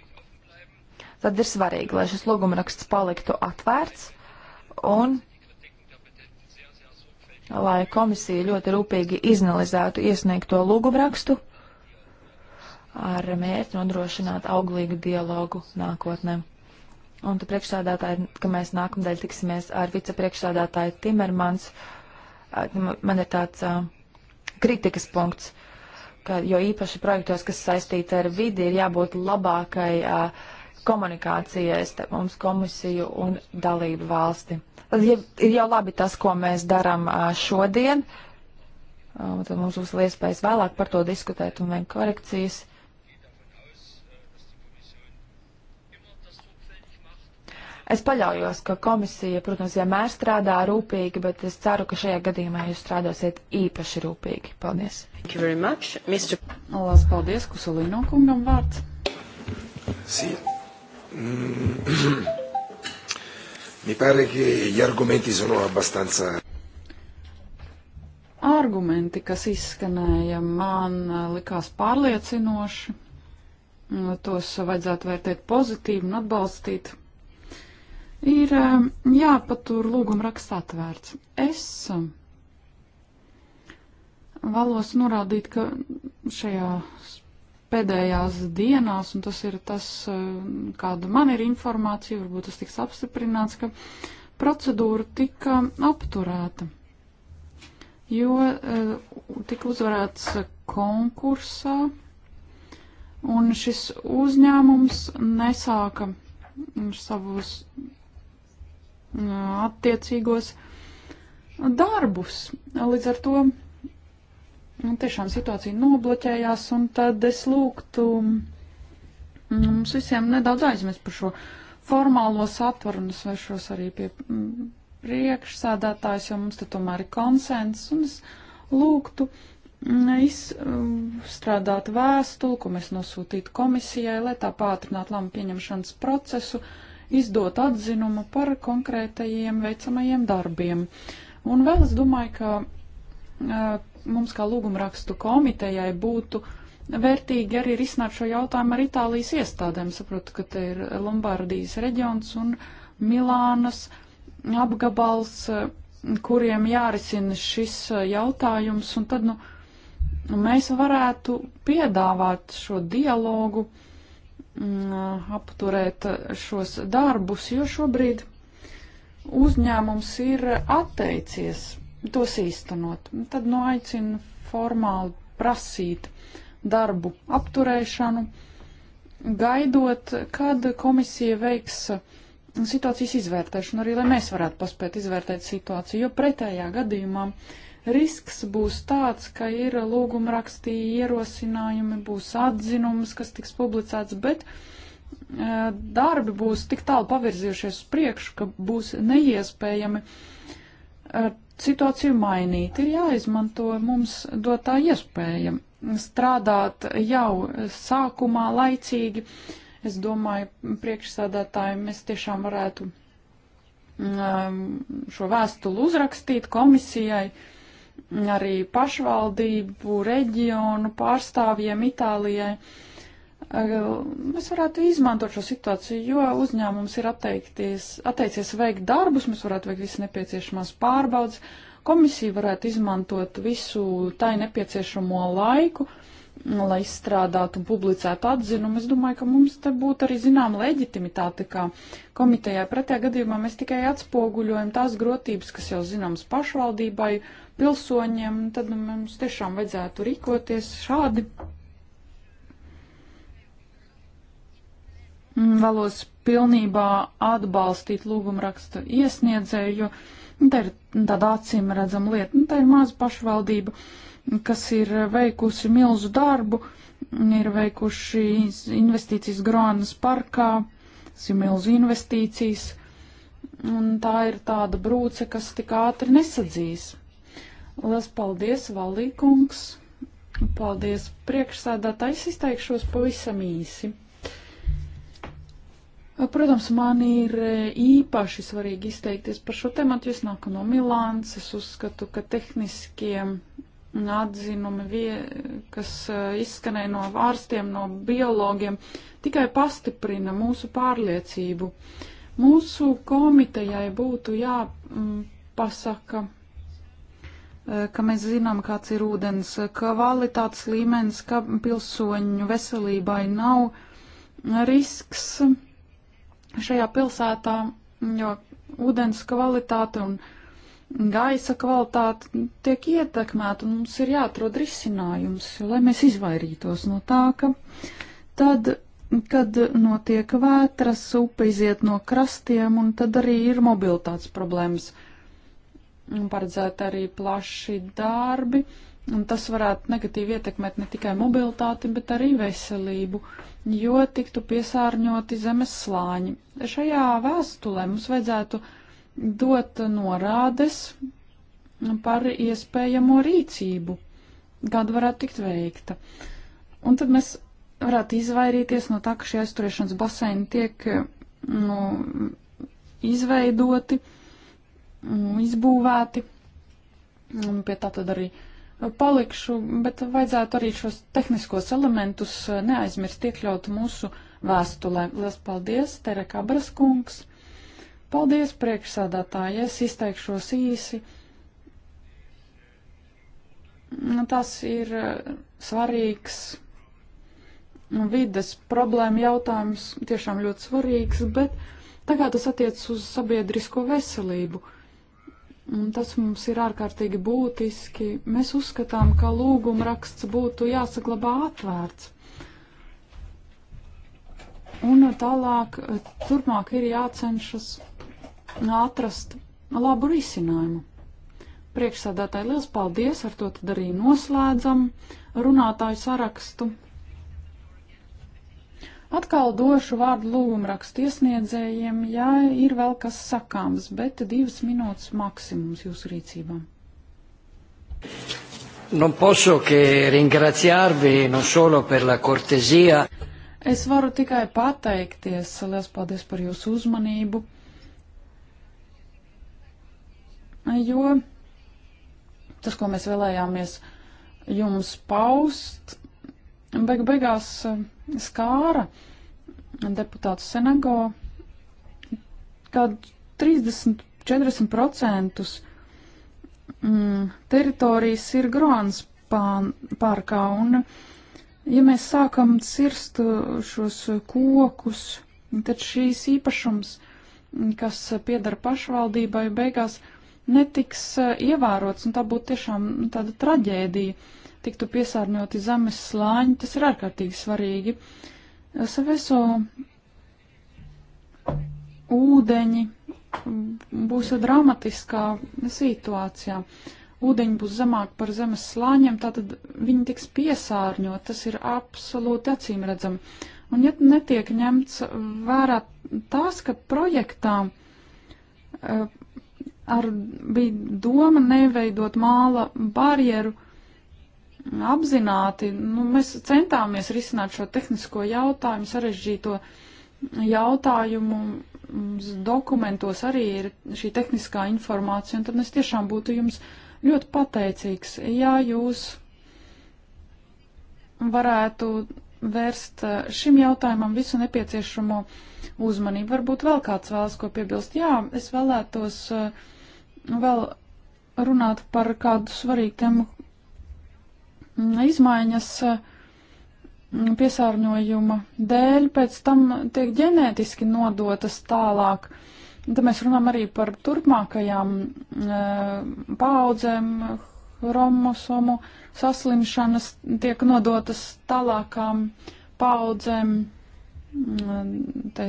Tad ir svarīgi, lai šis lūgumraksts paliktu atvērts un lai komisija ļoti rūpīgi izanalizētu iesniegto lūgumrakstu ar mērķi nodrošināt auglīgu dialogu nākotnē. Un tu priekšsādātāji, ka mēs nākamdēļ tiksimies ar vicepriekšsādātāju Timermans, man ir tāds uh, kritikas punkts, ka jo īpaši projektos, kas saistīti ar vidi, ir jābūt labākai uh, komunikācijai starp mums komisiju un dalību valsti ja, ir jau labi tas, ko mēs darām šodien. Tad mums būs iespējas vēlāk par to diskutēt un veikt korekcijas. Es paļaujos, ka komisija, protams, vienmēr strādā rūpīgi, bet es ceru, ka šajā gadījumā jūs strādāsiet īpaši rūpīgi. Paldies! Much, Mr... Lās, paldies, Kusalīno kungam vārds. See. Mm -hmm. *clears throat* Mi pare che gli argomenti sono abbastanza. Argumenti, kas izskanēja, man eh, likās pārliecinoši. Mm, tos vajadzētu vērtēt pozitīvi un atbalstīt. Ir eh, jāpatur lūguma raksts atvērts. Es eh, vēlos norādīt, ka šajās pēdējās dienās, un tas ir tas, eh, kāda man ir informācija, varbūt tas tiks apstiprināts, ka procedūra tika apturēta, jo eh, tika uzvarēts konkursā, un šis uzņēmums nesāka savus eh, attiecīgos darbus. Līdz ar to Un tiešām situācija nobloķējās, un tad es lūgtu mm, mums visiem nedaudz aizmirst par šo formālo satvaru, un es vēršos arī pie mm, priekšsādātājs, jo mums te tomēr ir konsens, un es lūgtu mm, izstrādāt vēstuli, ko mēs nosūtītu komisijai, lai tā pātrinātu lēmumu pieņemšanas procesu, izdot atzinumu par konkrētajiem veicamajiem darbiem. Un vēl es domāju, ka mums kā lūgumrakstu komitejai būtu vērtīgi arī risināt šo jautājumu ar Itālijas iestādēm. Saprotu, ka te ir Lombardijas reģions un Milānas apgabals, kuriem jārisina šis jautājums, un tad, nu, mēs varētu piedāvāt šo dialogu, mm, apturēt šos darbus, jo šobrīd uzņēmums ir atteicies tos īstenot. Tad nu aicinu formāli prasīt darbu apturēšanu, gaidot, kad komisija veiks situācijas izvērtēšanu, arī lai mēs varētu paspēt izvērtēt situāciju, jo pretējā gadījumā risks būs tāds, ka ir lūguma rakstī ierosinājumi, būs atzinums, kas tiks publicēts, bet eh, darbi būs tik tālu pavirzījušies uz priekšu, ka būs neiespējami uh, situāciju mainīt. Ir jāizmanto mums dotā iespēja strādāt jau sākumā laicīgi. Es domāju, priekšsādātāji mēs tiešām varētu um, šo vēstuli uzrakstīt komisijai, arī pašvaldību, reģionu pārstāvjiem Itālijai mēs varētu izmantot šo situāciju, jo uzņēmums ir atteicies veikt darbus, mēs varētu veikt visas nepieciešamās pārbaudas, komisija varētu izmantot visu tai nepieciešamo laiku, lai izstrādātu un publicētu atzinumu. Es domāju, ka mums te būtu arī zināma leģitimitāte, kā komitejai pretējā gadījumā mēs tikai atspoguļojam tās grotības, kas jau zināmas pašvaldībai, pilsoņiem, tad mums tiešām vajadzētu rīkoties šādi vēlos pilnībā atbalstīt lūgumrakstu iesniedzēju, jo nu, tā ir tāda acīm redzama lieta. Un nu, tā ir maza pašvaldība, kas ir veikusi milzu darbu, ir veikuši investīcijas Gronas parkā, tas ir milzu investīcijas, un tā ir tāda brūce, kas tik ātri nesadzīs. Lielas paldies, Valīkungs! Paldies priekšsēdātājs, izteikšos pavisam īsi. Protams, man ir e, īpaši svarīgi izteikties par šo tematu. Es nāku no Milāns, es uzskatu, ka tehniskie atzinumi, vie, kas e, izskanēja no ārstiem, no biologiem, tikai pastiprina mūsu pārliecību. Mūsu komitejai būtu jāpasaka, e, ka mēs zinām, kāds ir ūdens kvalitātes līmenis, ka pilsoņu veselībai nav risks šajā pilsētā, jo ūdens kvalitāte un gaisa kvalitāte tiek ietekmēta, un mums ir jāatrod risinājums, lai mēs izvairītos no tā, ka tad, kad notiek vētras, upe iziet no krastiem, un tad arī ir mobilitātes problēmas. Un paredzēt arī plaši darbi. Uh, Un tas varētu negatīvi ietekmēt ne tikai mobilitāti, bet arī veselību, jo tiktu piesārņoti zemes slāņi. Šajā vēstulē mums vajadzētu dot norādes par iespējamo rīcību, kāda varētu tikt veikta. Un tad mēs varētu izvairīties no tā, ka šie aizturēšanas baseini tiek nu, izveidoti, nu, izbūvēti, un pie tā tad arī uh, palikšu, bet vajadzētu arī šos tehniskos elementus eh, neaizmirst iekļaut mūsu vēstulē. Lielas paldies, Tere Kabras kungs! Paldies, priekšsādātāji, es izteikšos īsi. Nu, tas ir eh, svarīgs vides problēma jautājums, tiešām ļoti svarīgs, bet tagad tas attiec uz sabiedrisko veselību. Uh, Tas mums ir ārkārtīgi būtiski. Mēs uzskatām, ka lūguma raksts būtu jāsaglabā atvērts. Un tālāk, turpmāk ir jācenšas atrast labu risinājumu. Priekšsādātāji, liels paldies! Ar to tad arī noslēdzam runātāju sarakstu. Atkal došu vārdu lūgumrakstu iesniedzējiem, ja ir vēl kas sakāms, bet divas minūtes maksimums jūsu rīcībā. Non posso che ringraziarvi non solo per la cortesia. Es varu tikai pateikties, liels paldies par jūsu uzmanību, jo tas, ko mēs vēlējāmies jums paust, beig beigās eh, skāra deputātu Senego kādu 30-40% mm, teritorijas ir Groans pārkā, un ja mēs sākam cirst šos kokus, tad šīs īpašums, kas piedara pašvaldībai, beigās netiks eh, ievērots, un tā būtu tiešām tāda traģēdija tiktu piesārņoti zemes slāņi, tas ir ārkārtīgi svarīgi. Saveso ūdeņi būs dramatiskā situācijā. Ūdeņi būs zemāk par zemes slāņiem, tātad viņi tiks piesārņot, tas ir absolūti acīmredzami. Un ja netiek ņemts vērā tās, ka projektā eh, ar, bija doma neveidot māla barjeru apzināti. Nu, mēs centāmies risināt šo tehnisko jautājumu, sarežģīto jautājumu. Mums dokumentos arī ir šī tehniskā informācija, un tad es tiešām būtu jums ļoti pateicīgs, ja jūs varētu vērst eh, šim jautājumam visu nepieciešamo uzmanību. Varbūt vēl kāds vēlas ko piebilst. Jā, es vēlētos eh, vēl runāt par kādu svarīgu tēmu, izmaiņas eh, piesārņojuma dēļ pēc tam tiek ģenētiski nodotas tālāk. Tad mēs runājam arī par turpmākajām eh, paudzēm, chromosomu saslimšanas tiek nodotas tālākām paudzēm. Mm, te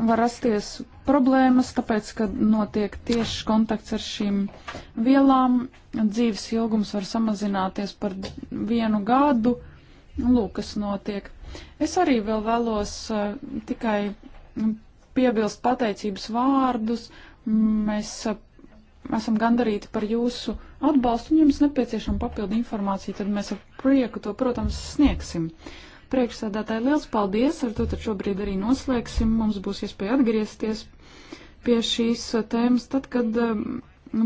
var rasties problēmas, tāpēc, ka notiek tieši kontakts ar šīm vielām, dzīves ilgums var samazināties par vienu gadu. Lūk, kas notiek. Es arī vēl vēlos uh, tikai piebilst pateicības vārdus. Mēs uh, esam gandarīti par jūsu atbalstu, un jums nepieciešama papildu informācija, tad mēs ar prieku to, protams, sniegsim. Uh, Priekšsēdētāji, liels paldies! Ar to tad šobrīd arī noslēgsim. Mums būs iespēja atgriezties pie šīs tēmas tad, kad um,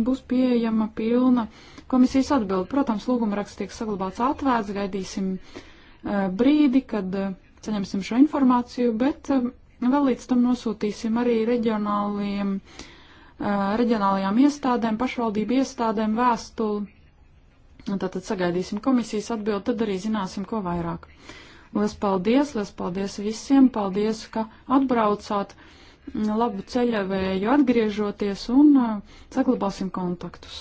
būs pieejama pilna komisijas atbilde. Protams, lūguma raksts tiek saglabāts atvērts, gaidīsim uh, brīdi, kad uh, saņemsim šo informāciju, bet um, vēl līdz tam nosūtīsim arī reģionāliem, uh, reģionālajām iestādēm, pašvaldību iestādēm vēstuli. Tātad sagaidīsim komisijas atbildi, tad arī zināsim, ko vairāk. Lielas paldies, lielas paldies visiem, paldies, ka atbraucāt labu ceļavēju atgriežoties un uh, saglabāsim kontaktus.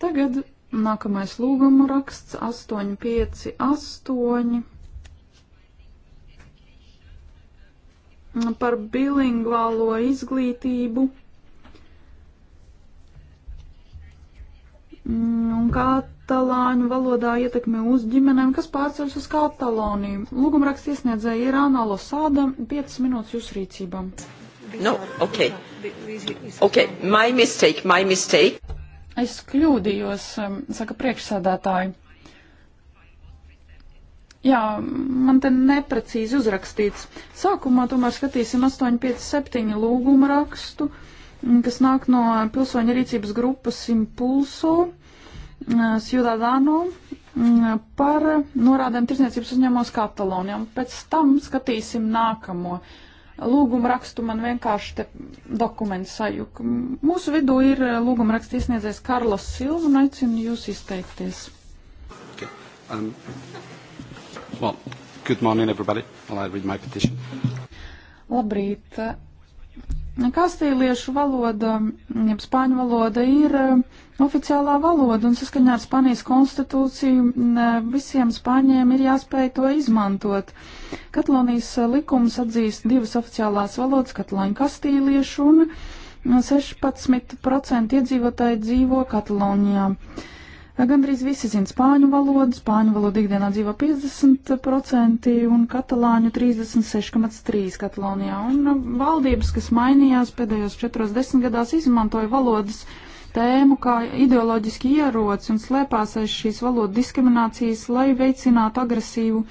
Tagad nākamais lūguma raksts 858. par bilingvālo izglītību mm, un kā katalāņu valodā ietekme uz ģimenēm, kas pārceļas uz Kataloniju. Lūgumraksts iesniedzēja ir Anna Losāda, 5 minūtes jūsu rīcībām. No, okay. Okay, my mistake, my mistake. Es kļūdījos, um, saka priekšsādātāji. Jā, man te neprecīzi uzrakstīts. Sākumā tomēr skatīsim 857 lūgumu rakstu, kas nāk no pilsoņa rīcības grupas Impulso Ciudadano par norādēm tirsniecības uzņēmumos Katalonijā. Pēc tam skatīsim nākamo lūgumu rakstu. Man vienkārši te dokumenti sajuka. Mūsu vidū ir lūgumu rakstu iesniedzējs Karlos Silva un aicinu jūs izteikties. Okay. Um, well, good morning, everybody. I'll read my petition. Labrīt. Kastīliešu valoda, jeb spāņu valoda, ir eh, oficiālā valoda, un saskaņā ar Spānijas konstitūciju mm, eh, visiem spāņiem ir jāspēj to izmantot. Katalonijas eh, likums atzīst divas oficiālās valodas - katalāņu kastīliešu, un 16% mm, iedzīvotāji dzīvo Katalonijā. Uh, Gandrīz visi zina spāņu valodu, spāņu valodu ikdienā dzīvo 50% un katalāņu 36,3% Katalonijā. Un nu, valdības, kas mainījās pēdējos četros desmitgadās, izmantoja valodas tēmu kā ideoloģiski ieroci un slēpās aiz šīs valodu diskriminācijas, lai veicinātu agresīvu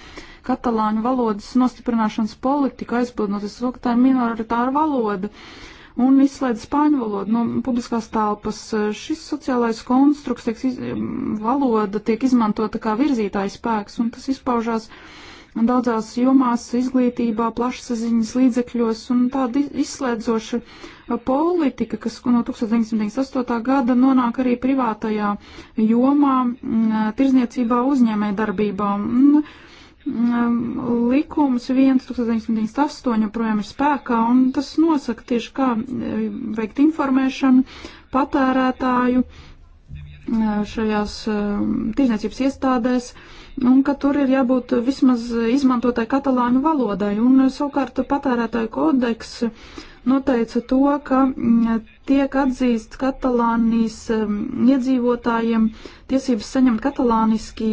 katalāņu valodas nostiprināšanas politiku, aizpildnoties to, ka tā ir minoritāra valoda. Uh, un izslēdz spāņu valodu no publiskās telpas. Eh, šis sociālais konstrukts, tiek, iz, mm, valoda tiek izmantota kā virzītājs spēks, un tas izpaužās daudzās jomās, izglītībā, plašsaziņas līdzekļos, un tāda izslēdzoša eh, politika, kas no 1998. gada nonāk arī privātajā jomā, mm, eh, tirzniecībā, uzņēmē darbībā. Un, Mm, likums 1998 joprojām ir spēkā, un tas nosaka tieši, kā e, veikt informēšanu patērētāju e, šajās e, tirdzniecības iestādēs, un ka tur ir jābūt vismaz izmantotai katalāņu valodai, un savukārt patērētāju kodeks noteica to, ka mm, tiek atzīsts Katalānijas mm, iedzīvotājiem tiesības saņemt katalāniski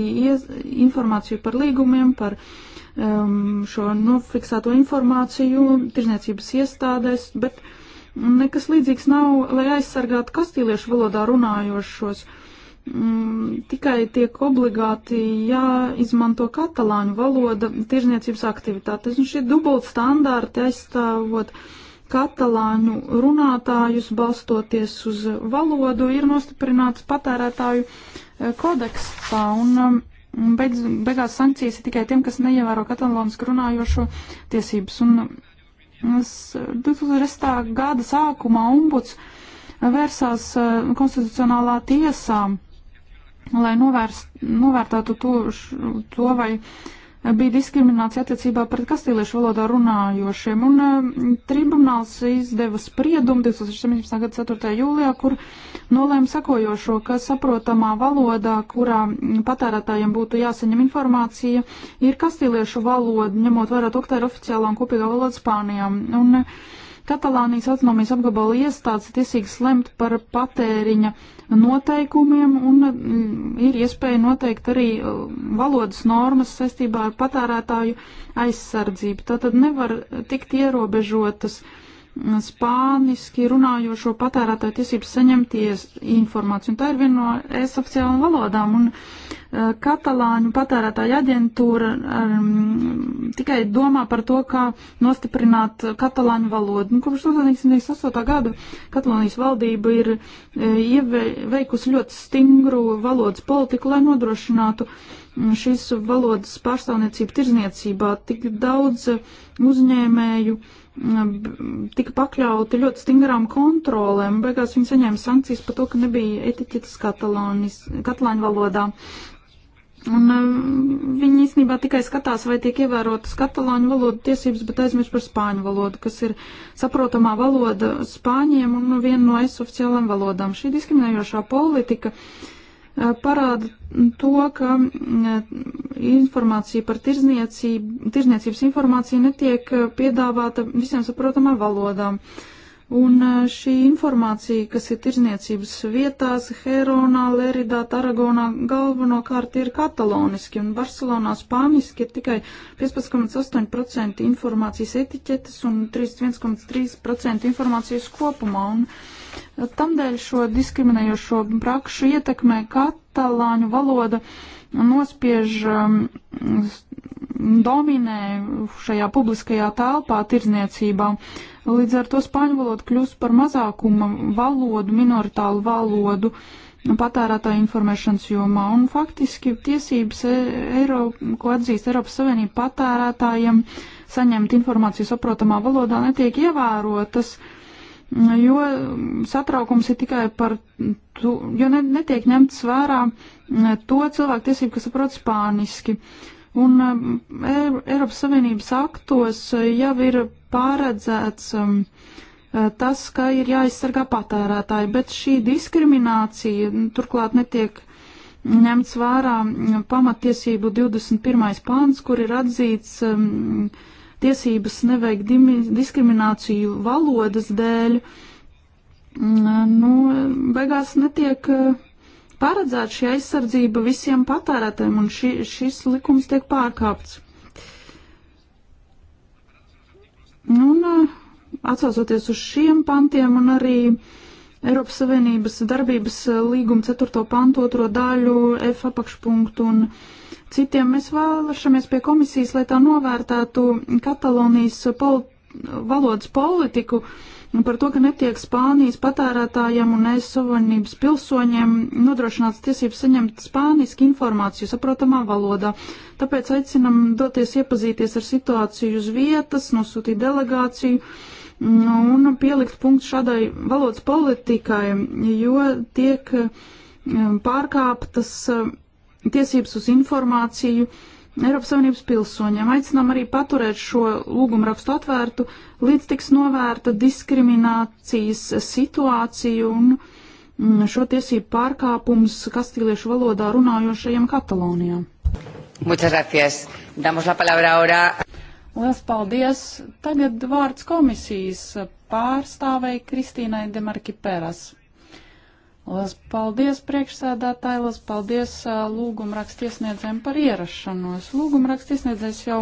informāciju par līgumiem, par um, šo nofiksēto informāciju tirzniecības iestādēs, bet nekas līdzīgs nav, lai aizsargātu kastīliešu valodā runājošos. Mm, tikai tiek obligāti jāizmanto katalāņu valoda tirzniecības aktivitātes. Un šie dubult standārti aizstāvot uh, katalāņu runātājus balstoties uz valodu ir nostiprināts patērētāju eh, kodeksā un um, beidz, beigās sankcijas ir tikai tiem, kas neievēro katalānisku runājošo tiesības. Un 2010. Um, gada sākumā ombuds vērsās eh, konstitucionālā tiesā, lai novērst, novērtātu to, to vai uh, bija diskriminācija attiecībā pret kastīliešu valodā runājošiem, un eh, tribunāls izdeva spriedumu 2017. gada 4. jūlijā, kur nolēma sakojošo, ka saprotamā valodā, kurā patērētājiem būtu jāsaņem informācija, ir kastīliešu valoda, ņemot vērā to, ka tā ir oficiālā un kopīgā valoda Spānijā. Un, eh, Katalānijas autonomijas apgabala iestādes tiesīgs lemt par patēriņa uh, noteikumiem un mm, ir iespēja noteikt arī mm, valodas normas saistībā ar patērētāju aizsardzību. Tātad nevar tikt ierobežotas uh, spāniski runājošo patērētāju tiesības saņemties informāciju. Un tā ir viena no es oficiālām valodām. Un uh, katalāņu patērētāja aģentūra um, tikai domā par to, kā nostiprināt katalāņu valodu. Un nu, kopš 1908. gada Katalānijas valdība ir uh, eh, ieveikusi ļoti stingru valodas politiku, lai nodrošinātu mm, šīs valodas pārstāvniecību tirzniecībā. Tik daudz uzņēmēju uh, tika pakļauti ļoti stingrām kontrolēm. Beigās viņi saņēma sankcijas par to, ka nebija etiķetes katalāņu valodā. Un um, viņi īstenībā tikai skatās, vai tiek ievērotas katalāņu valodu tiesības, bet aizmirst par spāņu valodu, kas ir saprotamā valoda spāņiem un viena no es oficiālām valodām. Šī diskriminējošā politika uh, Eh, parāda to, ka mm, eh, informācija par tirzniecības informāciju netiek eh, piedāvāta visiem saprotamā valodā. Un šī informācija, kas ir tirzniecības vietās, Heronā, Leridā, Taragonā, galvenokārt ir kataloniski, un Barcelonā spāniski ir tikai 15,8% informācijas etiķetes un 31,3% informācijas kopumā. Un Tamdēļ šo diskriminējošo prakšu ietekmē katalāņu valoda nospiež um, dominē šajā publiskajā telpā tirdzniecībā. Līdz ar to spāņu valoda kļūst par mazākuma valodu, minoritālu valodu patērētāju informēšanas jomā. Un faktiski tiesības, e, Eiro, ko atzīst Eiropas Savienība patērētājiem, saņemt informāciju saprotamā valodā netiek ievērotas. Uh, jo satraukums ir tikai par to, jo ne, netiek ņemts vērā to cilvēku tiesību, kas saprot spāniski. Un e, Eiropas Savienības aktos jau ir pāredzēts e, tas, ka ir jāaizsargā patērētāji, bet šī diskriminācija turklāt netiek ņemts vērā pamatiesību 21. pāns, kur ir atzīts tiesības neveikt diskrimināciju valodas dēļ, nu, beigās netiek e, paredzēta šī aizsardzība visiem patērētājiem, un ši, šis likums tiek pārkāpts. Un e, atsaucoties uz šiem pantiem un arī Eiropas Savienības darbības e, līguma 4. pantu 2. daļu F apakšpunktu un citiem. Mēs vēlamies pie komisijas, lai tā novērtētu Katalonijas pol valodas politiku par to, ka netiek Spānijas patērētājiem un es savienības pilsoņiem nodrošināts tiesības saņemt spānisku informāciju saprotamā valodā. Tāpēc aicinam doties iepazīties ar situāciju uz vietas, nosūtīt delegāciju nu, un pielikt punktu šādai valodas politikai, jo tiek um, pārkāptas tiesības uz informāciju Eiropas Savienības pilsoņiem. Aicinām arī paturēt šo lūgumrakstu atvērtu, līdz tiks novērta diskriminācijas situācija un mm, šo tiesību pārkāpums kastīliešu valodā runājošajiem Katalonijā. Muchas gracias. Damos la palabra ahora. Lielas paldies! Tagad vārds komisijas pārstāvei Kristīnai Demarki Peras. Lielas paldies priekšsēdētāji, lielas paldies lūgumrakstiesniedzēm par ierašanos. Lūgumrakstiesniedzējs jau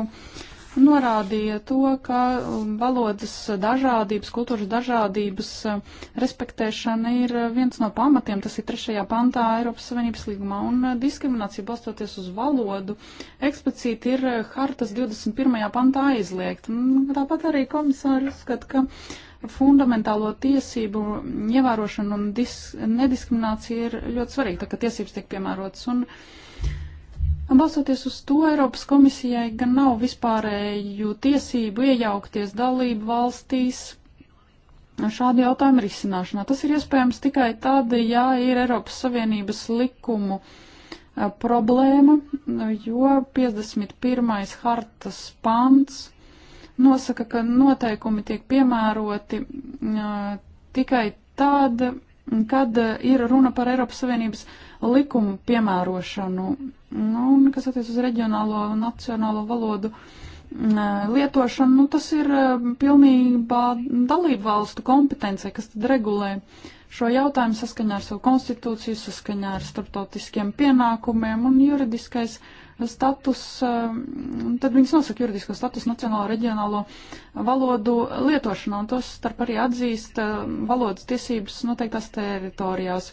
norādīja to, ka um, valodas dažādības, kultūras dažādības respektēšana ir viens no pamatiem, tas ir trešajā pantā Eiropas Savienības līgumā, un diskriminācija balstoties uz valodu eksplicīti ir hartas 21. pantā aizliegt. Tāpat arī komisāri uzskata, ka fundamentālo tiesību ievērošana un dis, nediskriminācija ir ļoti svarīga, tā ka tiesības tiek piemērotas. Un, Balstoties uz to, Eiropas komisijai gan nav vispārēju tiesību iejaukties dalību valstīs šādu jautājumu risināšanā. Tas ir iespējams tikai tad, ja ir Eiropas Savienības likumu problēma, jo 51. hartas pants nosaka, ka noteikumi tiek piemēroti tikai tad, kad ir runa par Eiropas Savienības likumu piemērošanu, nu, un kas attiec uz reģionālo un nacionālo valodu lietošanu, nu, tas ir pilnībā dalību valstu kompetencija, kas tad regulē šo jautājumu saskaņā ar savu konstitūciju, saskaņā ar starptautiskiem pienākumiem un juridiskais uh, status, um, tad viņas nosaka juridisko statusu nacionālo reģionālo valodu lietošanā, un tos starp arī atzīst um, valodas tiesības noteiktās teritorijās.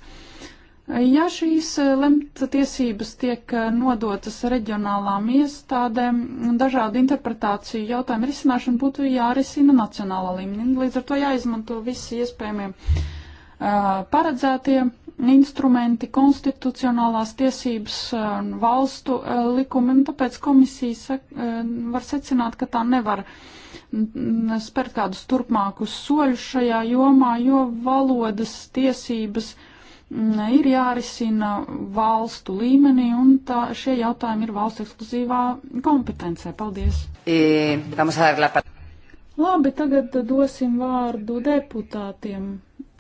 Ja šīs uh, lemta tiesības tiek uh, nodotas reģionālām iestādēm, dažādu interpretāciju jautājumu risināšanu būtu jārisina nacionālā līmenī. Līdz ar to jāizmanto visi iespējamie uh, paredzētie uh, instrumenti, konstitucionālās tiesības un valstu eh, likumi, un tāpēc komisija eh, var secināt, ka tā nevar mm, mm, spērt kādus turpmākus soļus šajā jomā, jo valodas tiesības mm, ir jārisina valstu līmenī, un tā, šie jautājumi ir valsts ekskluzīvā kompetencē. Paldies! I, eh, Labi, tagad dosim vārdu deputātiem.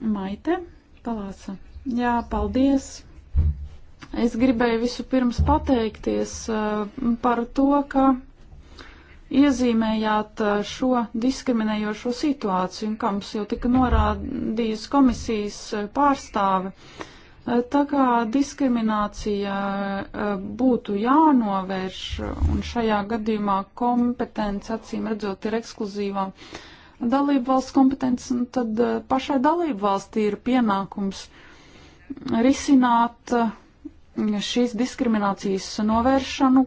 Maite Palāca. Jā, paldies! Es gribēju visu pirms pateikties eh, par to, ka iezīmējāt eh, šo diskriminējošo situāciju, un kā mums jau tika norādījis komisijas eh, pārstāve. Tā kā diskriminācija būtu jānovērš, un šajā gadījumā kompetence, acīm redzot, ir ekskluzīvā dalību valsts kompetence, tad pašai dalību valstī ir pienākums uh, risināt uh, šīs diskriminācijas novēršanu,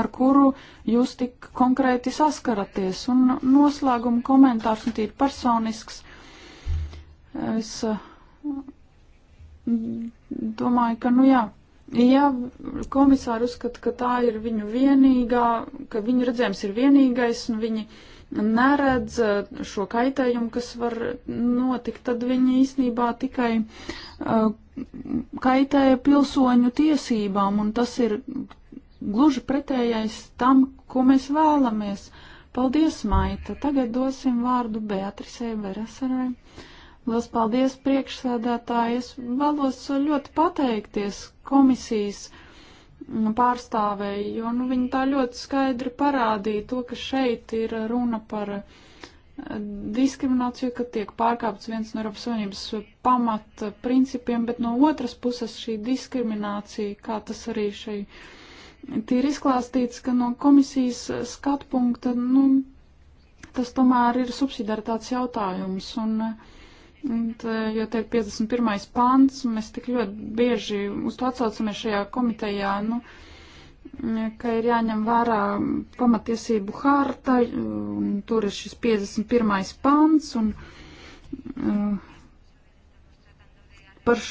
ar kuru jūs tik konkrēti saskaraties. Un noslēguma komentārs un tīri personisks. Es uh, domāju, ka, nu jā, ja komisāri uzskata, ka tā ir viņu vienīgā, ka viņu redzējums ir vienīgais un viņi. Uh, neredz eh, šo kaitējumu, kas var notikt, tad viņi īsnībā tikai uh, eh, kaitēja pilsoņu tiesībām, un tas ir gluži pretējais tam, ko mēs vēlamies. Paldies, Maita! Tagad dosim vārdu Beatrisei Veresarai. Lielas paldies priekšsēdētāji! Es vēlos ļoti pateikties komisijas pārstāvēji, jo nu, viņi tā ļoti skaidri parādīja to, ka šeit ir runa par eh, diskrimināciju, ka tiek pārkāpts viens no Eiropas Savienības pamat principiem, bet no otras puses šī diskriminācija, kā tas arī šeit ir izklāstīts, ka no komisijas skatu punkta, nu, tas tomēr ir subsidaritātes jautājums. Un, uh, Tā, jo te ir 51. pants, un mēs tik ļoti bieži uz to atsaucamies šajā komitejā, nu, ka ir jāņem vērā pamatiesību harta, un tur ir šis 51. pants, un uh, par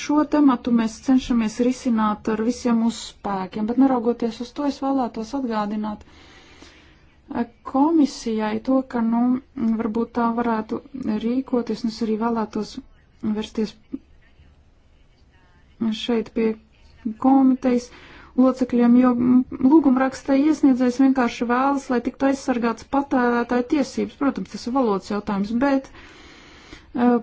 šo tematu mēs cenšamies risināt ar visiem uzspēkiem, bet neraugoties uz to, es vēlētos atgādināt, uh, komisijai to, ka, nu, varbūt tā varētu rīkoties, un es arī vēlētos vērsties šeit pie komitejas locekļiem, jo lūgumrakstā iesniedzējs vienkārši vēlas, lai tiktu aizsargāts patērētāja tiesības. Protams, tas ir valodas jautājums, bet eh,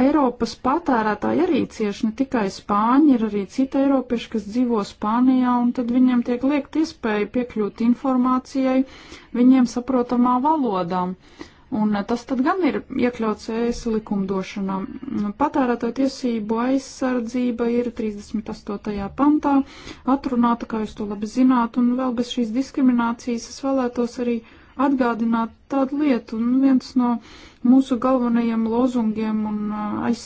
Eiropas patērētāji arī cieši, ne tikai Spāņi, ir arī citi eiropieši, kas dzīvo Spānijā, un tad viņiem tiek liekt iespēja piekļūt informācijai viņiem saprotamā valodā. Un eh, tas tad gan ir iekļauts ES likumdošanā. Patērētāju tiesību aizsardzība ir 38. pantā atrunāta, kā jūs to labi zināt, un vēl bez šīs diskriminācijas es vēlētos arī uh, atgādināt tādu lietu, un viens no mūsu galvenajiem lozungiem un, uh, aiz,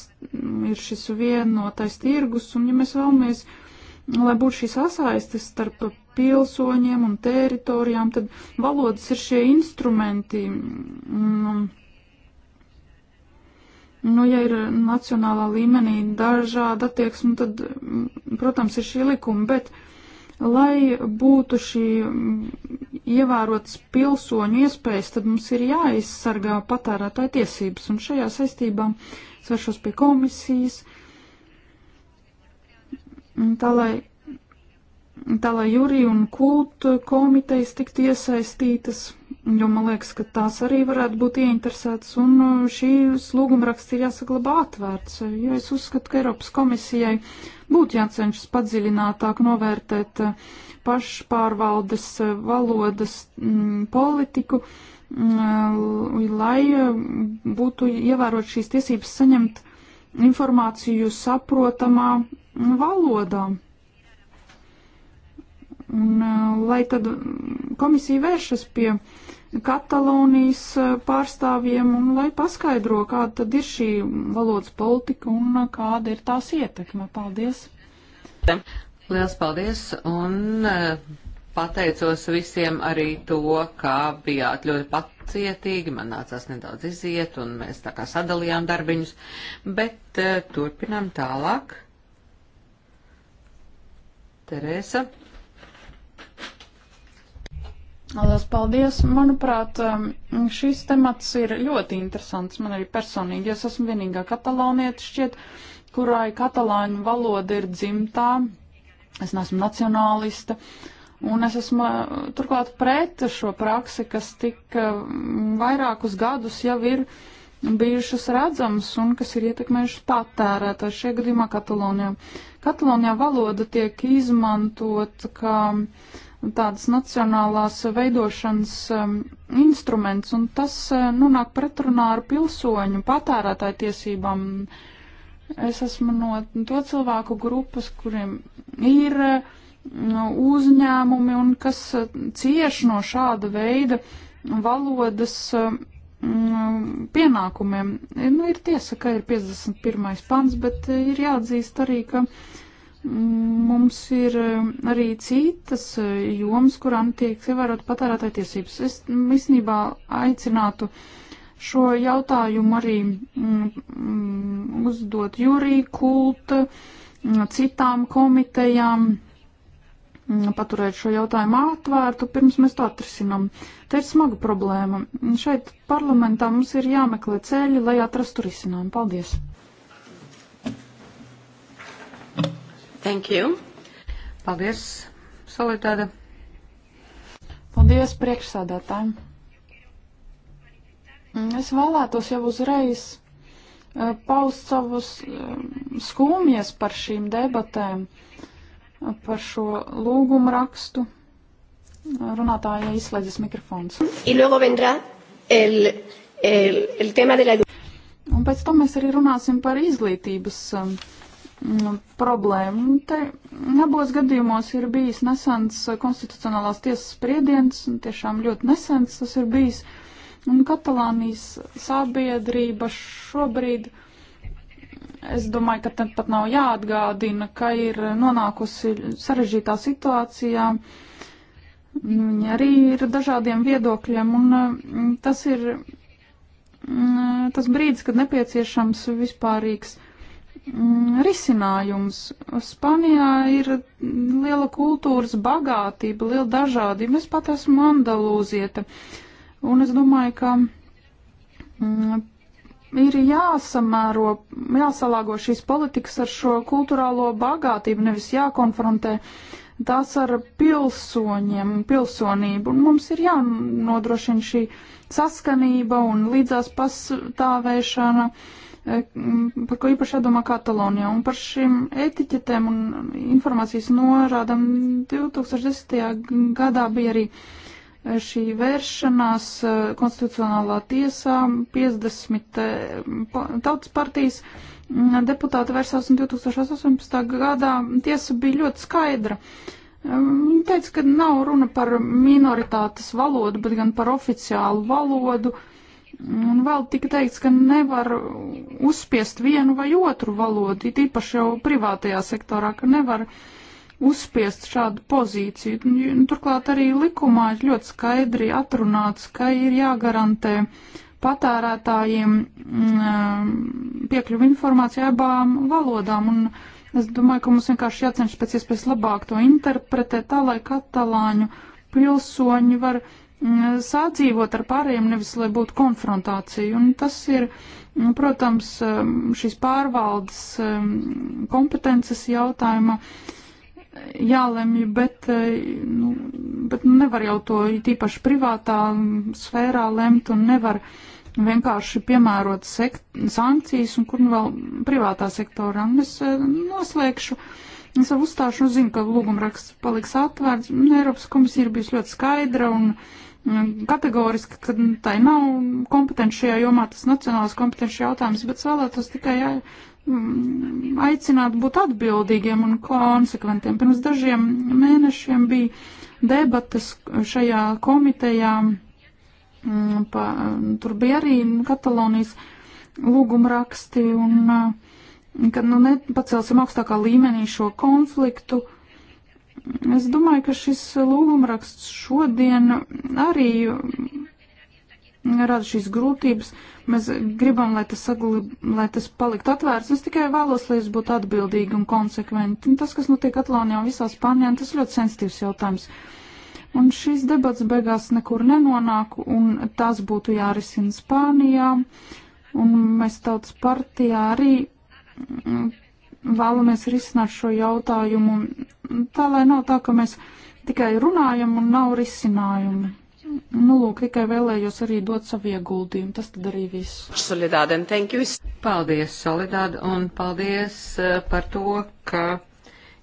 ir šis vienotais tirgus, un ja mēs vēlamies, lai būtu šīs asaistes starp pilsoņiem un teritorijām, tad valodas ir šie instrumenti. Un, um, Nu, ja ir nacionālā līmenī dažāda attieksme, tad, um, protams, ir šī likuma, bet uh, Lai būtu šī mm, ievērotas pilsoņu iespējas, tad mums ir jāaizsargā patērētāja tiesības, un šajā saistībā svešos pie komisijas, tā lai, tā lai jūrī un kultu komitejas tiktu iesaistītas, jo man liekas, ka tās arī varētu būt ieinteresētas, un uh, šīs lūgumraksts ir jāsaglabā atvērts, jo es uzskatu, ka Eiropas komisijai uh, būtu jācenšas padziļinātāk novērtēt eh, pašpārvaldes eh, valodas mm, politiku, mm, eh, lai būtu ievērot šīs tiesības saņemt informāciju saprotamā valodā. Un, lai tad mm, komisija vēršas pie uh, Katalonijas e, pārstāvjiem un lai paskaidro, kāda tad ir šī valodas politika un kāda ir tās ietekme. Paldies! Liels paldies un e, pateicos visiem arī to, kā bijāt ļoti pat cietīgi, man nācās nedaudz iziet, un mēs tā kā sadalījām darbiņus, bet uh, turpinām tālāk. Teresa. Lielas paldies! Manuprāt, um, šis temats ir ļoti interesants man arī personīgi. Es esmu vienīgā katalānieta šķiet, kurai katalāņu valoda ir dzimtā. Es neesmu nacionālista. Un es esmu uh, turklāt pret šo praksi, kas tik um, vairākus gadus jau ir bijušas redzamas un kas ir ietekmējušas patērētāju, šajā gadījumā Katalonijā. Katalonijā valoda tiek izmantot kā ka tādas nacionālās veidošanas um, instruments, un tas uh, nonāk nu, pretrunā ar pilsoņu patērētāju tiesībām. Es esmu no to cilvēku grupas, kuriem ir no, uh, uzņēmumi un kas uh, cieš no šāda veida valodas um, pienākumiem. Nu, ir tiesa, ka ir 51. pants, bet ir jāatzīst arī, ka Mums ir eh, arī citas eh, jomas, kurām tiek ievērot patērētāja tiesības. Es mm, īstenībā aicinātu šo jautājumu arī mm, mm uzdot jūrī kulta, mm, citām komitejām, paturēt šo jautājumu atvērtu, pirms mēs to atrisinām. Te ir smaga problēma. Šeit parlamentā mums ir jāmeklē ceļi, lai atrastu risinājumu. Paldies! Thank you. Thank you. Paldies, Solitāda. Paldies priekšsādātājiem. Es vēlētos jau uzreiz e, paust savus e, skumjas par šīm debatēm, par šo lūgumu rakstu. Runātājai izslēdzas mikrofons. El, el, el Un pēc tam mēs arī runāsim par izglītības um, Mm, problēma. Nu, te abos gadījumos ir bijis nesens konstitucionālās tiesas spriediens, un tiešām ļoti nesens tas ir bijis. Un Katalānijas sabiedrība šobrīd, es domāju, ka tad pat nav jāatgādina, ka ir nonākusi sarežģītā situācijā. Viņi arī ir dažādiem viedokļiem, un mm, tas ir mm, tas brīdis, kad nepieciešams vispārīgs Mm, risinājums. Spānijā ir liela kultūras bagātība, liela dažādība. Es pat esmu andalūzieta. Un es domāju, ka mm, ir jāsamēro, jāsalāgo šīs politikas ar šo kultūrālo bagātību, nevis jākonfrontē tās ar pilsoņiem un pilsonību. Un mums ir jānodrošina šī saskanība un līdzās pastāvēšana. Uh, par ko īpaši jādomā Katalonijā. Un par šīm etiķetēm un informācijas norādām 2010. gadā bija arī e, šī vēršanās e, konstitucionālā tiesā 50 e, tautas partijas deputāti vērsās un 2018. gadā tiesa bija ļoti skaidra. Viņa teica, ka nav runa par minoritātes valodu, bet gan par oficiālu valodu. Uh, Un vēl tika teikts, ka nevar uzspiest vienu vai otru valodu, it īpaši jau privātajā sektorā, ka nevar uzspiest šādu pozīciju. Un, turklāt arī likumā ir ļoti skaidri atrunāts, ka ir jāgarantē patērētājiem mm, piekļuvi informācijai abām valodām. Un es domāju, ka mums vienkārši jācenšas pēc iespējas labāk to interpretēt tā, lai katalāņu pilsoņi var sādzīvot ar pārējiem, nevis lai būtu konfrontācija. Un tas ir, nu, protams, um, šīs pārvaldes um, kompetences jautājuma jālemj, bet, uh, nu, bet nu, nevar jau to tīpaši privātā sfērā lemt un nevar vienkārši piemērot sekt, sankcijas un kur nu vēl privātā sektorā. Un es uh, noslēgšu. Es ar uzstāšanu zinu, ka lūgumraksts paliks atvērts. Eiropas komisija ir bijusi ļoti skaidra un uh, Mm, kategoriski, ka tā nav kompetenci šajā jomā, tas nacionāls kompetenci jautājums, bet vēlētos tikai mm, aicināt būt atbildīgiem un konsekventiem. Pirms dažiem mēnešiem bija debatas šajā komitejā, mm, pa, tur bija arī Katalonijas lūgumraksti, un ka nu, nepacelsim augstākā līmenī šo konfliktu. Uh, Es domāju, ka šis lūgumraksts šodien arī rada šīs grūtības. Mēs gribam, lai tas, sagli, lai tas paliktu atvērts. Es tikai vēlos, lai es būtu atbildīgi un konsekventi. Un tas, kas notiek Atlānijā un visā Spānijā, tas ļoti sensitīvs jautājums. Un šīs debats beigās nekur nenonāk, un tās būtu jārisina Spānijā. Un mēs tautas partijā arī vēlamies risināt šo jautājumu tā, lai nav tā, ka mēs tikai runājam un nav risinājumu. Nu, lūk, tikai vēlējos arī dot savu ieguldījumu. Tas tad arī viss. Solidāde, and thank you. Paldies, Solidāde, un paldies uh, par to, ka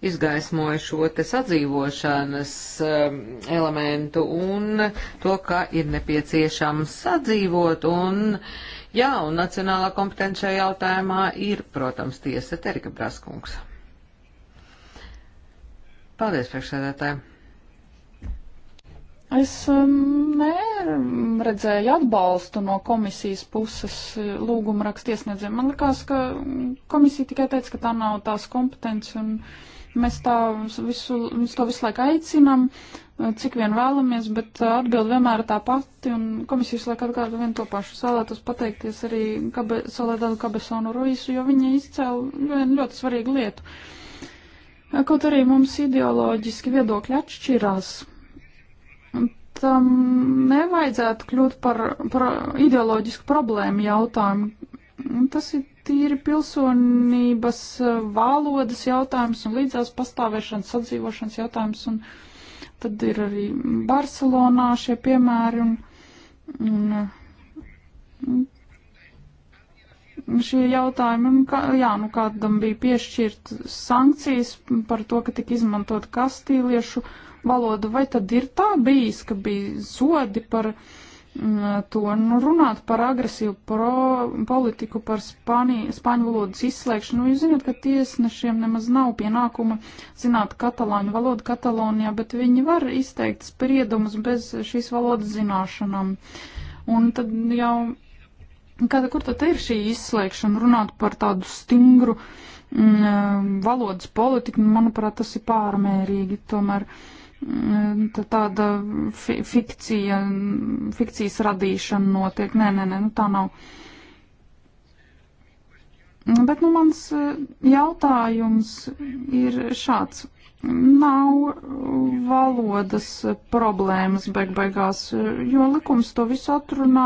izgaismoja šo te sadzīvošanas um, elementu un to, ka ir nepieciešams sadzīvot un uh, Jā, un nacionālā kompetencija jautājumā ir, protams, tiesa Terika Braskungs. Paldies, priekšsēdētāji. Es um, neredzēju atbalstu no komisijas puses lūguma rakstiesniedzējiem. Man likās, ka komisija tikai teica, ka tā nav tās kompetence un mēs tā visu, mēs to visu laiku aicinām. Uh, Eh, cik vien vēlamies, bet eh, atbild vienmēr tā pati, un komisijas liek atkārtu vien to pašu. Sālētos pateikties arī kabe, Salēdādu Kabesonu Ruisu, jo viņa izcēla vienu ļoti svarīgu lietu. Eh, kaut arī mums ideoloģiski viedokļi atšķirās, tam nevajadzētu kļūt par, par ideoloģisku problēmu jautājumu. Tas ir tīri pilsonības valodas jautājums un līdzās pastāvēšanas, sadzīvošanas jautājums. Un, uh, Tad ir arī Barcelonā šie piemēri un, un šie jautājumi, un kā, jā, nu kādam bija piešķirt sankcijas par to, ka tika izmantot kastīliešu valodu, vai tad ir tā bijis, ka bija sodi par uh, to nu, runāt par agresīvu pro, politiku, par spāni, spāņu valodas izslēgšanu. Nu, jūs zināt, ka tiesnešiem nemaz nav pienākuma zināt katalāņu valodu Katalonijā, bet viņi var izteikt spriedumus bez šīs valodas zināšanām. Un tad jau, kāda, kur tad ir šī izslēgšana, runāt par tādu stingru mm, valodas politiku, manuprāt, tas ir pārmērīgi tomēr. Uh, Mm, tāda fi fikcija, fikcijas radīšana notiek. Nē, nē, nē, nu tā nav. Bet, nu, mans eh, jautājums ir šāds. Nav valodas problēmas beig beigās, jo likums to visu atrunā,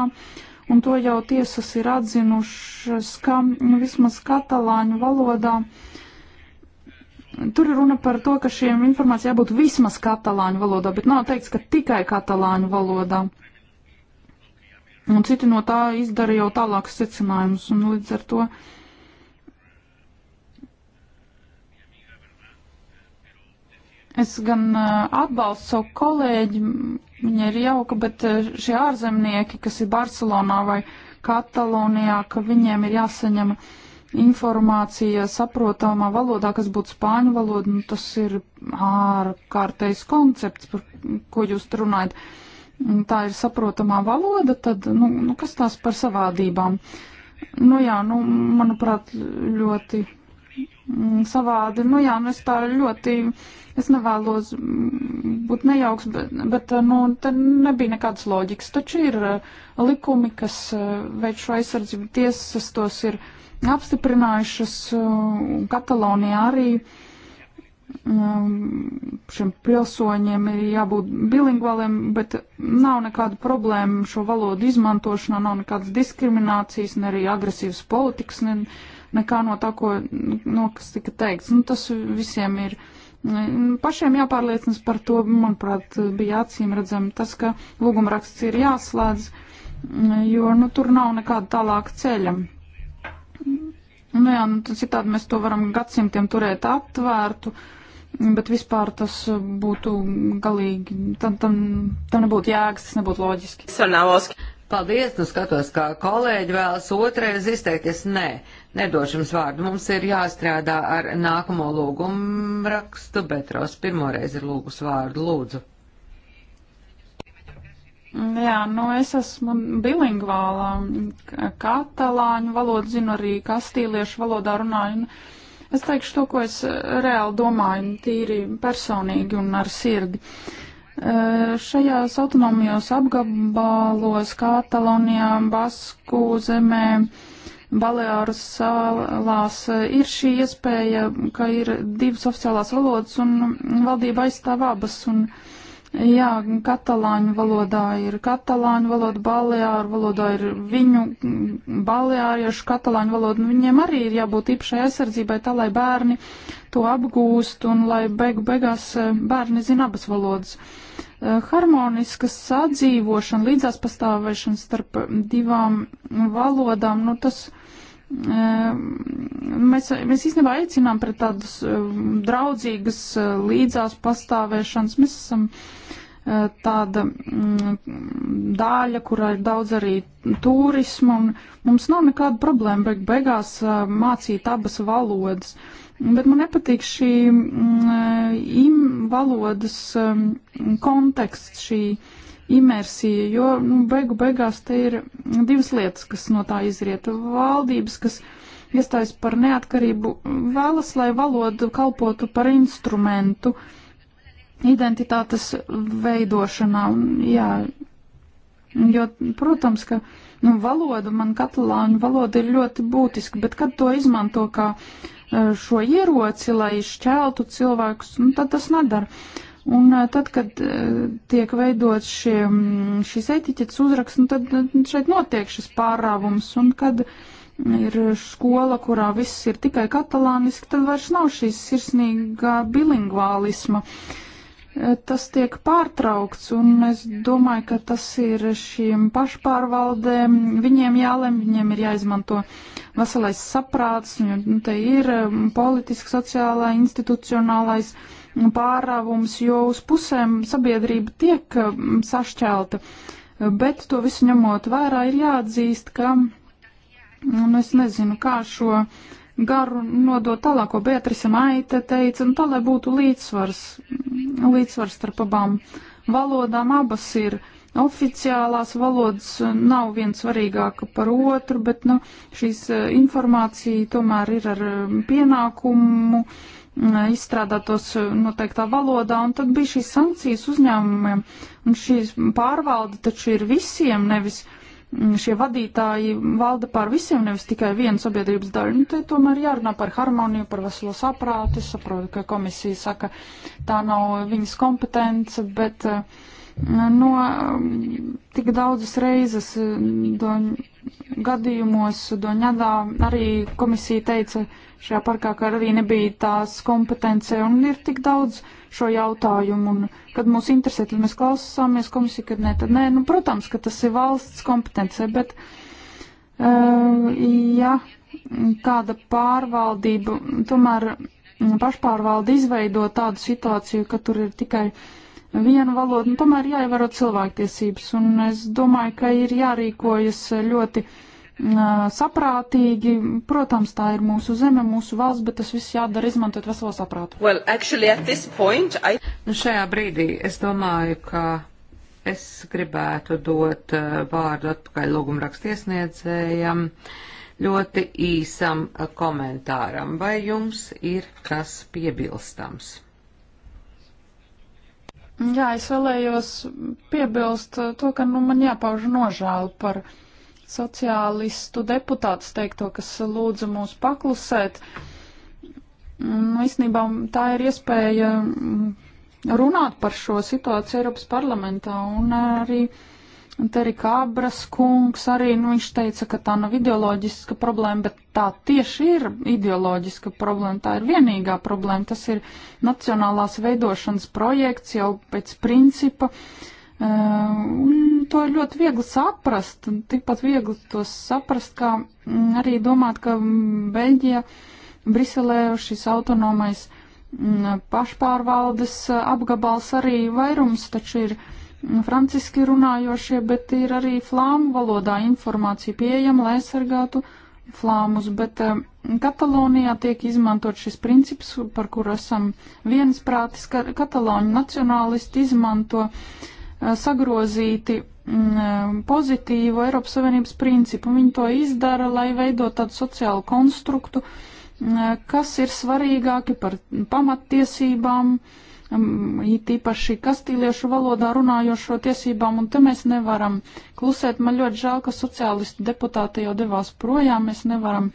un to jau tiesas ir atzinušas, ka vismaz katalāņu valodā uh, Tur ir runa par to, ka šiem informācijām jābūt vismaz katalāņu valodā, bet nav teikts, ka tikai katalāņu valodā. Un citi no tā izdara jau tālākus secinājumus, un līdz ar to. Es gan atbalstu savu kolēģi, viņa ir jauka, bet šie ārzemnieki, kas ir Barcelonā vai Katalonijā, ka viņiem ir jāsaņem uh, informācija saprotamā valodā, kas būtu spāņu valoda, nu, tas ir ārkārtējs koncepts, par ko jūs runājat. Tā ir saprotamā valoda, tad, nu, nu kas tās par savādībām? Nu jā, nu, manuprāt, ļoti mm, savādi. Nu jā, nu es tā ļoti, es nevēlos būt nejauks, bet, bet nu, te nebija nekādas loģikas. Taču ir eh, likumi, kas eh, veic šo aizsardzību tiesas, tos ir. Uh, apstiprinājušas uh, Katalonijā arī um, šiem pilsoņiem ir jābūt bilingvaliem, bet nav nekāda problēma šo valodu izmantošanā, nav nekādas diskriminācijas, ne arī agresīvas politikas, ne, nekā no tā, ko, no, kas tika teikts. Nu, tas visiem ir mm, pašiem jāpārliecinas par to, manuprāt, bija acīm redzami tas, ka lūgumraksts ir jāslēdz, mm, jo, nu, tur nav nekāda tālāka ceļa. Nu jā, nu, citādi mēs to varam gadsimtiem turēt atvērtu, bet vispār tas uh, būtu galīgi, tam, tam, tam nebūtu jēgas, tas nebūtu loģiski. Sanavos. Paldies, nu skatos, kā kolēģi vēlas otrais izteikties. Nē, nedošu jums vārdu. Mums ir jāstrādā ar nākamo lūgumu rakstu, bet Ros pirmoreiz ir lūgus vārdu. Lūdzu. Jā, nu es esmu bilingvālā, katalāņu valodu zinu arī kastīliešu valodā runāju. Es teikšu to, ko es eh, reāli domāju, tīri personīgi un ar sirdi. Eh, šajās autonomijos apgabalos, Katalonijā, Basku zemē, Baleāras salās eh, ir šī iespēja, ka ir divas oficiālās valodas un valdība aizstāv abas. Un, uh, Jā, katalāņu valodā ir katalāņu valoda, baleāru valodā ir viņu mm, baleāriešu katalāņu valoda. Nu, viņiem arī ir jābūt īpašai aizsardzībai tā, lai bērni to apgūst un lai beigu beigās e, bērni zina abas valodas. E, harmoniskas sadzīvošana, līdzās pastāvēšana starp divām valodām, nu tas Ehm, mēs, mēs īstenībā aicinām pret tādas ehm, draudzīgas eh, līdzās pastāvēšanas. Mēs esam eh, tāda mm, daļa, kurā ir daudz arī turismu, un mums nav nekāda problēma beig beigās ehm, mācīt abas valodas. Bet man nepatīk šī mm, eh, im valodas konteksts, šī imersija, jo nu, beigu beigās te ir divas lietas, kas no tā izriet. Valdības, kas iestājas par neatkarību, vēlas, lai valoda kalpotu par instrumentu identitātes veidošanā. Jā, jo, protams, ka nu, valoda, man katalāņu valoda ir ļoti būtiska, bet kad to izmanto kā eh, šo ieroci, lai šķeltu cilvēkus, nu, tad tas nedara. Un tad, kad tiek veidot šie, šis etiķets uzraksts, nu, tad šeit notiek šis pārāvums. Un kad ir skola, kurā viss ir tikai katalāniski, tad vairs nav šīs sirsnīgā bilingvālisma. Tas tiek pārtraukts, un es domāju, ka tas ir šīm pašpārvaldēm, viņiem jālem, viņiem ir jāizmanto veselais saprāts, un nu, te ir politiski, sociālā, institucionālais. Uh, pārāvums, jo uz pusēm sabiedrība tiek um, sašķelta. Bet to visu ņemot vērā ir jāatzīst, ka, nu es nezinu, kā šo garu nodot tālāk, ko Beatrisa Maita teica, un nu, tā, lai būtu līdzsvars, līdzsvars starp abām valodām, abas ir oficiālās valodas nav viena svarīgāka par otru, bet nu, šīs eh, informācija tomēr ir ar eh, pienākumu izstrādātos noteiktā valodā, un tad bija šīs sankcijas uzņēmumiem, un šīs pārvalde taču ir visiem, nevis mm, šie vadītāji valda pār visiem, nevis tikai vienu sabiedrības daļu. Nu, te tomēr jārunā par harmoniju, par veselo saprātu. Es saprotu, ka komisija saka, tā nav viņas kompetence, bet mm, no mm, tik daudzas reizes doņu gadījumos Doņadā arī komisija teica šajā parkā, ka arī nebija tās kompetence un ir tik daudz šo jautājumu. Un, kad mūs interesē, tad mēs klausāmies komisiju, kad nē, tad nē. Nu, protams, ka tas ir valsts kompetence, bet uh, ja kāda pārvaldība tomēr pašpārvalde izveido tādu situāciju, ka tur ir tikai uh, viena valoda, un nu, tomēr jāievēro cilvēktiesības, un es domāju, ka ir jārīkojas ļoti saprātīgi. Protams, tā ir mūsu zeme, mūsu valsts, bet tas viss jādara izmantot veselo saprātu. Well, actually, point, I... nu, šajā brīdī es domāju, ka es gribētu dot vārdu atpakaļ lūgumrakstiesniedzējam ļoti īsam komentāram. Vai jums ir kas piebilstams? Jā, es vēlējos piebilst uh, to, ka nu, man jāpauž nožēlu par sociālistu deputātus teikto, kas lūdza mūs paklusēt. Nu, īstenībā tā ir iespēja mm, runāt par šo situāciju Eiropas parlamentā un arī uh, Un te arī Kābras kungs arī, nu, viņš teica, ka tā nav ideoloģiska problēma, bet tā tieši ir ideoloģiska problēma. Tā ir vienīgā problēma. Tas ir nacionālās veidošanas projekts jau pēc principa. Eh, un to ir ļoti viegli saprast, un tikpat viegli to saprast, kā mm, arī domāt, ka mm, Beļģija, Briselē šis autonomais mm, pašpārvaldes eh, apgabals arī vairums taču ir franciski runājošie, bet ir arī flāmu valodā informācija pieejama, lai aizsargātu flāmus, bet eh, Katalonijā tiek izmantot šis princips, par kuru esam viensprātis, ka katalāņu nacionālisti izmanto eh, sagrozīti mm, eh, pozitīvu Eiropas Savienības principu, un viņi to izdara, lai veidot tādu sociālu konstruktu, mm, kas ir svarīgāki par pamattiesībām, uh, it īpaši kastīliešu valodā runājošo tiesībām, un te mēs nevaram klusēt. Man ļoti žēl, ka sociālisti deputāti jau devās projām, mēs nevaram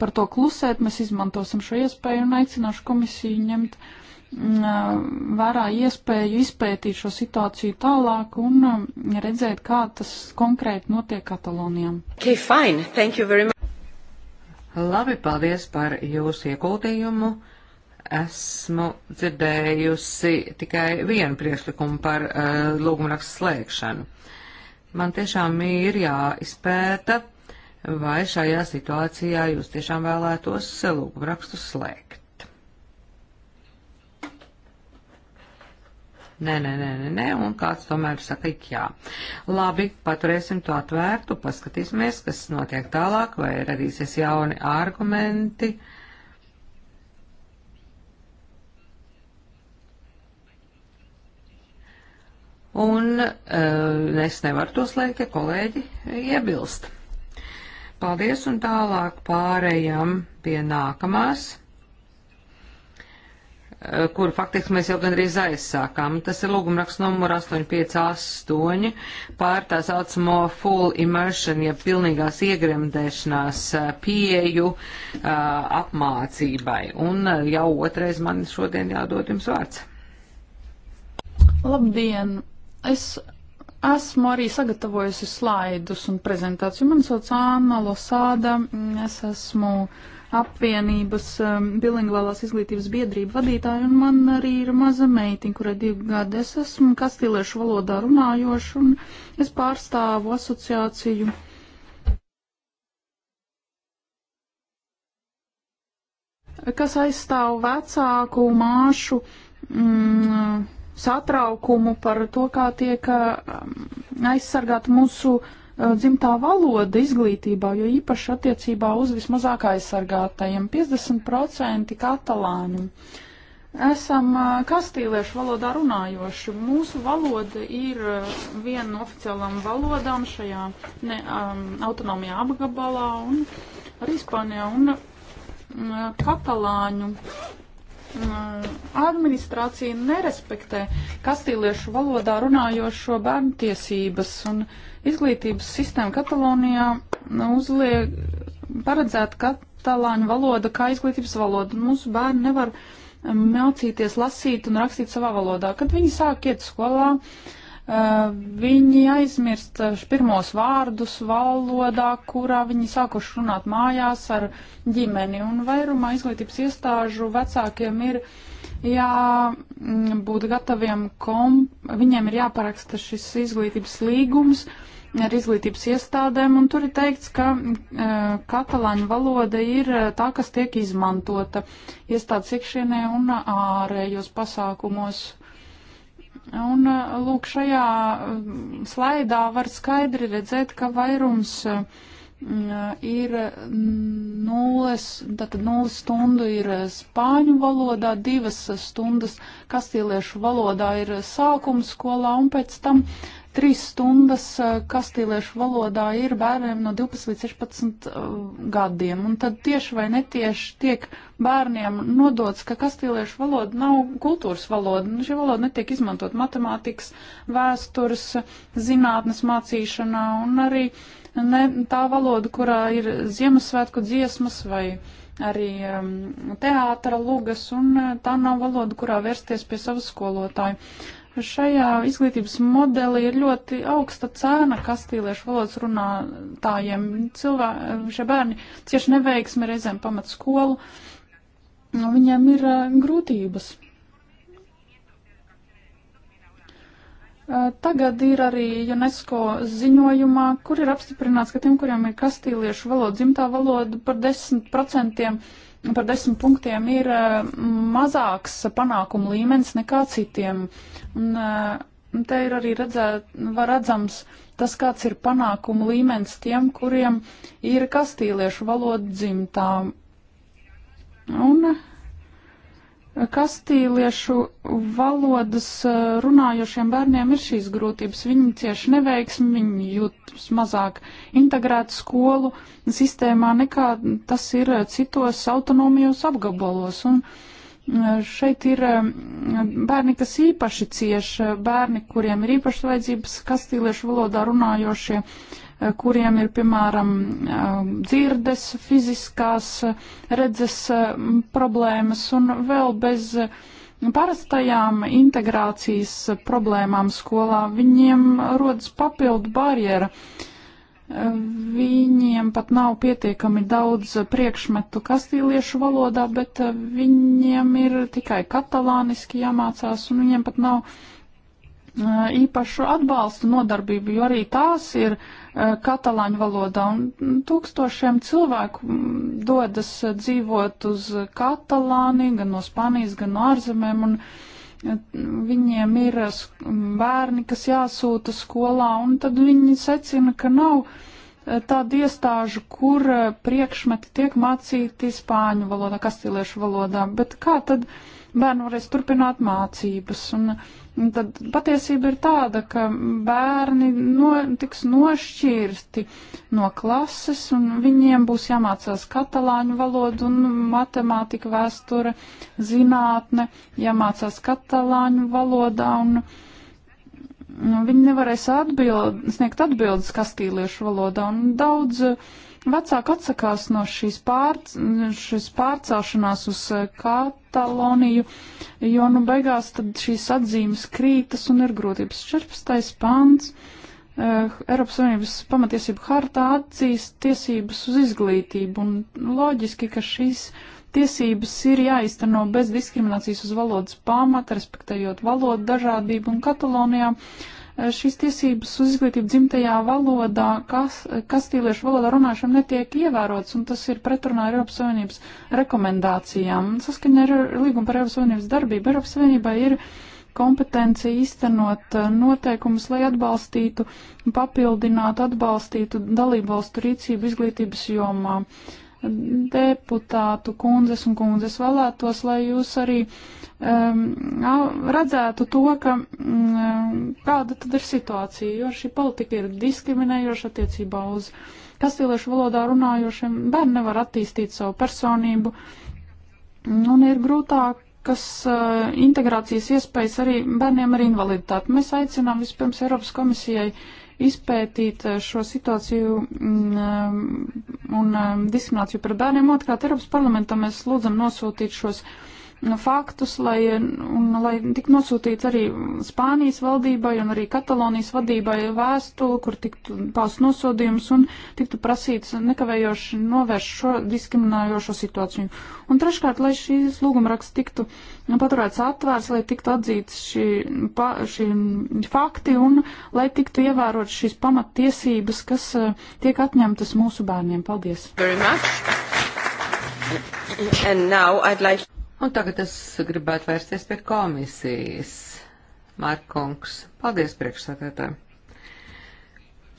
par to klusēt, mēs izmantosim šo iespēju un aicināšu komisiju ņemt mm, vērā iespēju izpētīt šo situāciju tālāk un redzēt, kā tas konkrēti notiek Katalonijām. Okay, fine. Thank you very much. Labi, paldies par jūsu ieguldījumu esmu dzirdējusi tikai vienu priekšlikumu par uh, lūgumrakstu slēgšanu. Man tiešām ir jāizpēta, vai šajā situācijā jūs tiešām vēlētos lūgumrakstu slēgt. Nē, nē, nē, nē, nē, un kāds tomēr saka, jā. Labi, paturēsim to atvērtu, paskatīsimies, kas notiek tālāk, vai radīsies jauni argumenti. Uh, Un eh, es nevaru to slēgt, ja kolēģi iebilst. Paldies, un tālāk pārējām pie nākamās, eh, kur faktiski mēs jau gandrīz aizsākām. Tas ir lūgumraksts numur 858 pār tā saucamo full immersion, ja pilnīgās iegremdēšanās eh, pieju apmācībai. Un jau otrais man šodien jādod jums vārds. Labdien! Es esmu arī sagatavojusi slaidus un prezentāciju. Man sauc Anna Losāda, es esmu apvienības um, bilingvālās izglītības biedrība vadītāja, un man arī ir maza meitiņa, kurai divi gadi es esmu kastīliešu valodā runājoša, un es pārstāvu asociāciju. kas aizstāv vecāku māšu mm, satraukumu par to, kā tiek uh, um, aizsargāta mūsu uh, dzimtā valoda izglītībā, jo īpaši attiecībā uz vismazāk aizsargātajiem 50% katalāņu. Esam uh, kastīliešu valodā runājoši. Mūsu valoda ir viena no oficiālām valodām šajā ne, um, autonomijā apgabalā un arī Spānijā un um, katalāņu Mm, administrācija nerespektē kastīliešu valodā runājošo bērnu tiesības un izglītības sistēma Katalonijā uzliek paredzēt katalāņu valodu kā izglītības valodu. Mūsu bērni nevar mm, mācīties lasīt un rakstīt savā valodā. Kad viņi sāk iet skolā, uh, viņi aizmirst pirmos vārdus valodā, kurā viņi sākuši runāt mājās ar ģimeni. Un vairumā izglītības iestāžu vecākiem ir jābūt gataviem, kom, viņiem ir jāparaksta šis izglītības līgums ar izglītības iestādēm, un tur ir teikts, ka e, katalāņu valoda ir tā, kas tiek izmantota iestādes iekšienē un ārējos pasākumos Un, uh, lūk, šajā um, slaidā var skaidri redzēt, ka vairums uh, ir nulles, tātad nulles stundu ir spāņu valodā, divas stundas kastīliešu valodā ir sākums skolā un pēc tam uh, Trīs stundas eh, kastīliešu valodā ir bērniem no 12 līdz 16 eh, gadiem, un tad tieši vai netieši tiek bērniem nodots, ka kastīliešu valoda nav kultūras valoda, un nu, šī valoda netiek izmantot matemātikas, vēstures, zinātnes mācīšanā, un arī ne, tā valoda, kurā ir Ziemassvētku dziesmas vai arī um, teātra lugas, un eh, tā nav valoda, kurā vērsties pie savas skolotāja šajā izglītības modelī ir ļoti augsta cena kastīliešu valodas runātājiem. Cilvē, šie bērni cieši neveiksmi reizēm pamat skolu. Nu, viņiem ir eh, grūtības. Eh, tagad ir arī UNESCO ziņojumā, kur ir apstiprināts, ka tiem, kuriem ir kastīliešu valoda, dzimtā valoda par 10% par desmit punktiem ir eh, mazāks panākumu līmenis nekā citiem. Un, eh, Te ir arī redzēt, redzams tas, kāds ir panākumu līmenis tiem, kuriem ir kastīliešu valoda dzimtām. Un kastīliešu valodas eh, runājošiem bērniem ir šīs grūtības. Viņi cieši neveiksmi, viņi jūtas mazāk integrētu skolu sistēmā nekā tas ir eh, citos autonomijos apgabalos. Un eh, šeit ir bērni, kas īpaši cieši, bērni, kuriem ir īpašas vajadzības kastīliešu valodā runājošie Eh, kuriem ir, piemēram, eh, dzirdes, fiziskās eh, redzes problēmas un vēl bez parastajām integrācijas problēmām skolā viņiem rodas papildu barjera. Viņiem pat nav pietiekami daudz priekšmetu kastīliešu valodā, bet viņiem ir tikai katalāniski jāmācās, un viņiem pat nav īpašu atbalstu nodarbību, jo arī tās ir uh, Uh, katalāņu valodā, un mm, tūkstošiem cilvēku mm, dodas uh, dzīvot uz Katalāniju, gan no Spānijas, gan no ārzemēm, un uh, viņiem ir mm, bērni, kas jāsūta skolā, un tad viņi secina, ka nav tādu iestāžu, kur priekšmeti tiek mācīti spāņu valodā, kastīliešu valodā, bet kā tad bērni varēs turpināt mācības? Un, uh, tad patiesība ir tāda, ka bērni no, tiks nošķirti no klases un viņiem būs jāmācās katalāņu valodu un matemātika, vēsture, zinātne, jāmācās katalāņu valodā un viņi nevarēs atbild, sniegt atbildes kastīliešu valodā un daudz uh, Vecāki atsakās no šīs, pār, šīs pārcelšanās uz eh, Kataloniju, jo nu beigās tad šīs atzīmes krītas un ir grūtības. 14. pants eh, Eiropas Savienības pamatiesību hartā atzīst tiesības uz izglītību un loģiski, ka šīs tiesības ir jāizteno bez diskriminācijas uz valodas pamata, respektējot valodu dažādību un Katalonijā. Eh, Eh, šīs tiesības uz izglītību dzimtajā valodā, kas, eh, kastīliešu valodā runāšana netiek ievērots, un tas ir pretrunā ar Eiropas Savienības rekomendācijām. Saskaņā ar līgumu par Eiropas Savienības darbību Eiropas Savienībā ir kompetenci īstenot eh, noteikumus, lai atbalstītu, papildinātu, atbalstītu dalībvalstu rīcību izglītības jomā. Uh, deputātu kundzes un kundzes vēlētos, lai jūs arī um, redzētu to, ka, um, kāda tad ir situācija, jo šī politika ir diskriminējoša attiecībā uz kastīliešu valodā runājošiem. Bērni nevar attīstīt savu personību un ir grūtāk kas uh, integrācijas iespējas arī bērniem ar invaliditāti. Mēs aicinām vispirms Eiropas komisijai uh, izpētīt eh, šo situāciju mm, eh, un eh, diskrimināciju par bērniem. Otrkārt, Eiropas parlamentam mēs lūdzam nosūtīt šos uh, faktus, lai, un, lai tik nosūtīts arī Spānijas valdībai un arī Katalonijas vadībai vēstuli, kur tiktu paust nosodījums un tiktu prasīts nekavējoši novērst šo diskriminājošo situāciju. Un treškārt, lai šīs lūgumraksts tiktu paturēts atvērs, lai tiktu atzīts šī, pa, šī fakti un lai tiktu ievērot šīs pamattiesības, kas eh, tiek atņemtas mūsu bērniem. Paldies! Very much. And now I'd like Un tagad es gribētu vērsties pie komisijas. Mārkungs, paldies priekšsēdētājiem.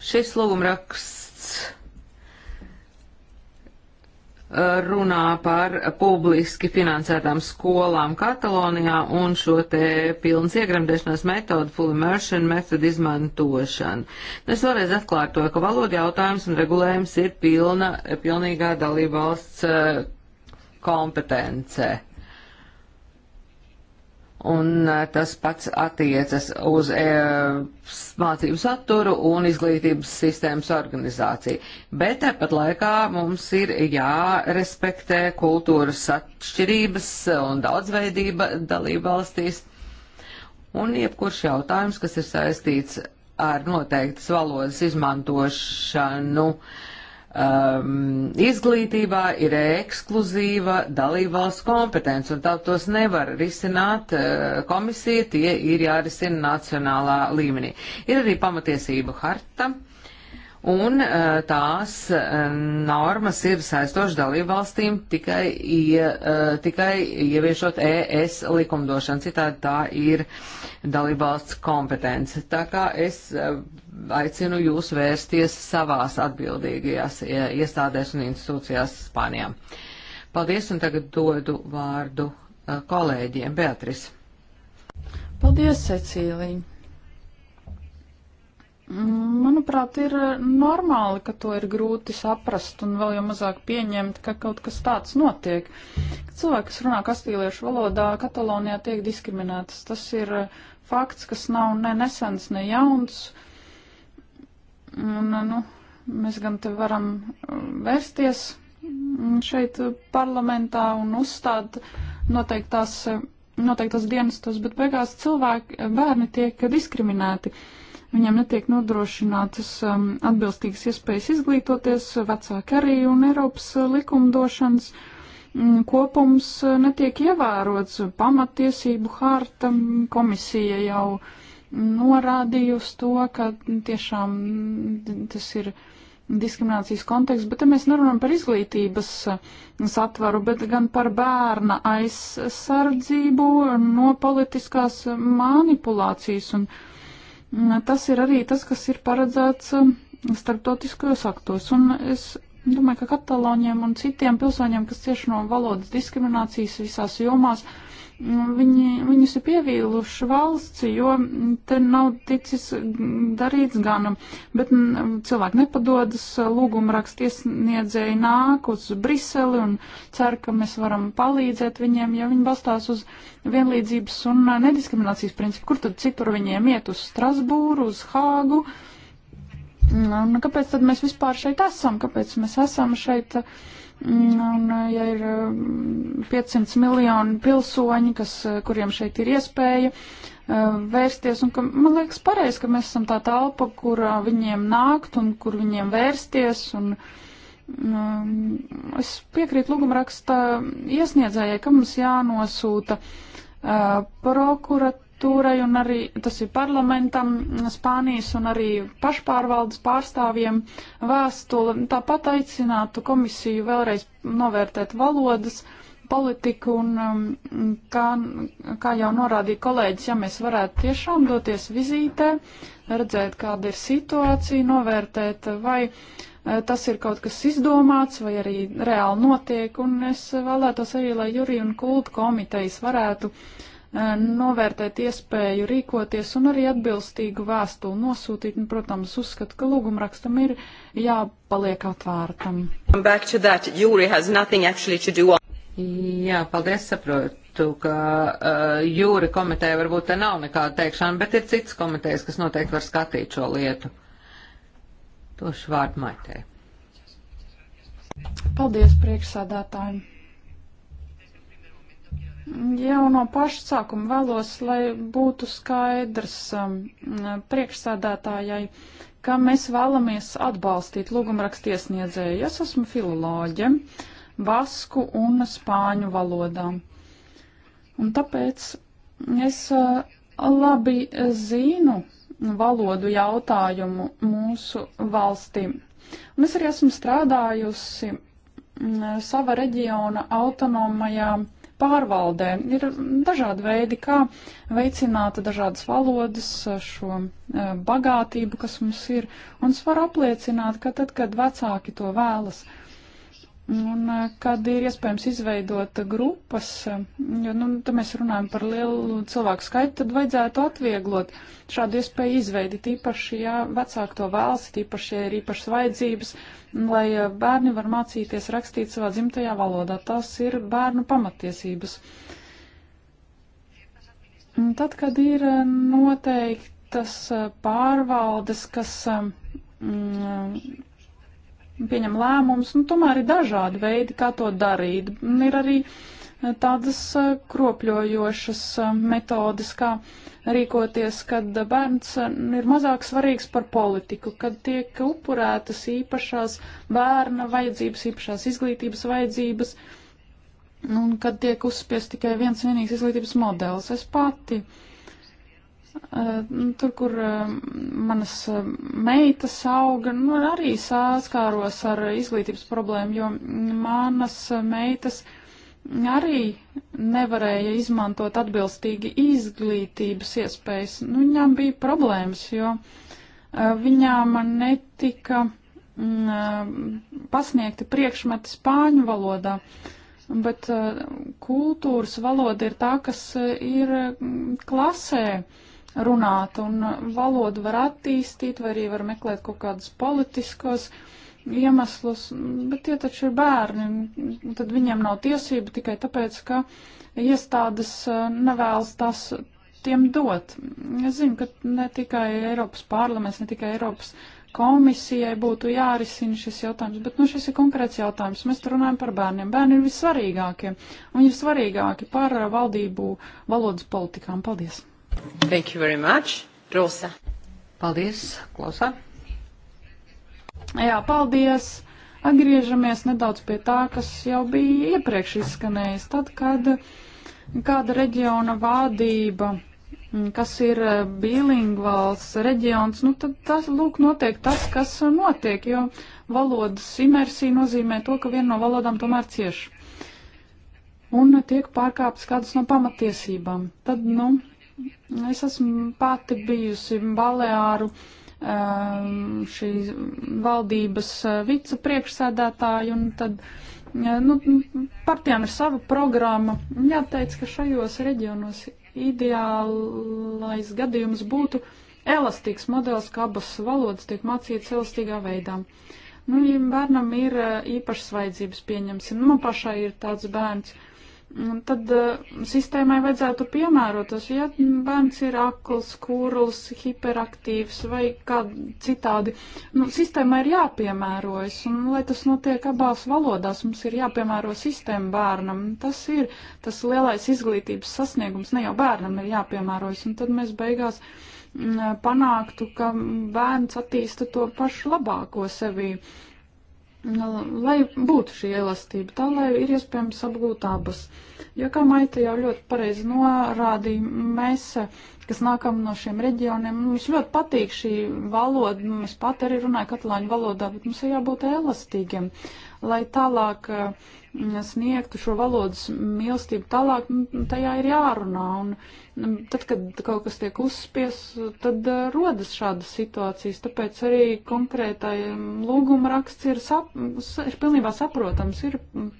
Šis lūgumraksts uh, runā par publiski finansētām skolām Katalonijā un šo te pilnas iegremdēšanās metodu, full immersion metodu izmantošanu. Es vēlreiz atklātoju, ka valoda jautājums un regulējums ir pilna, pilnīgā dalībvalsts uh, kompetencē. Un eh, tas pats attiecas uz e, mācību saturu un izglītības sistēmas organizāciju. Bet tāpat laikā mums ir jārespektē kultūras atšķirības un daudzveidība dalība valstīs. Un jebkurš jautājums, kas ir saistīts ar noteiktas valodas izmantošanu. Uh, um, izglītībā ir ekskluzīva dalībvalsts kompetence, un tā tos nevar risināt uh, komisija, tie ir jārisina nacionālā līmenī. Ir arī pamatiesību harta. Uh, un eh, tās eh, normas ir saistošas dalībvalstīm tikai, ie, eh, tikai ieviešot ES likumdošanu, citādi tā ir dalībvalsts kompetence. Tā kā es aicinu jūs vērsties savās atbildīgajās iestādēs un institūcijās Spānijā. Paldies, un tagad dodu vārdu kolēģiem. Beatris. Paldies, Cecīlija. Manuprāt, ir eh, normāli, ka to ir grūti saprast un vēl jau mazāk pieņemt, ka kaut kas tāds notiek. Cilvēki, kas runā kastīliešu valodā, Katalonijā tiek diskriminētas. Tas ir eh, fakts, kas nav ne nesens, ne jauns. Un, eh, nu, mēs gan te varam vērsties šeit parlamentā un uzstāt noteiktās, noteiktās dienestos, bet beigās cilvēki, bērni tiek diskriminēti. Uh, viņiem netiek nodrošinātas um, atbilstīgas iespējas izglītoties, vecāki arī un Eiropas uh, likumdošanas um, kopums uh, netiek ievērots. Pamatiesību harta mm, komisija jau norādījusi to, ka tiešām mm, tas ir diskriminācijas konteksts, bet te mēs nerunājam par izglītības uh, satvaru, bet gan par bērna aizsardzību no politiskās manipulācijas un manipulācijas Mm, tas ir arī tas, kas ir paredzēts um, starptautiskajos aktos. Un es domāju, ka katalāņiem un citiem pilsoņiem, kas cieši no valodas diskriminācijas visās jomās, uh, viņi, viņus ir pievīluši valsts, jo te nav ticis darīts ganam, bet cilvēki nepadodas, lūguma rakstiesniedzēji nāk uz Briseli un cer, ka mēs varam palīdzēt viņiem, ja viņi balstās uz vienlīdzības un nediskriminācijas principu. Kur tad citur viņiem iet uz Strasbūru, uz Hāgu? Un kāpēc tad mēs vispār šeit esam? Kāpēc mēs esam šeit? Uh, Mm, un, eh, ja ir 500 eh, miljoni pilsoņi, kas, eh, kuriem šeit ir iespēja vērsties, un ka, man liekas pareizi, ka mēs esam tā telpa, kur viņiem nākt un kur viņiem vērsties. Un, mm, es piekrītu lūgumraksta iesniedzējai, ka mums jānosūta prokurat prezidentūrai un arī tas ir parlamentam, Spānijas un arī pašpārvaldes pārstāvjiem vēstuli. Tāpat aicinātu komisiju vēlreiz novērtēt valodas politiku un um, kā, kā jau norādīja kolēģis, ja mēs varētu tiešām doties vizītē, redzēt, kāda ir situācija, novērtēt vai eh, tas ir kaut kas izdomāts vai arī reāli notiek, un es vēlētos arī, lai Jurija un Kulta komitejas varētu uh, novērtēt iespēju rīkoties un arī atbilstīgu vēstuli nosūtīt. Un, protams, uzskatu, ka lūgumrakstam ir jāpaliek atvērtam. Jā, paldies, saprotu, ka uh, jūri komiteja varbūt te nav nekāda teikšana, bet ir cits komitejas, kas noteikti var skatīt šo lietu. Tošu vārdu maitē. Paldies priekšsādātājiem. Jau no paša sākuma vēlos, lai būtu skaidrs um, priekšsēdētājai, ka mēs vēlamies atbalstīt lūgumrakstu iesniedzēju. Es esmu filoloģe basku un spāņu valodām. Un tāpēc es uh, labi zinu valodu jautājumu mūsu valstī. Un es arī esmu strādājusi mm, sava reģiona autonomajā pārvaldē. Ir dažādi veidi, kā veicināt dažādas valodas, šo eh, bagātību, kas mums ir. Un es varu apliecināt, ka tad, kad vecāki to vēlas, uh, Un eh, kad ir iespējams izveidot grupas, jo, eh, nu, tad mēs runājam par lielu cilvēku skaitu, tad vajadzētu atvieglot šādu iespēju izveidi, tīpaši, ja vecāki to vēlas, tīpaši, ja ir īpašas vajadzības, lai eh, bērni var mācīties rakstīt savā dzimtajā valodā. Tas ir bērnu pamatiesības. Un tad, kad ir noteiktas pārvaldes, kas. Mm, pieņem lēmumus, nu, tomēr ir dažādi veidi, kā to darīt. Ir arī eh, tādas eh, kropļojošas eh, metodes, kā rīkoties, kad bērns ir mazāk svarīgs par politiku, kad tiek upurētas īpašās bērna vajadzības, īpašās izglītības vajadzības, un kad tiek uzspies tikai viens vienīgs izglītības modelis. Es pati uh, Uh, tur, kur uh, manas uh, meitas auga, nu, arī saskāros ar izglītības problēmu, jo manas meitas arī nevarēja izmantot atbilstīgi izglītības iespējas. Nu, viņām bija problēmas, jo viņām netika mm, pasniegti priekšmeti spāņu valodā. Bet kultūras valoda ir tā, kas ir mm, klasē runāt, un valodu var attīstīt, vai arī var meklēt kaut kādus politiskos iemeslus, bet tie taču ir bērni, tad viņiem nav tiesība tikai tāpēc, ka iestādes eh, nevēlas tās tiem dot. Es zinu, ka ne tikai Eiropas parlaments, ne tikai Eiropas komisijai būtu jārisina šis jautājums, bet nu, šis ir konkrēts jautājums. Mēs runājam par bērniem. Bērni ir vissvarīgākie. Viņi ir svarīgāki par valdību valodas politikām. Paldies! Thank you very much. Rosa. Paldies, Klausa. Jā, paldies. Atgriežamies nedaudz pie tā, kas jau bija iepriekš izskanējis. Tad, kad kāda reģiona vādība, mm, kas ir eh, bilingvāls reģions, nu tad tas, lūk, notiek tas, kas notiek, jo valodas imersija nozīmē to, ka viena no valodām tomēr cieš. Un tiek pārkāptas kādas no pamatiesībām. Tad, nu, Es esmu pati bijusi Baleāru ehm, šīs valdības eh, vicepriekšsēdētāja, un tad eh, nu, partijām ir sava programma. Jāteic, ka šajos reģionos ideālais gadījums būtu elastīgs modelis, ka abas valodas tiek mācītas elastīgā veidā. Nu, ja bērnam ir eh, īpašas vajadzības, pieņemsim, nu, man pašai ir tāds bērns. Uh, tad uh, sistēmai vajadzētu piemērotas. Ja bērns ir akls, kurls, hiperaktīvs vai kā citādi, nu, sistēmai ir jāpiemērojas. Un, lai tas notiek abās valodās, mums ir jāpiemēro sistēma bērnam. Tas ir tas lielais izglītības sasniegums, ne jau bērnam ir jāpiemērojas. Un tad mēs beigās m, mm, eh, panāktu, ka bērns attīsta to pašu labāko sevī. Uh, Nu, lai būtu šī elastība, tā lai ir iespējams apgūt abas. Jo, kā Maita jau ļoti pareizi norādīja, mēs, kas nākam no šiem reģioniem, mums ļoti patīk šī valoda, mēs nu, pat arī runāju katalāņu valodā, bet mums ir jābūt elastīgiem, lai tālāk uh, sniegtu šo valodas mīlestību tālāk, nu, tajā ir jārunā. Un nu, tad, kad kaut kas tiek uzspies, tad uh, rodas šādas situācijas. Tāpēc arī konkrētai um, lūguma raksts ir, sap, ir pilnībā saprotams. Ir mm,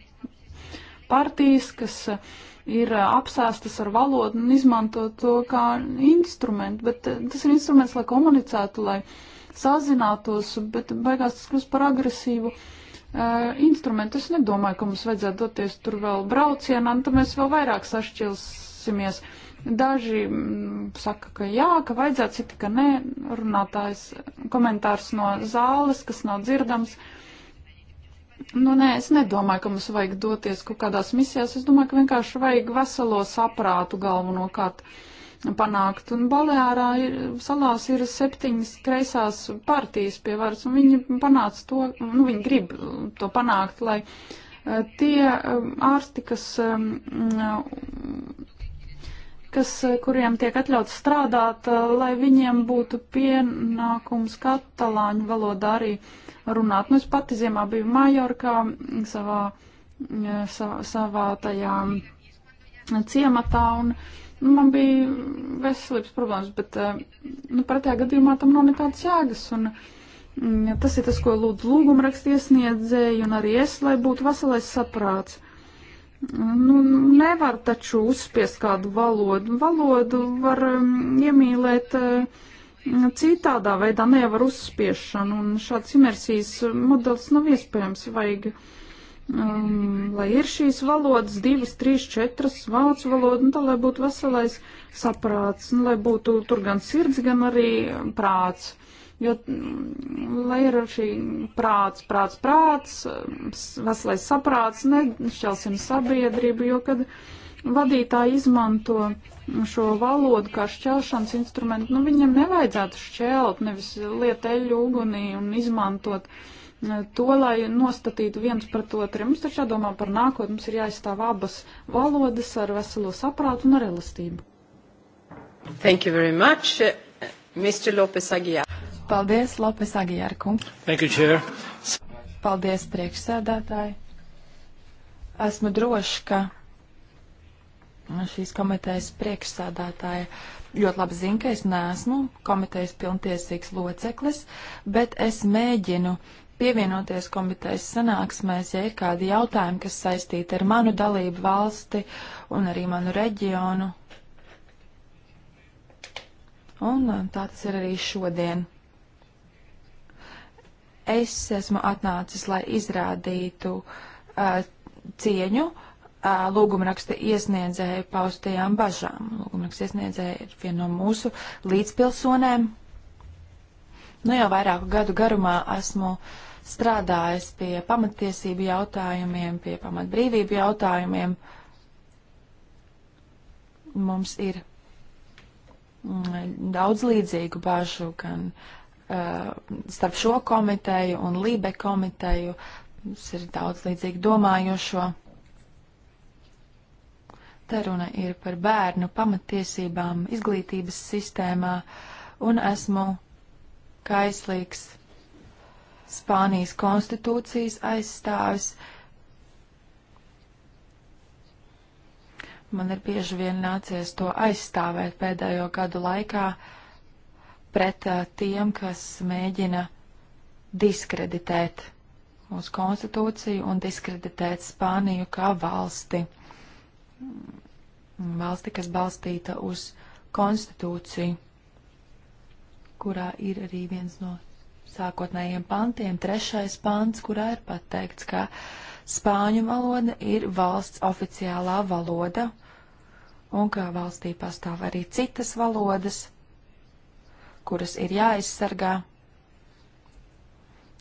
partijas, kas uh, ir uh, apsēstas ar valodu un izmanto to kā instrumentu, bet tas ir instruments, lai komunicētu, lai sazinātos, bet beigās tas kļūst par agresīvu. Uh, Eh, instrumentu. Es nedomāju, ka mums vajadzētu doties tur vēl braucienā, un nu, tad mēs vēl vairāk sašķilsimies. Daži mm, saka, ka jā, ka vajadzētu, citi, ka nē. Runātājs komentārs no zāles, kas nav dzirdams. Nu, nē, es nedomāju, ka mums vajag doties kaut kādās misijās. Es domāju, ka vienkārši vajag veselo saprātu galvenokārt. Uh, panākt. Un Balēārā ir, salās ir septiņas kreisās partijas pie varas, un viņi panāca to, nu, viņi grib to panākt, lai eh, tie eh, ārsti, kas, eh, kas, kuriem tiek atļauts strādāt, lai viņiem būtu pienākums katalāņu valodā arī runāt. Nu, es pati ziemā biju Mājorkā savā, savā, savā tajā ciematā, un uh, Nu, man bija veselības problēmas, bet eh, nu, pretējā gadījumā tam nav nekādas jēgas. Un, mm, ja tas ir tas, ko lūdzu lūguma raksta iesniedzēji un arī es, lai būtu veselais saprāts. Nu, nevar taču uzspiest kādu valodu. Valodu var mm, iemīlēt eh, citādā veidā, ne jau ar uzspiešanu, un šāds imersijas mm, modelis nav iespējams. Vajag uh, um, lai ir šīs valodas, divas, trīs, četras vācu valoda, un nu, tā, lai būtu veselais saprāts, un nu, lai būtu tur gan sirds, gan arī prāts. Jo, mm, lai ir šī prāts, prāts, prāts, mm, veselais saprāts, nešķelsim sabiedrību, jo, kad vadītāji izmanto šo valodu kā šķelšanas instrumentu, nu, viņam nevajadzētu šķelt, nevis liet eļu ugunī un izmantot uh, to, lai nostatītu viens pret otru. Mums taču jādomā par nākotni, mums ir jāizstāv abas valodas ar veselo saprātu un ar elastību. Thank you very much, uh, Mr. Lopes Aguiar. Paldies, Lopes Aguiar kungs. Thank you, Chair. Paldies, priekšsēdētāji. Esmu drošs, ka šīs komitejas priekšsādātāja ļoti labi zina, ka es neesmu komitejas pilntiesīgs loceklis, bet es mēģinu uh, pievienoties komitejas sanāksmēs, ja ir kādi jautājumi, kas saistīti ar manu dalību valsti un arī manu reģionu. Un uh, tā tas ir arī šodien. Es esmu atnācis, lai izrādītu uh, cieņu uh, lūgumraksta iesniedzēju paustajām bažām. Lūgumraksta iesniedzēja ir viena no mūsu līdzpilsonēm. Nu jau vairāku gadu garumā esmu strādājis pie pamatiesību jautājumiem, pie pamatbrīvību jautājumiem. Mums ir mm, daudz līdzīgu bāžu gan uh, starp šo komiteju un Lībe komiteju. Mums ir daudz līdzīgi domājošo. Te runa ir par bērnu pamatiesībām izglītības sistēmā, un esmu kaislīgs Spānijas konstitūcijas aizstāvis. Man ir bieži vien nācies to aizstāvēt pēdējo gadu laikā pret tiem, kas mēģina diskreditēt mūsu konstitūciju un diskreditēt Spāniju kā valsti. Valsti, kas balstīta uz konstitūciju kurā ir arī viens no sākotnējiem pantiem, trešais pants, kurā ir pateikts, ka spāņu valoda ir valsts oficiālā valoda un ka valstī pastāv arī citas valodas, kuras ir jāaizsargā.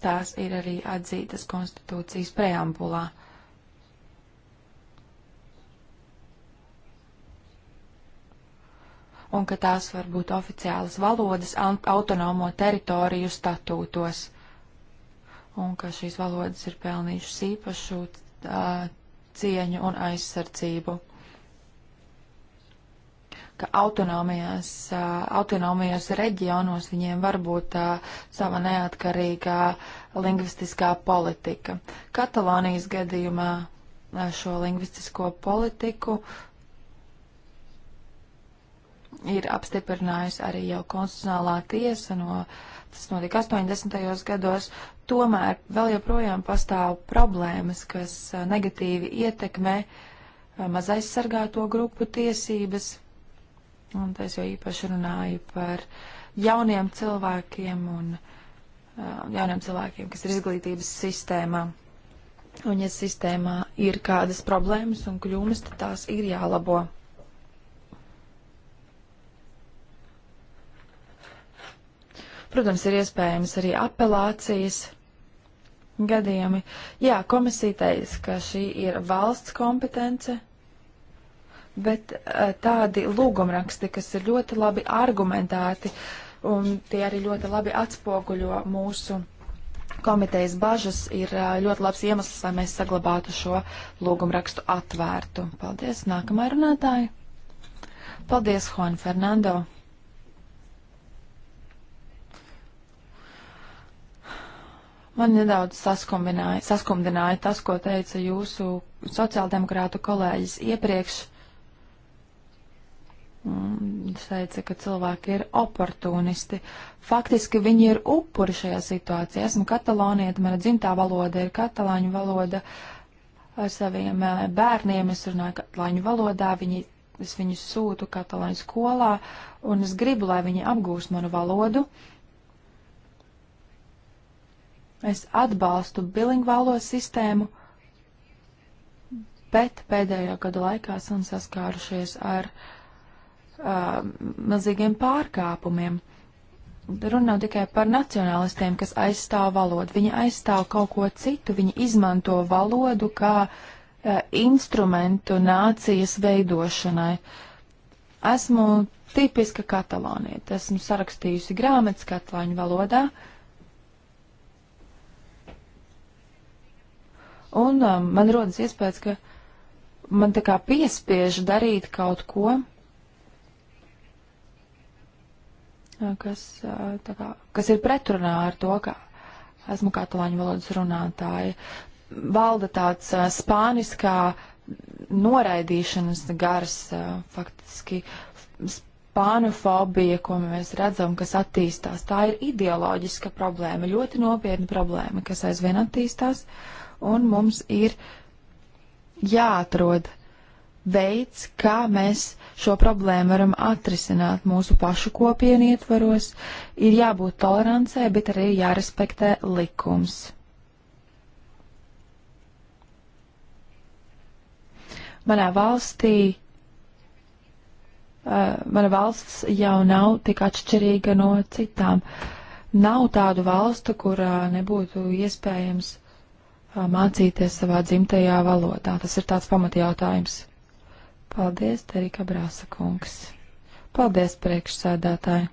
Tās ir arī atzītas konstitūcijas preambulā. Uh, un ka tās var būt oficiālas valodas autonomo teritoriju statūtos, un ka šīs valodas ir pelnījušas īpašu tā, cieņu un aizsardzību, ka autonomijās, autonomijās reģionos viņiem var būt tā, sava neatkarīgā lingvistiskā politika. Katalonijas gadījumā šo lingvistisko politiku uh, ir apstiprinājusi arī jau konstitucionālā tiesa, no, tas notika 80. gados, tomēr vēl joprojām pastāv problēmas, kas negatīvi ietekmē mazaizsargāto grupu tiesības, un es jau īpaši runāju par jauniem cilvēkiem un jauniem cilvēkiem, kas ir izglītības sistēmā. Un, ja sistēmā ir kādas problēmas un kļūmes, tad tās ir jālabo. Protams, ir iespējams arī apelācijas gadījumi. Jā, komisija teica, ka šī ir valsts kompetence, bet eh, tādi lūgumraksti, kas ir ļoti labi argumentēti, un tie arī ļoti labi atspoguļo mūsu komitejas bažas, ir eh, ļoti labs iemesls, lai mēs saglabātu šo lūgumrakstu atvērtu. Paldies, nākamā runātāja. Paldies, Juan Fernando. Man nedaudz saskumdināja tas, ko teica jūsu sociāldemokrātu kolēģis iepriekš. Mm, viņš teica, ka cilvēki ir oportunisti. Faktiski viņi ir upuri šajā situācijā. Esmu katalonieta, mana dzimtā valoda ir katalāņu valoda. Ar saviem eh, bērniem es runāju katalāņu valodā, viņi, es viņus sūtu katalāņu skolā, un es gribu, lai viņi apgūst manu valodu. Uh, Es atbalstu bilingvālo sistēmu, bet pēdējo gadu laikā esam saskārušies ar uh, mazīgiem pārkāpumiem. Runa nav tikai par nacionālistiem, kas aizstāv valodu. Viņi aizstāv kaut ko citu, viņi izmanto valodu kā uh, instrumentu nācijas veidošanai. Esmu tipiska katalānieta, esmu sarakstījusi grāmatas katalāņu valodā. Uh, Un um, man rodas iespējas, ka man tā kā piespiež darīt kaut ko, uh, kas, uh, kā, kas ir pretrunā ar to, ka esmu katalāņu valodas runātāja. Valda tāds uh, spāniskā noraidīšanas gars, uh, faktiski spāņu fobija, ko mēs redzam, kas attīstās. Tā ir ideoloģiska problēma, ļoti nopietna problēma, kas aizvien attīstās. Uh, un mums ir jāatrod veids, kā mēs šo problēmu varam atrisināt mūsu pašu kopienu ietvaros, ir jābūt tolerancē, bet arī jārespektē likums. Manā valstī, uh, mana valsts jau nav tik atšķirīga no citām. Nav tādu valstu, kurā nebūtu iespējams mācīties savā dzimtajā valodā. Tas ir tāds pamatjautājums. Paldies, Terika Brāsa kungs. Paldies, priekšsēdētāji.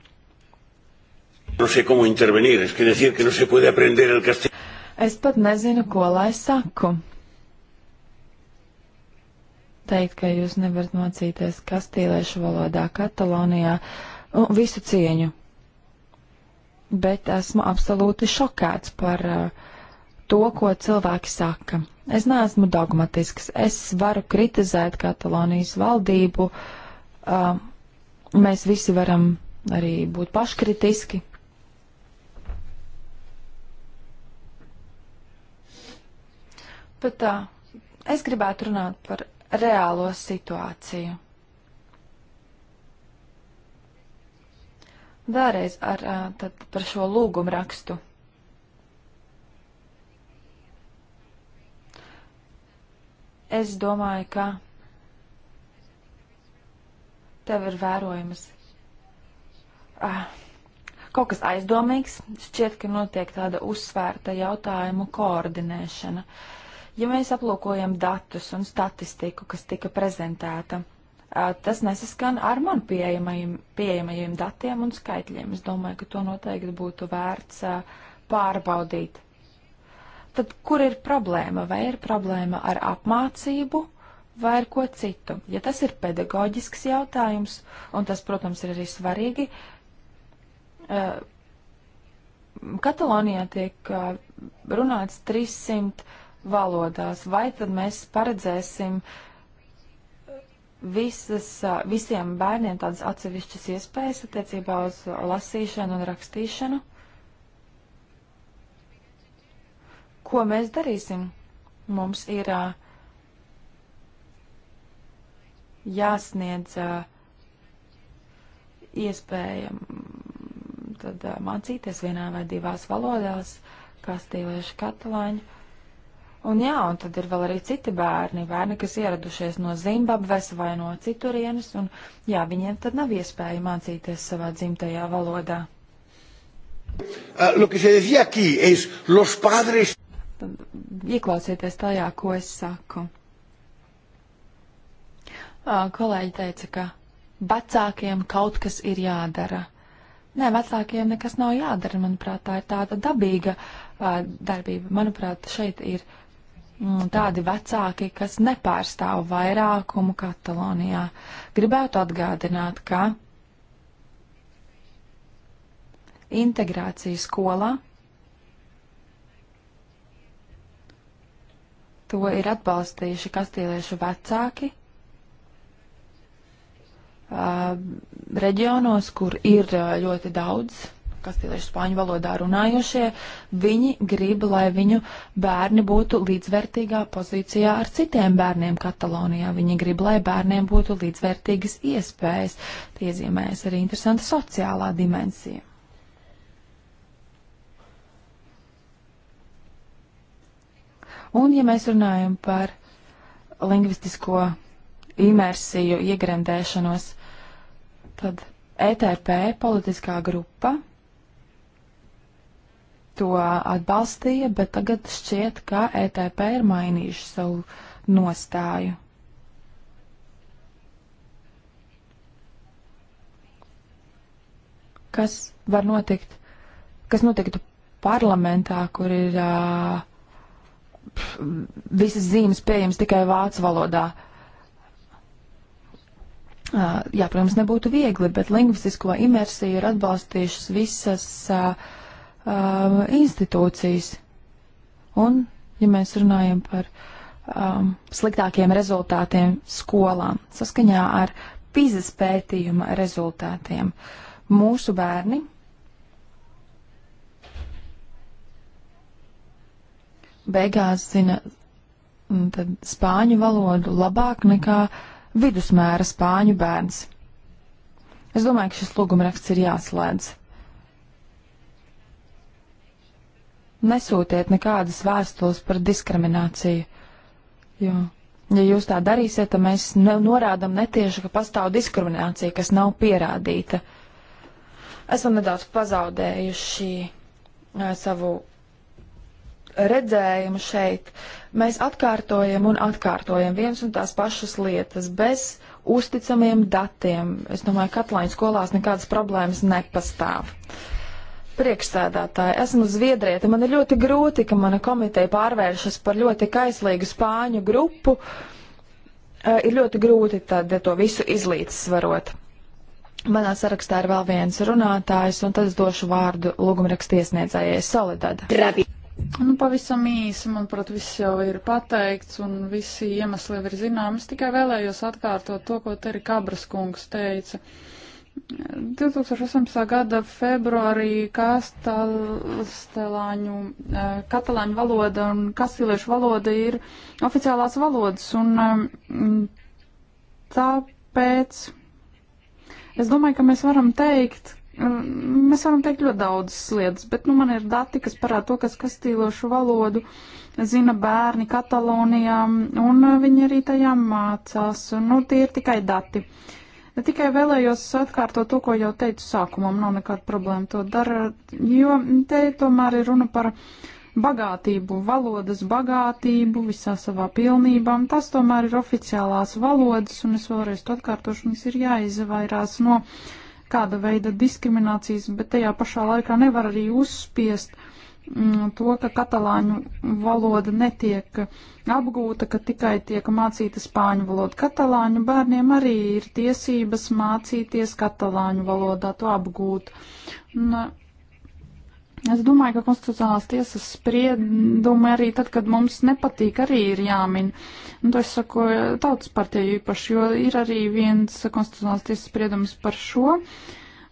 No sé cómo intervenir, es que decir que no se puede aprender el castellano. Es pat nezinu, ko lai saku. Teikt, ka jūs nevarat mācīties kastīliešu valodā Katalonijā, nu, visu cieņu. Bet esmu absolūti šokēts par uh, to, ko cilvēki saka. Es neesmu dogmatisks. Es varu kritizēt Katalonijas valdību. Uh, mēs visi varam arī būt paškritiski. Bet tā, uh, es gribētu runāt par reālo situāciju. Vēlreiz ar, uh, tad, par šo lūgumu rakstu. Es domāju, ka tev ir vērojamas. Ah, kaut kas aizdomīgs, šķiet, ka notiek tāda uzsvērta jautājumu koordinēšana. Ja mēs aplūkojam datus un statistiku, kas tika prezentēta, ah, tas nesaskan ar man pieejamajiem, pieejamajiem datiem un skaitļiem. Es domāju, ka to noteikti būtu vērts ah, pārbaudīt tad kur ir problēma? Vai ir problēma ar apmācību vai ar ko citu? Ja tas ir pedagoģisks jautājums, un tas, protams, ir arī svarīgi, uh, Katalonijā tiek uh, runāts 300 valodās, vai tad mēs paredzēsim eh, visas, uh, visiem bērniem tādas atsevišķas iespējas attiecībā uz lasīšanu un rakstīšanu? Ko mēs darīsim? Mums ir uh, jāsniedz uh, iespējama tad uh, mācīties vienā vai divās valodās, kastīliešu katalāņu. Un jā, un tad ir vēl arī citi bērni, bērni, kas ieradušies no Zimbabves vai no citurienes, un jā, viņiem tad nav iespēja mācīties savā dzimtajā valodā. Uh, lo que se decía aquí es los padres ieklausieties tajā, ko es saku. Kolēģi teica, ka vecākiem kaut kas ir jādara. Nē, vecākiem nekas nav jādara, manuprāt, tā ir tāda dabīga uh, darbība. Manuprāt, šeit ir mm, tādi vecāki, kas nepārstāv vairākumu Katalonijā. Gribētu atgādināt, ka integrācija skolā To ir atbalstījuši kastīliešu vecāki uh, reģionos, kur ir uh, ļoti daudz kastīliešu spāņu valodā runājošie. Viņi grib, lai viņu bērni būtu līdzvērtīgā pozīcijā ar citiem bērniem Katalonijā. Viņi grib, lai bērniem būtu līdzvērtīgas iespējas. Tie iezīmējas arī interesanta sociālā dimensija. Un, ja mēs runājam par lingvistisko imersiju, iegremdēšanos, tad ETRP politiskā grupa to atbalstīja, bet tagad šķiet, ka ETP ir mainījuši savu nostāju. Kas var notikt, kas notiktu parlamentā, kur ir uh, visas zīmes pieejamas tikai vācu valodā. Uh, jā, protams, nebūtu viegli, bet lingvistisko imersiju ir atbalstījušas visas uh, uh, institūcijas. Un, ja mēs runājam par um, sliktākiem rezultātiem skolām, saskaņā ar PISA pētījuma rezultātiem, mūsu bērni beigās zina mm, tad, spāņu valodu labāk nekā vidusmēra spāņu bērns. Es domāju, ka šis lūgumraksts ir jāslēdz. Nesūtiet nekādas vēstules par diskrimināciju, jo, ja jūs tā darīsiet, tad mēs ne, norādam netieši, ka pastāv diskriminācija, kas nav pierādīta. Esam nedaudz pazaudējuši eh, savu redzējumu šeit. Mēs atkārtojam un atkārtojam viens un tās pašas lietas bez uzticamiem datiem. Es domāju, ka Katlāņu skolās nekādas problēmas nepastāv. Priekšsēdētāji, esmu zviedrieta, man ir ļoti grūti, ka mana komiteja pārvēršas par ļoti kaislīgu spāņu grupu. Uh, ir ļoti grūti tad to visu izlīdzsvarot. Manā sarakstā ir vēl viens runātājs, un tad es došu vārdu lūgumrakstiesniedzējai Solidada. Drabi. Nu, pavisam īsi, manuprāt, viss jau ir pateikts un visi iemesli jau ir zināmas. Tikai vēlējos atkārtot to, ko Teri Kabras kungs teica. 2018. gada februārī kastelāņu, eh, katalāņu valoda un kastiliešu valoda ir oficiālās valodas, un mm, tāpēc es domāju, ka mēs varam teikt, Mēs varam teikt ļoti daudzas lietas, bet nu, man ir dati, kas parāda to, kas kastīlošu valodu zina bērni Katalonijā, un viņi arī tajā mācās. Nu, tie ir tikai dati. Tikai vēlējos atkārtot to, ko jau teicu sākumam, nav nekāda problēma to darīt, jo te tomēr ir runa par bagātību, valodas bagātību visā savā pilnībā. Tas tomēr ir oficiālās valodas, un es vēlreiz to atkārtošu, mums ir jāizvairās no. Uh, kāda veida diskriminācijas, bet tajā pašā laikā nevar arī uzspiest mm, to, ka katalāņu valoda netiek apgūta, ka tikai tiek mācīta spāņu valoda. Katalāņu bērniem arī ir tiesības mācīties katalāņu valodā to apgūt. Un, Es domāju, ka konstitucionālās tiesas spriedumi arī tad, kad mums nepatīk, arī ir jāmin. Un to es saku tautas partijai īpaši, jo ir arī viens konstitucionālās tiesas spriedums par šo.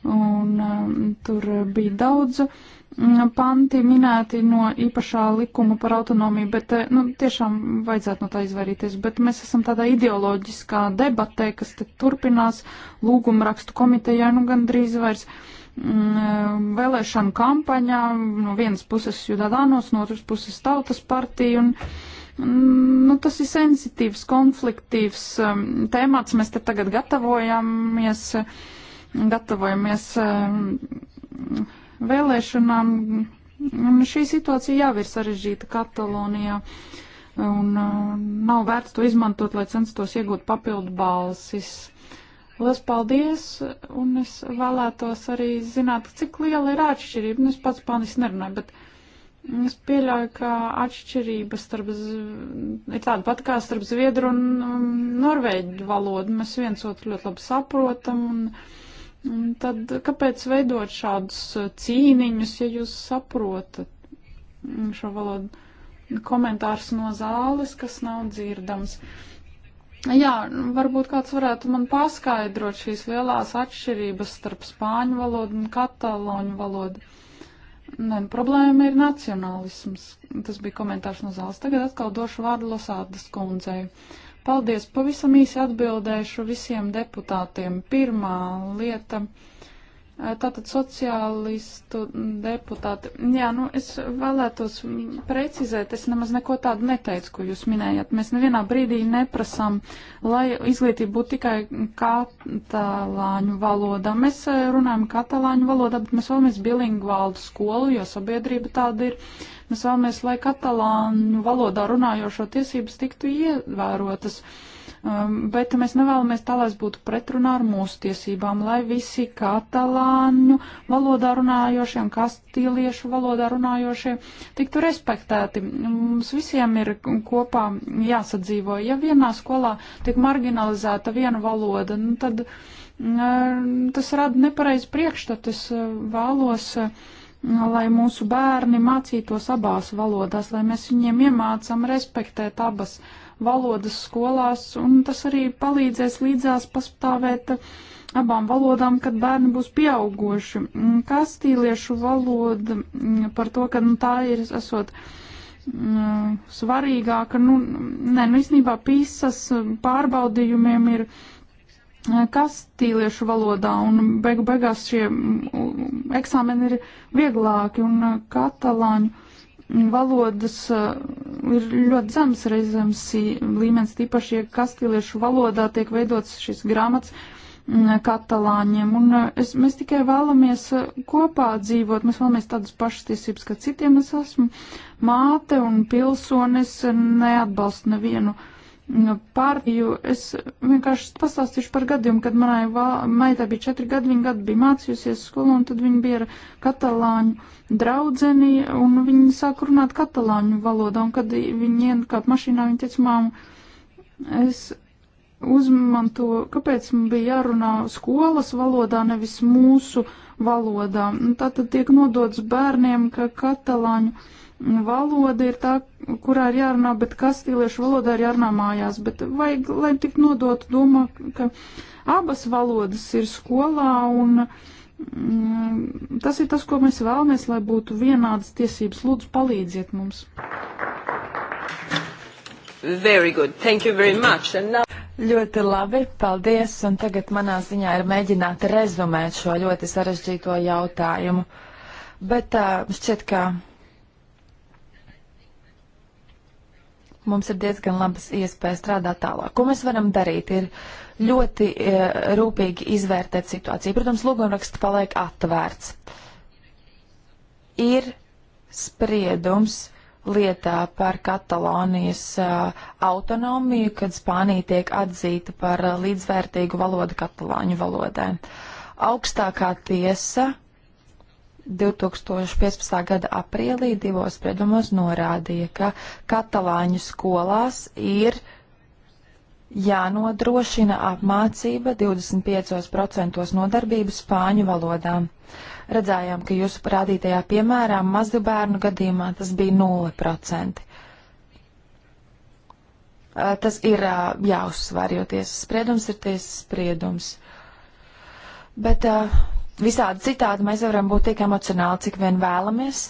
Un um, tur bija daudz mm, panti minēti no īpašā likuma par autonomiju, bet eh, nu, tiešām vajadzētu no tā izvairīties. Bet mēs esam tādā ideoloģiskā debatē, kas te turpinās lūguma rakstu komitejā, nu gandrīz vairs. Uh, Mm, eh, vēlēšanu kampaņā, no vienas puses Judadānos, no otras puses Tautas partija. Un, mm, Nu, tas ir sensitīvs, konfliktīvs um, tēmats. Mēs te tagad gatavojamies, gatavojamies um, vēlēšanām. Un šī situācija jau ir sarežģīta Katalonijā. Un um, nav vērts to izmantot, lai censtos iegūt papildu balsis. Uh, Lielas paldies, un es vēlētos arī zināt, cik liela ir atšķirība. Nu, es pats spānis nerunāju, bet es pieļauju, ka atšķirība starp, ir tāda pat kā starp zviedru un um, norvēģu valodu. Mēs viens otru ļoti labi saprotam, un, un tad kāpēc veidot šādus cīniņus, ja jūs saprotat šo valodu? Komentārs no zāles, kas nav dzirdams. Uh, Jā, varbūt kāds varētu man paskaidrot šīs lielās atšķirības starp spāņu valodu un kataloņu valodu. Nē, nu, problēma ir nacionālisms. Tas bija komentārs no zāles. Tagad atkal došu vārdu Losādas kundzei. Paldies, pavisam īsi atbildēšu visiem deputātiem. Pirmā lieta. Uh, Tātad sociālistu deputāti. Jā, nu es vēlētos precizēt, es nemaz neko tādu neteicu, ko jūs minējat. Mēs nevienā brīdī neprasam, lai izglītība būtu tikai katalāņu valodā. Mēs runājam katalāņu valodā, bet mēs vēlamies bilingvālu skolu, jo sabiedrība tāda ir. Mēs vēlamies, lai katalāņu valodā runājošo tiesības tiktu ievērotas. Uh, Um, bet mēs nevēlamies tā, lai būtu pretrunā ar mūsu tiesībām, lai visi katalāņu valodā runājošie un kastīliešu valodā runājošie tiktu respektēti. Mums visiem ir kopā jāsadzīvo. Ja vienā skolā tiek marginalizēta viena valoda, nu, tad uh, tas rada nepareizi priekšstatu. Es uh, vēlos uh, lai mūsu bērni mācītos abās valodās, lai mēs viņiem iemācām respektēt abas valodas valodas skolās, un tas arī palīdzēs līdzās pastāvēt abām valodām, kad bērni būs pieauguši. Mm, kastīliešu valoda mm, par to, ka nu, tā ir esot mm, svarīgāka, nu, nē, nu, īstenībā pīsas pārbaudījumiem ir kastīliešu valodā, un beigu beigās šie eksāmeni ir vieglāki, un katalāņu valodas uh, ir ļoti zems reizēms līmenis, tīpaši, ja kastiliešu valodā tiek veidots šis grāmatas mm, katalāņiem. Un uh, es, mēs tikai vēlamies uh, kopā dzīvot, mēs vēlamies tādas pašas tiesības, kā citiem es esmu. Māte un pilsonis neatbalsta nevienu uh, pārtīju. Es vienkārši pastāstīšu par gadījumu, kad manai maitai bija četri gadi, viņa gadu bija mācījusies skolu, un tad viņa bija katalāņu draudzeni, un viņa sāka runāt katalāņu valodā, un kad viņa ienkāp mašīnā, viņa teica, māmu, es uzmanto, kāpēc man bija jārunā skolas valodā, nevis mūsu valodā. Un tā tad tiek nodots bērniem, ka katalāņu valoda ir tā, kurā ir jārunā, bet kastīliešu valodā ir jārunā mājās. Bet vajag, lai tik nodot domā, ka abas valodas ir skolā un mm, tas ir tas, ko mēs vēlamies, lai būtu vienādas tiesības. Lūdzu, palīdziet mums. Very good. Thank you very much. And now... Ļoti labi, paldies. Un tagad manā ziņā ir mēģināt rezumēt šo ļoti sarežģīto jautājumu. Bet uh, šķiet, ka mums ir diezgan labas iespējas strādāt tālāk. Ko mēs varam darīt? Ir ļoti e, rūpīgi izvērtēt situāciju. Protams, lūgumraksts paliek atvērts. Ir spriedums lietā par Katalonijas e, autonomiju, kad Spānija tiek atzīta par e, līdzvērtīgu valodu katalāņu valodai. Augstākā tiesa 2015. gada aprīlī divos spriedumos norādīja, ka katalāņu skolās ir jānodrošina apmācība 25% nodarbību spāņu valodām. Redzējām, ka jūsu parādītajā piemērā mazu bērnu gadījumā tas bija 0%. Tas ir jāuzsver, jo tiesas spriedums ir tiesas spriedums. Bet visādi citādi mēs varam būt tik emocionāli, cik vien vēlamies,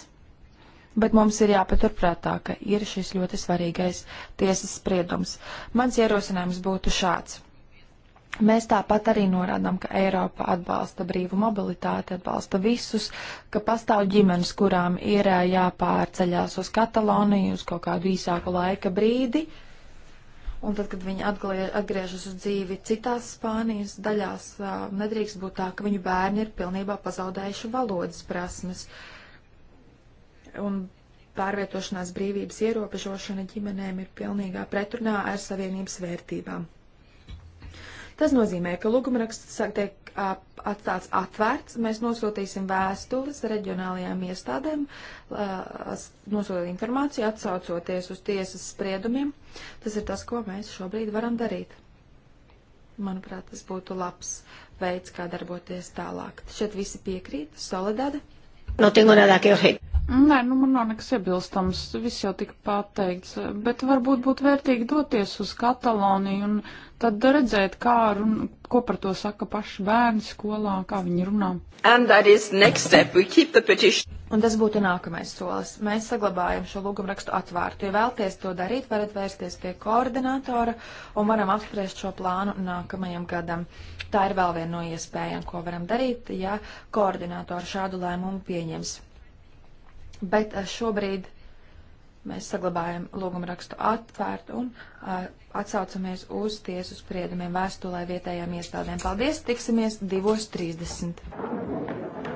bet mums ir jāpaturprātā, ka ir šis ļoti svarīgais tiesas spriedums. Mans ierosinājums būtu šāds. Mēs tāpat arī norādām, ka Eiropa atbalsta brīvu mobilitāti, atbalsta visus, ka pastāv ģimenes, kurām ir jāpārceļās uz Kataloniju uz kaut kādu īsāku laika brīdi, uh, Un tad, kad viņi atgriežas uz dzīvi citās Spānijas daļās, nedrīkst būt tā, ka viņu bērni ir pilnībā pazaudējuši valodas prasmes. Un pārvietošanās brīvības ierobežošana ģimenēm ir pilnīgā pretrunā ar savienības vērtībām. Tas nozīmē, ka lūgumraksts tiek atstāts atvērts. Mēs nosūtīsim vēstules reģionālajām iestādēm, nosūtīt informāciju, atsaucoties uz tiesas spriedumiem. Tas ir tas, ko mēs šobrīd varam darīt. Manuprāt, tas būtu labs veids, kā darboties tālāk. Šeit visi piekrīt. Soledade. No tengo nada que objetar. Nē, nu man nav nekas iebilstams, viss jau tika pateikts, bet varbūt būtu vērtīgi doties uz Kataloniju un tad redzēt, kā run, ko par to saka paši bērni skolā, kā viņi runā. Un tas būtu nākamais solis. Mēs saglabājam šo lūgumrakstu atvērtu. Ja vēlties to darīt, varat vērsties pie koordinatora un varam apspriest šo plānu nākamajam gadam. Tā ir vēl viena no iespējām, ko varam darīt, ja koordinatori šādu lēmumu pieņems bet eh, šobrīd mēs saglabājam lūgumu rakstu atvērtu un eh, atsaucamies uz tiesu spriedumiem vēstulē vietējām iestādēm. Paldies, tiksimies 2.30.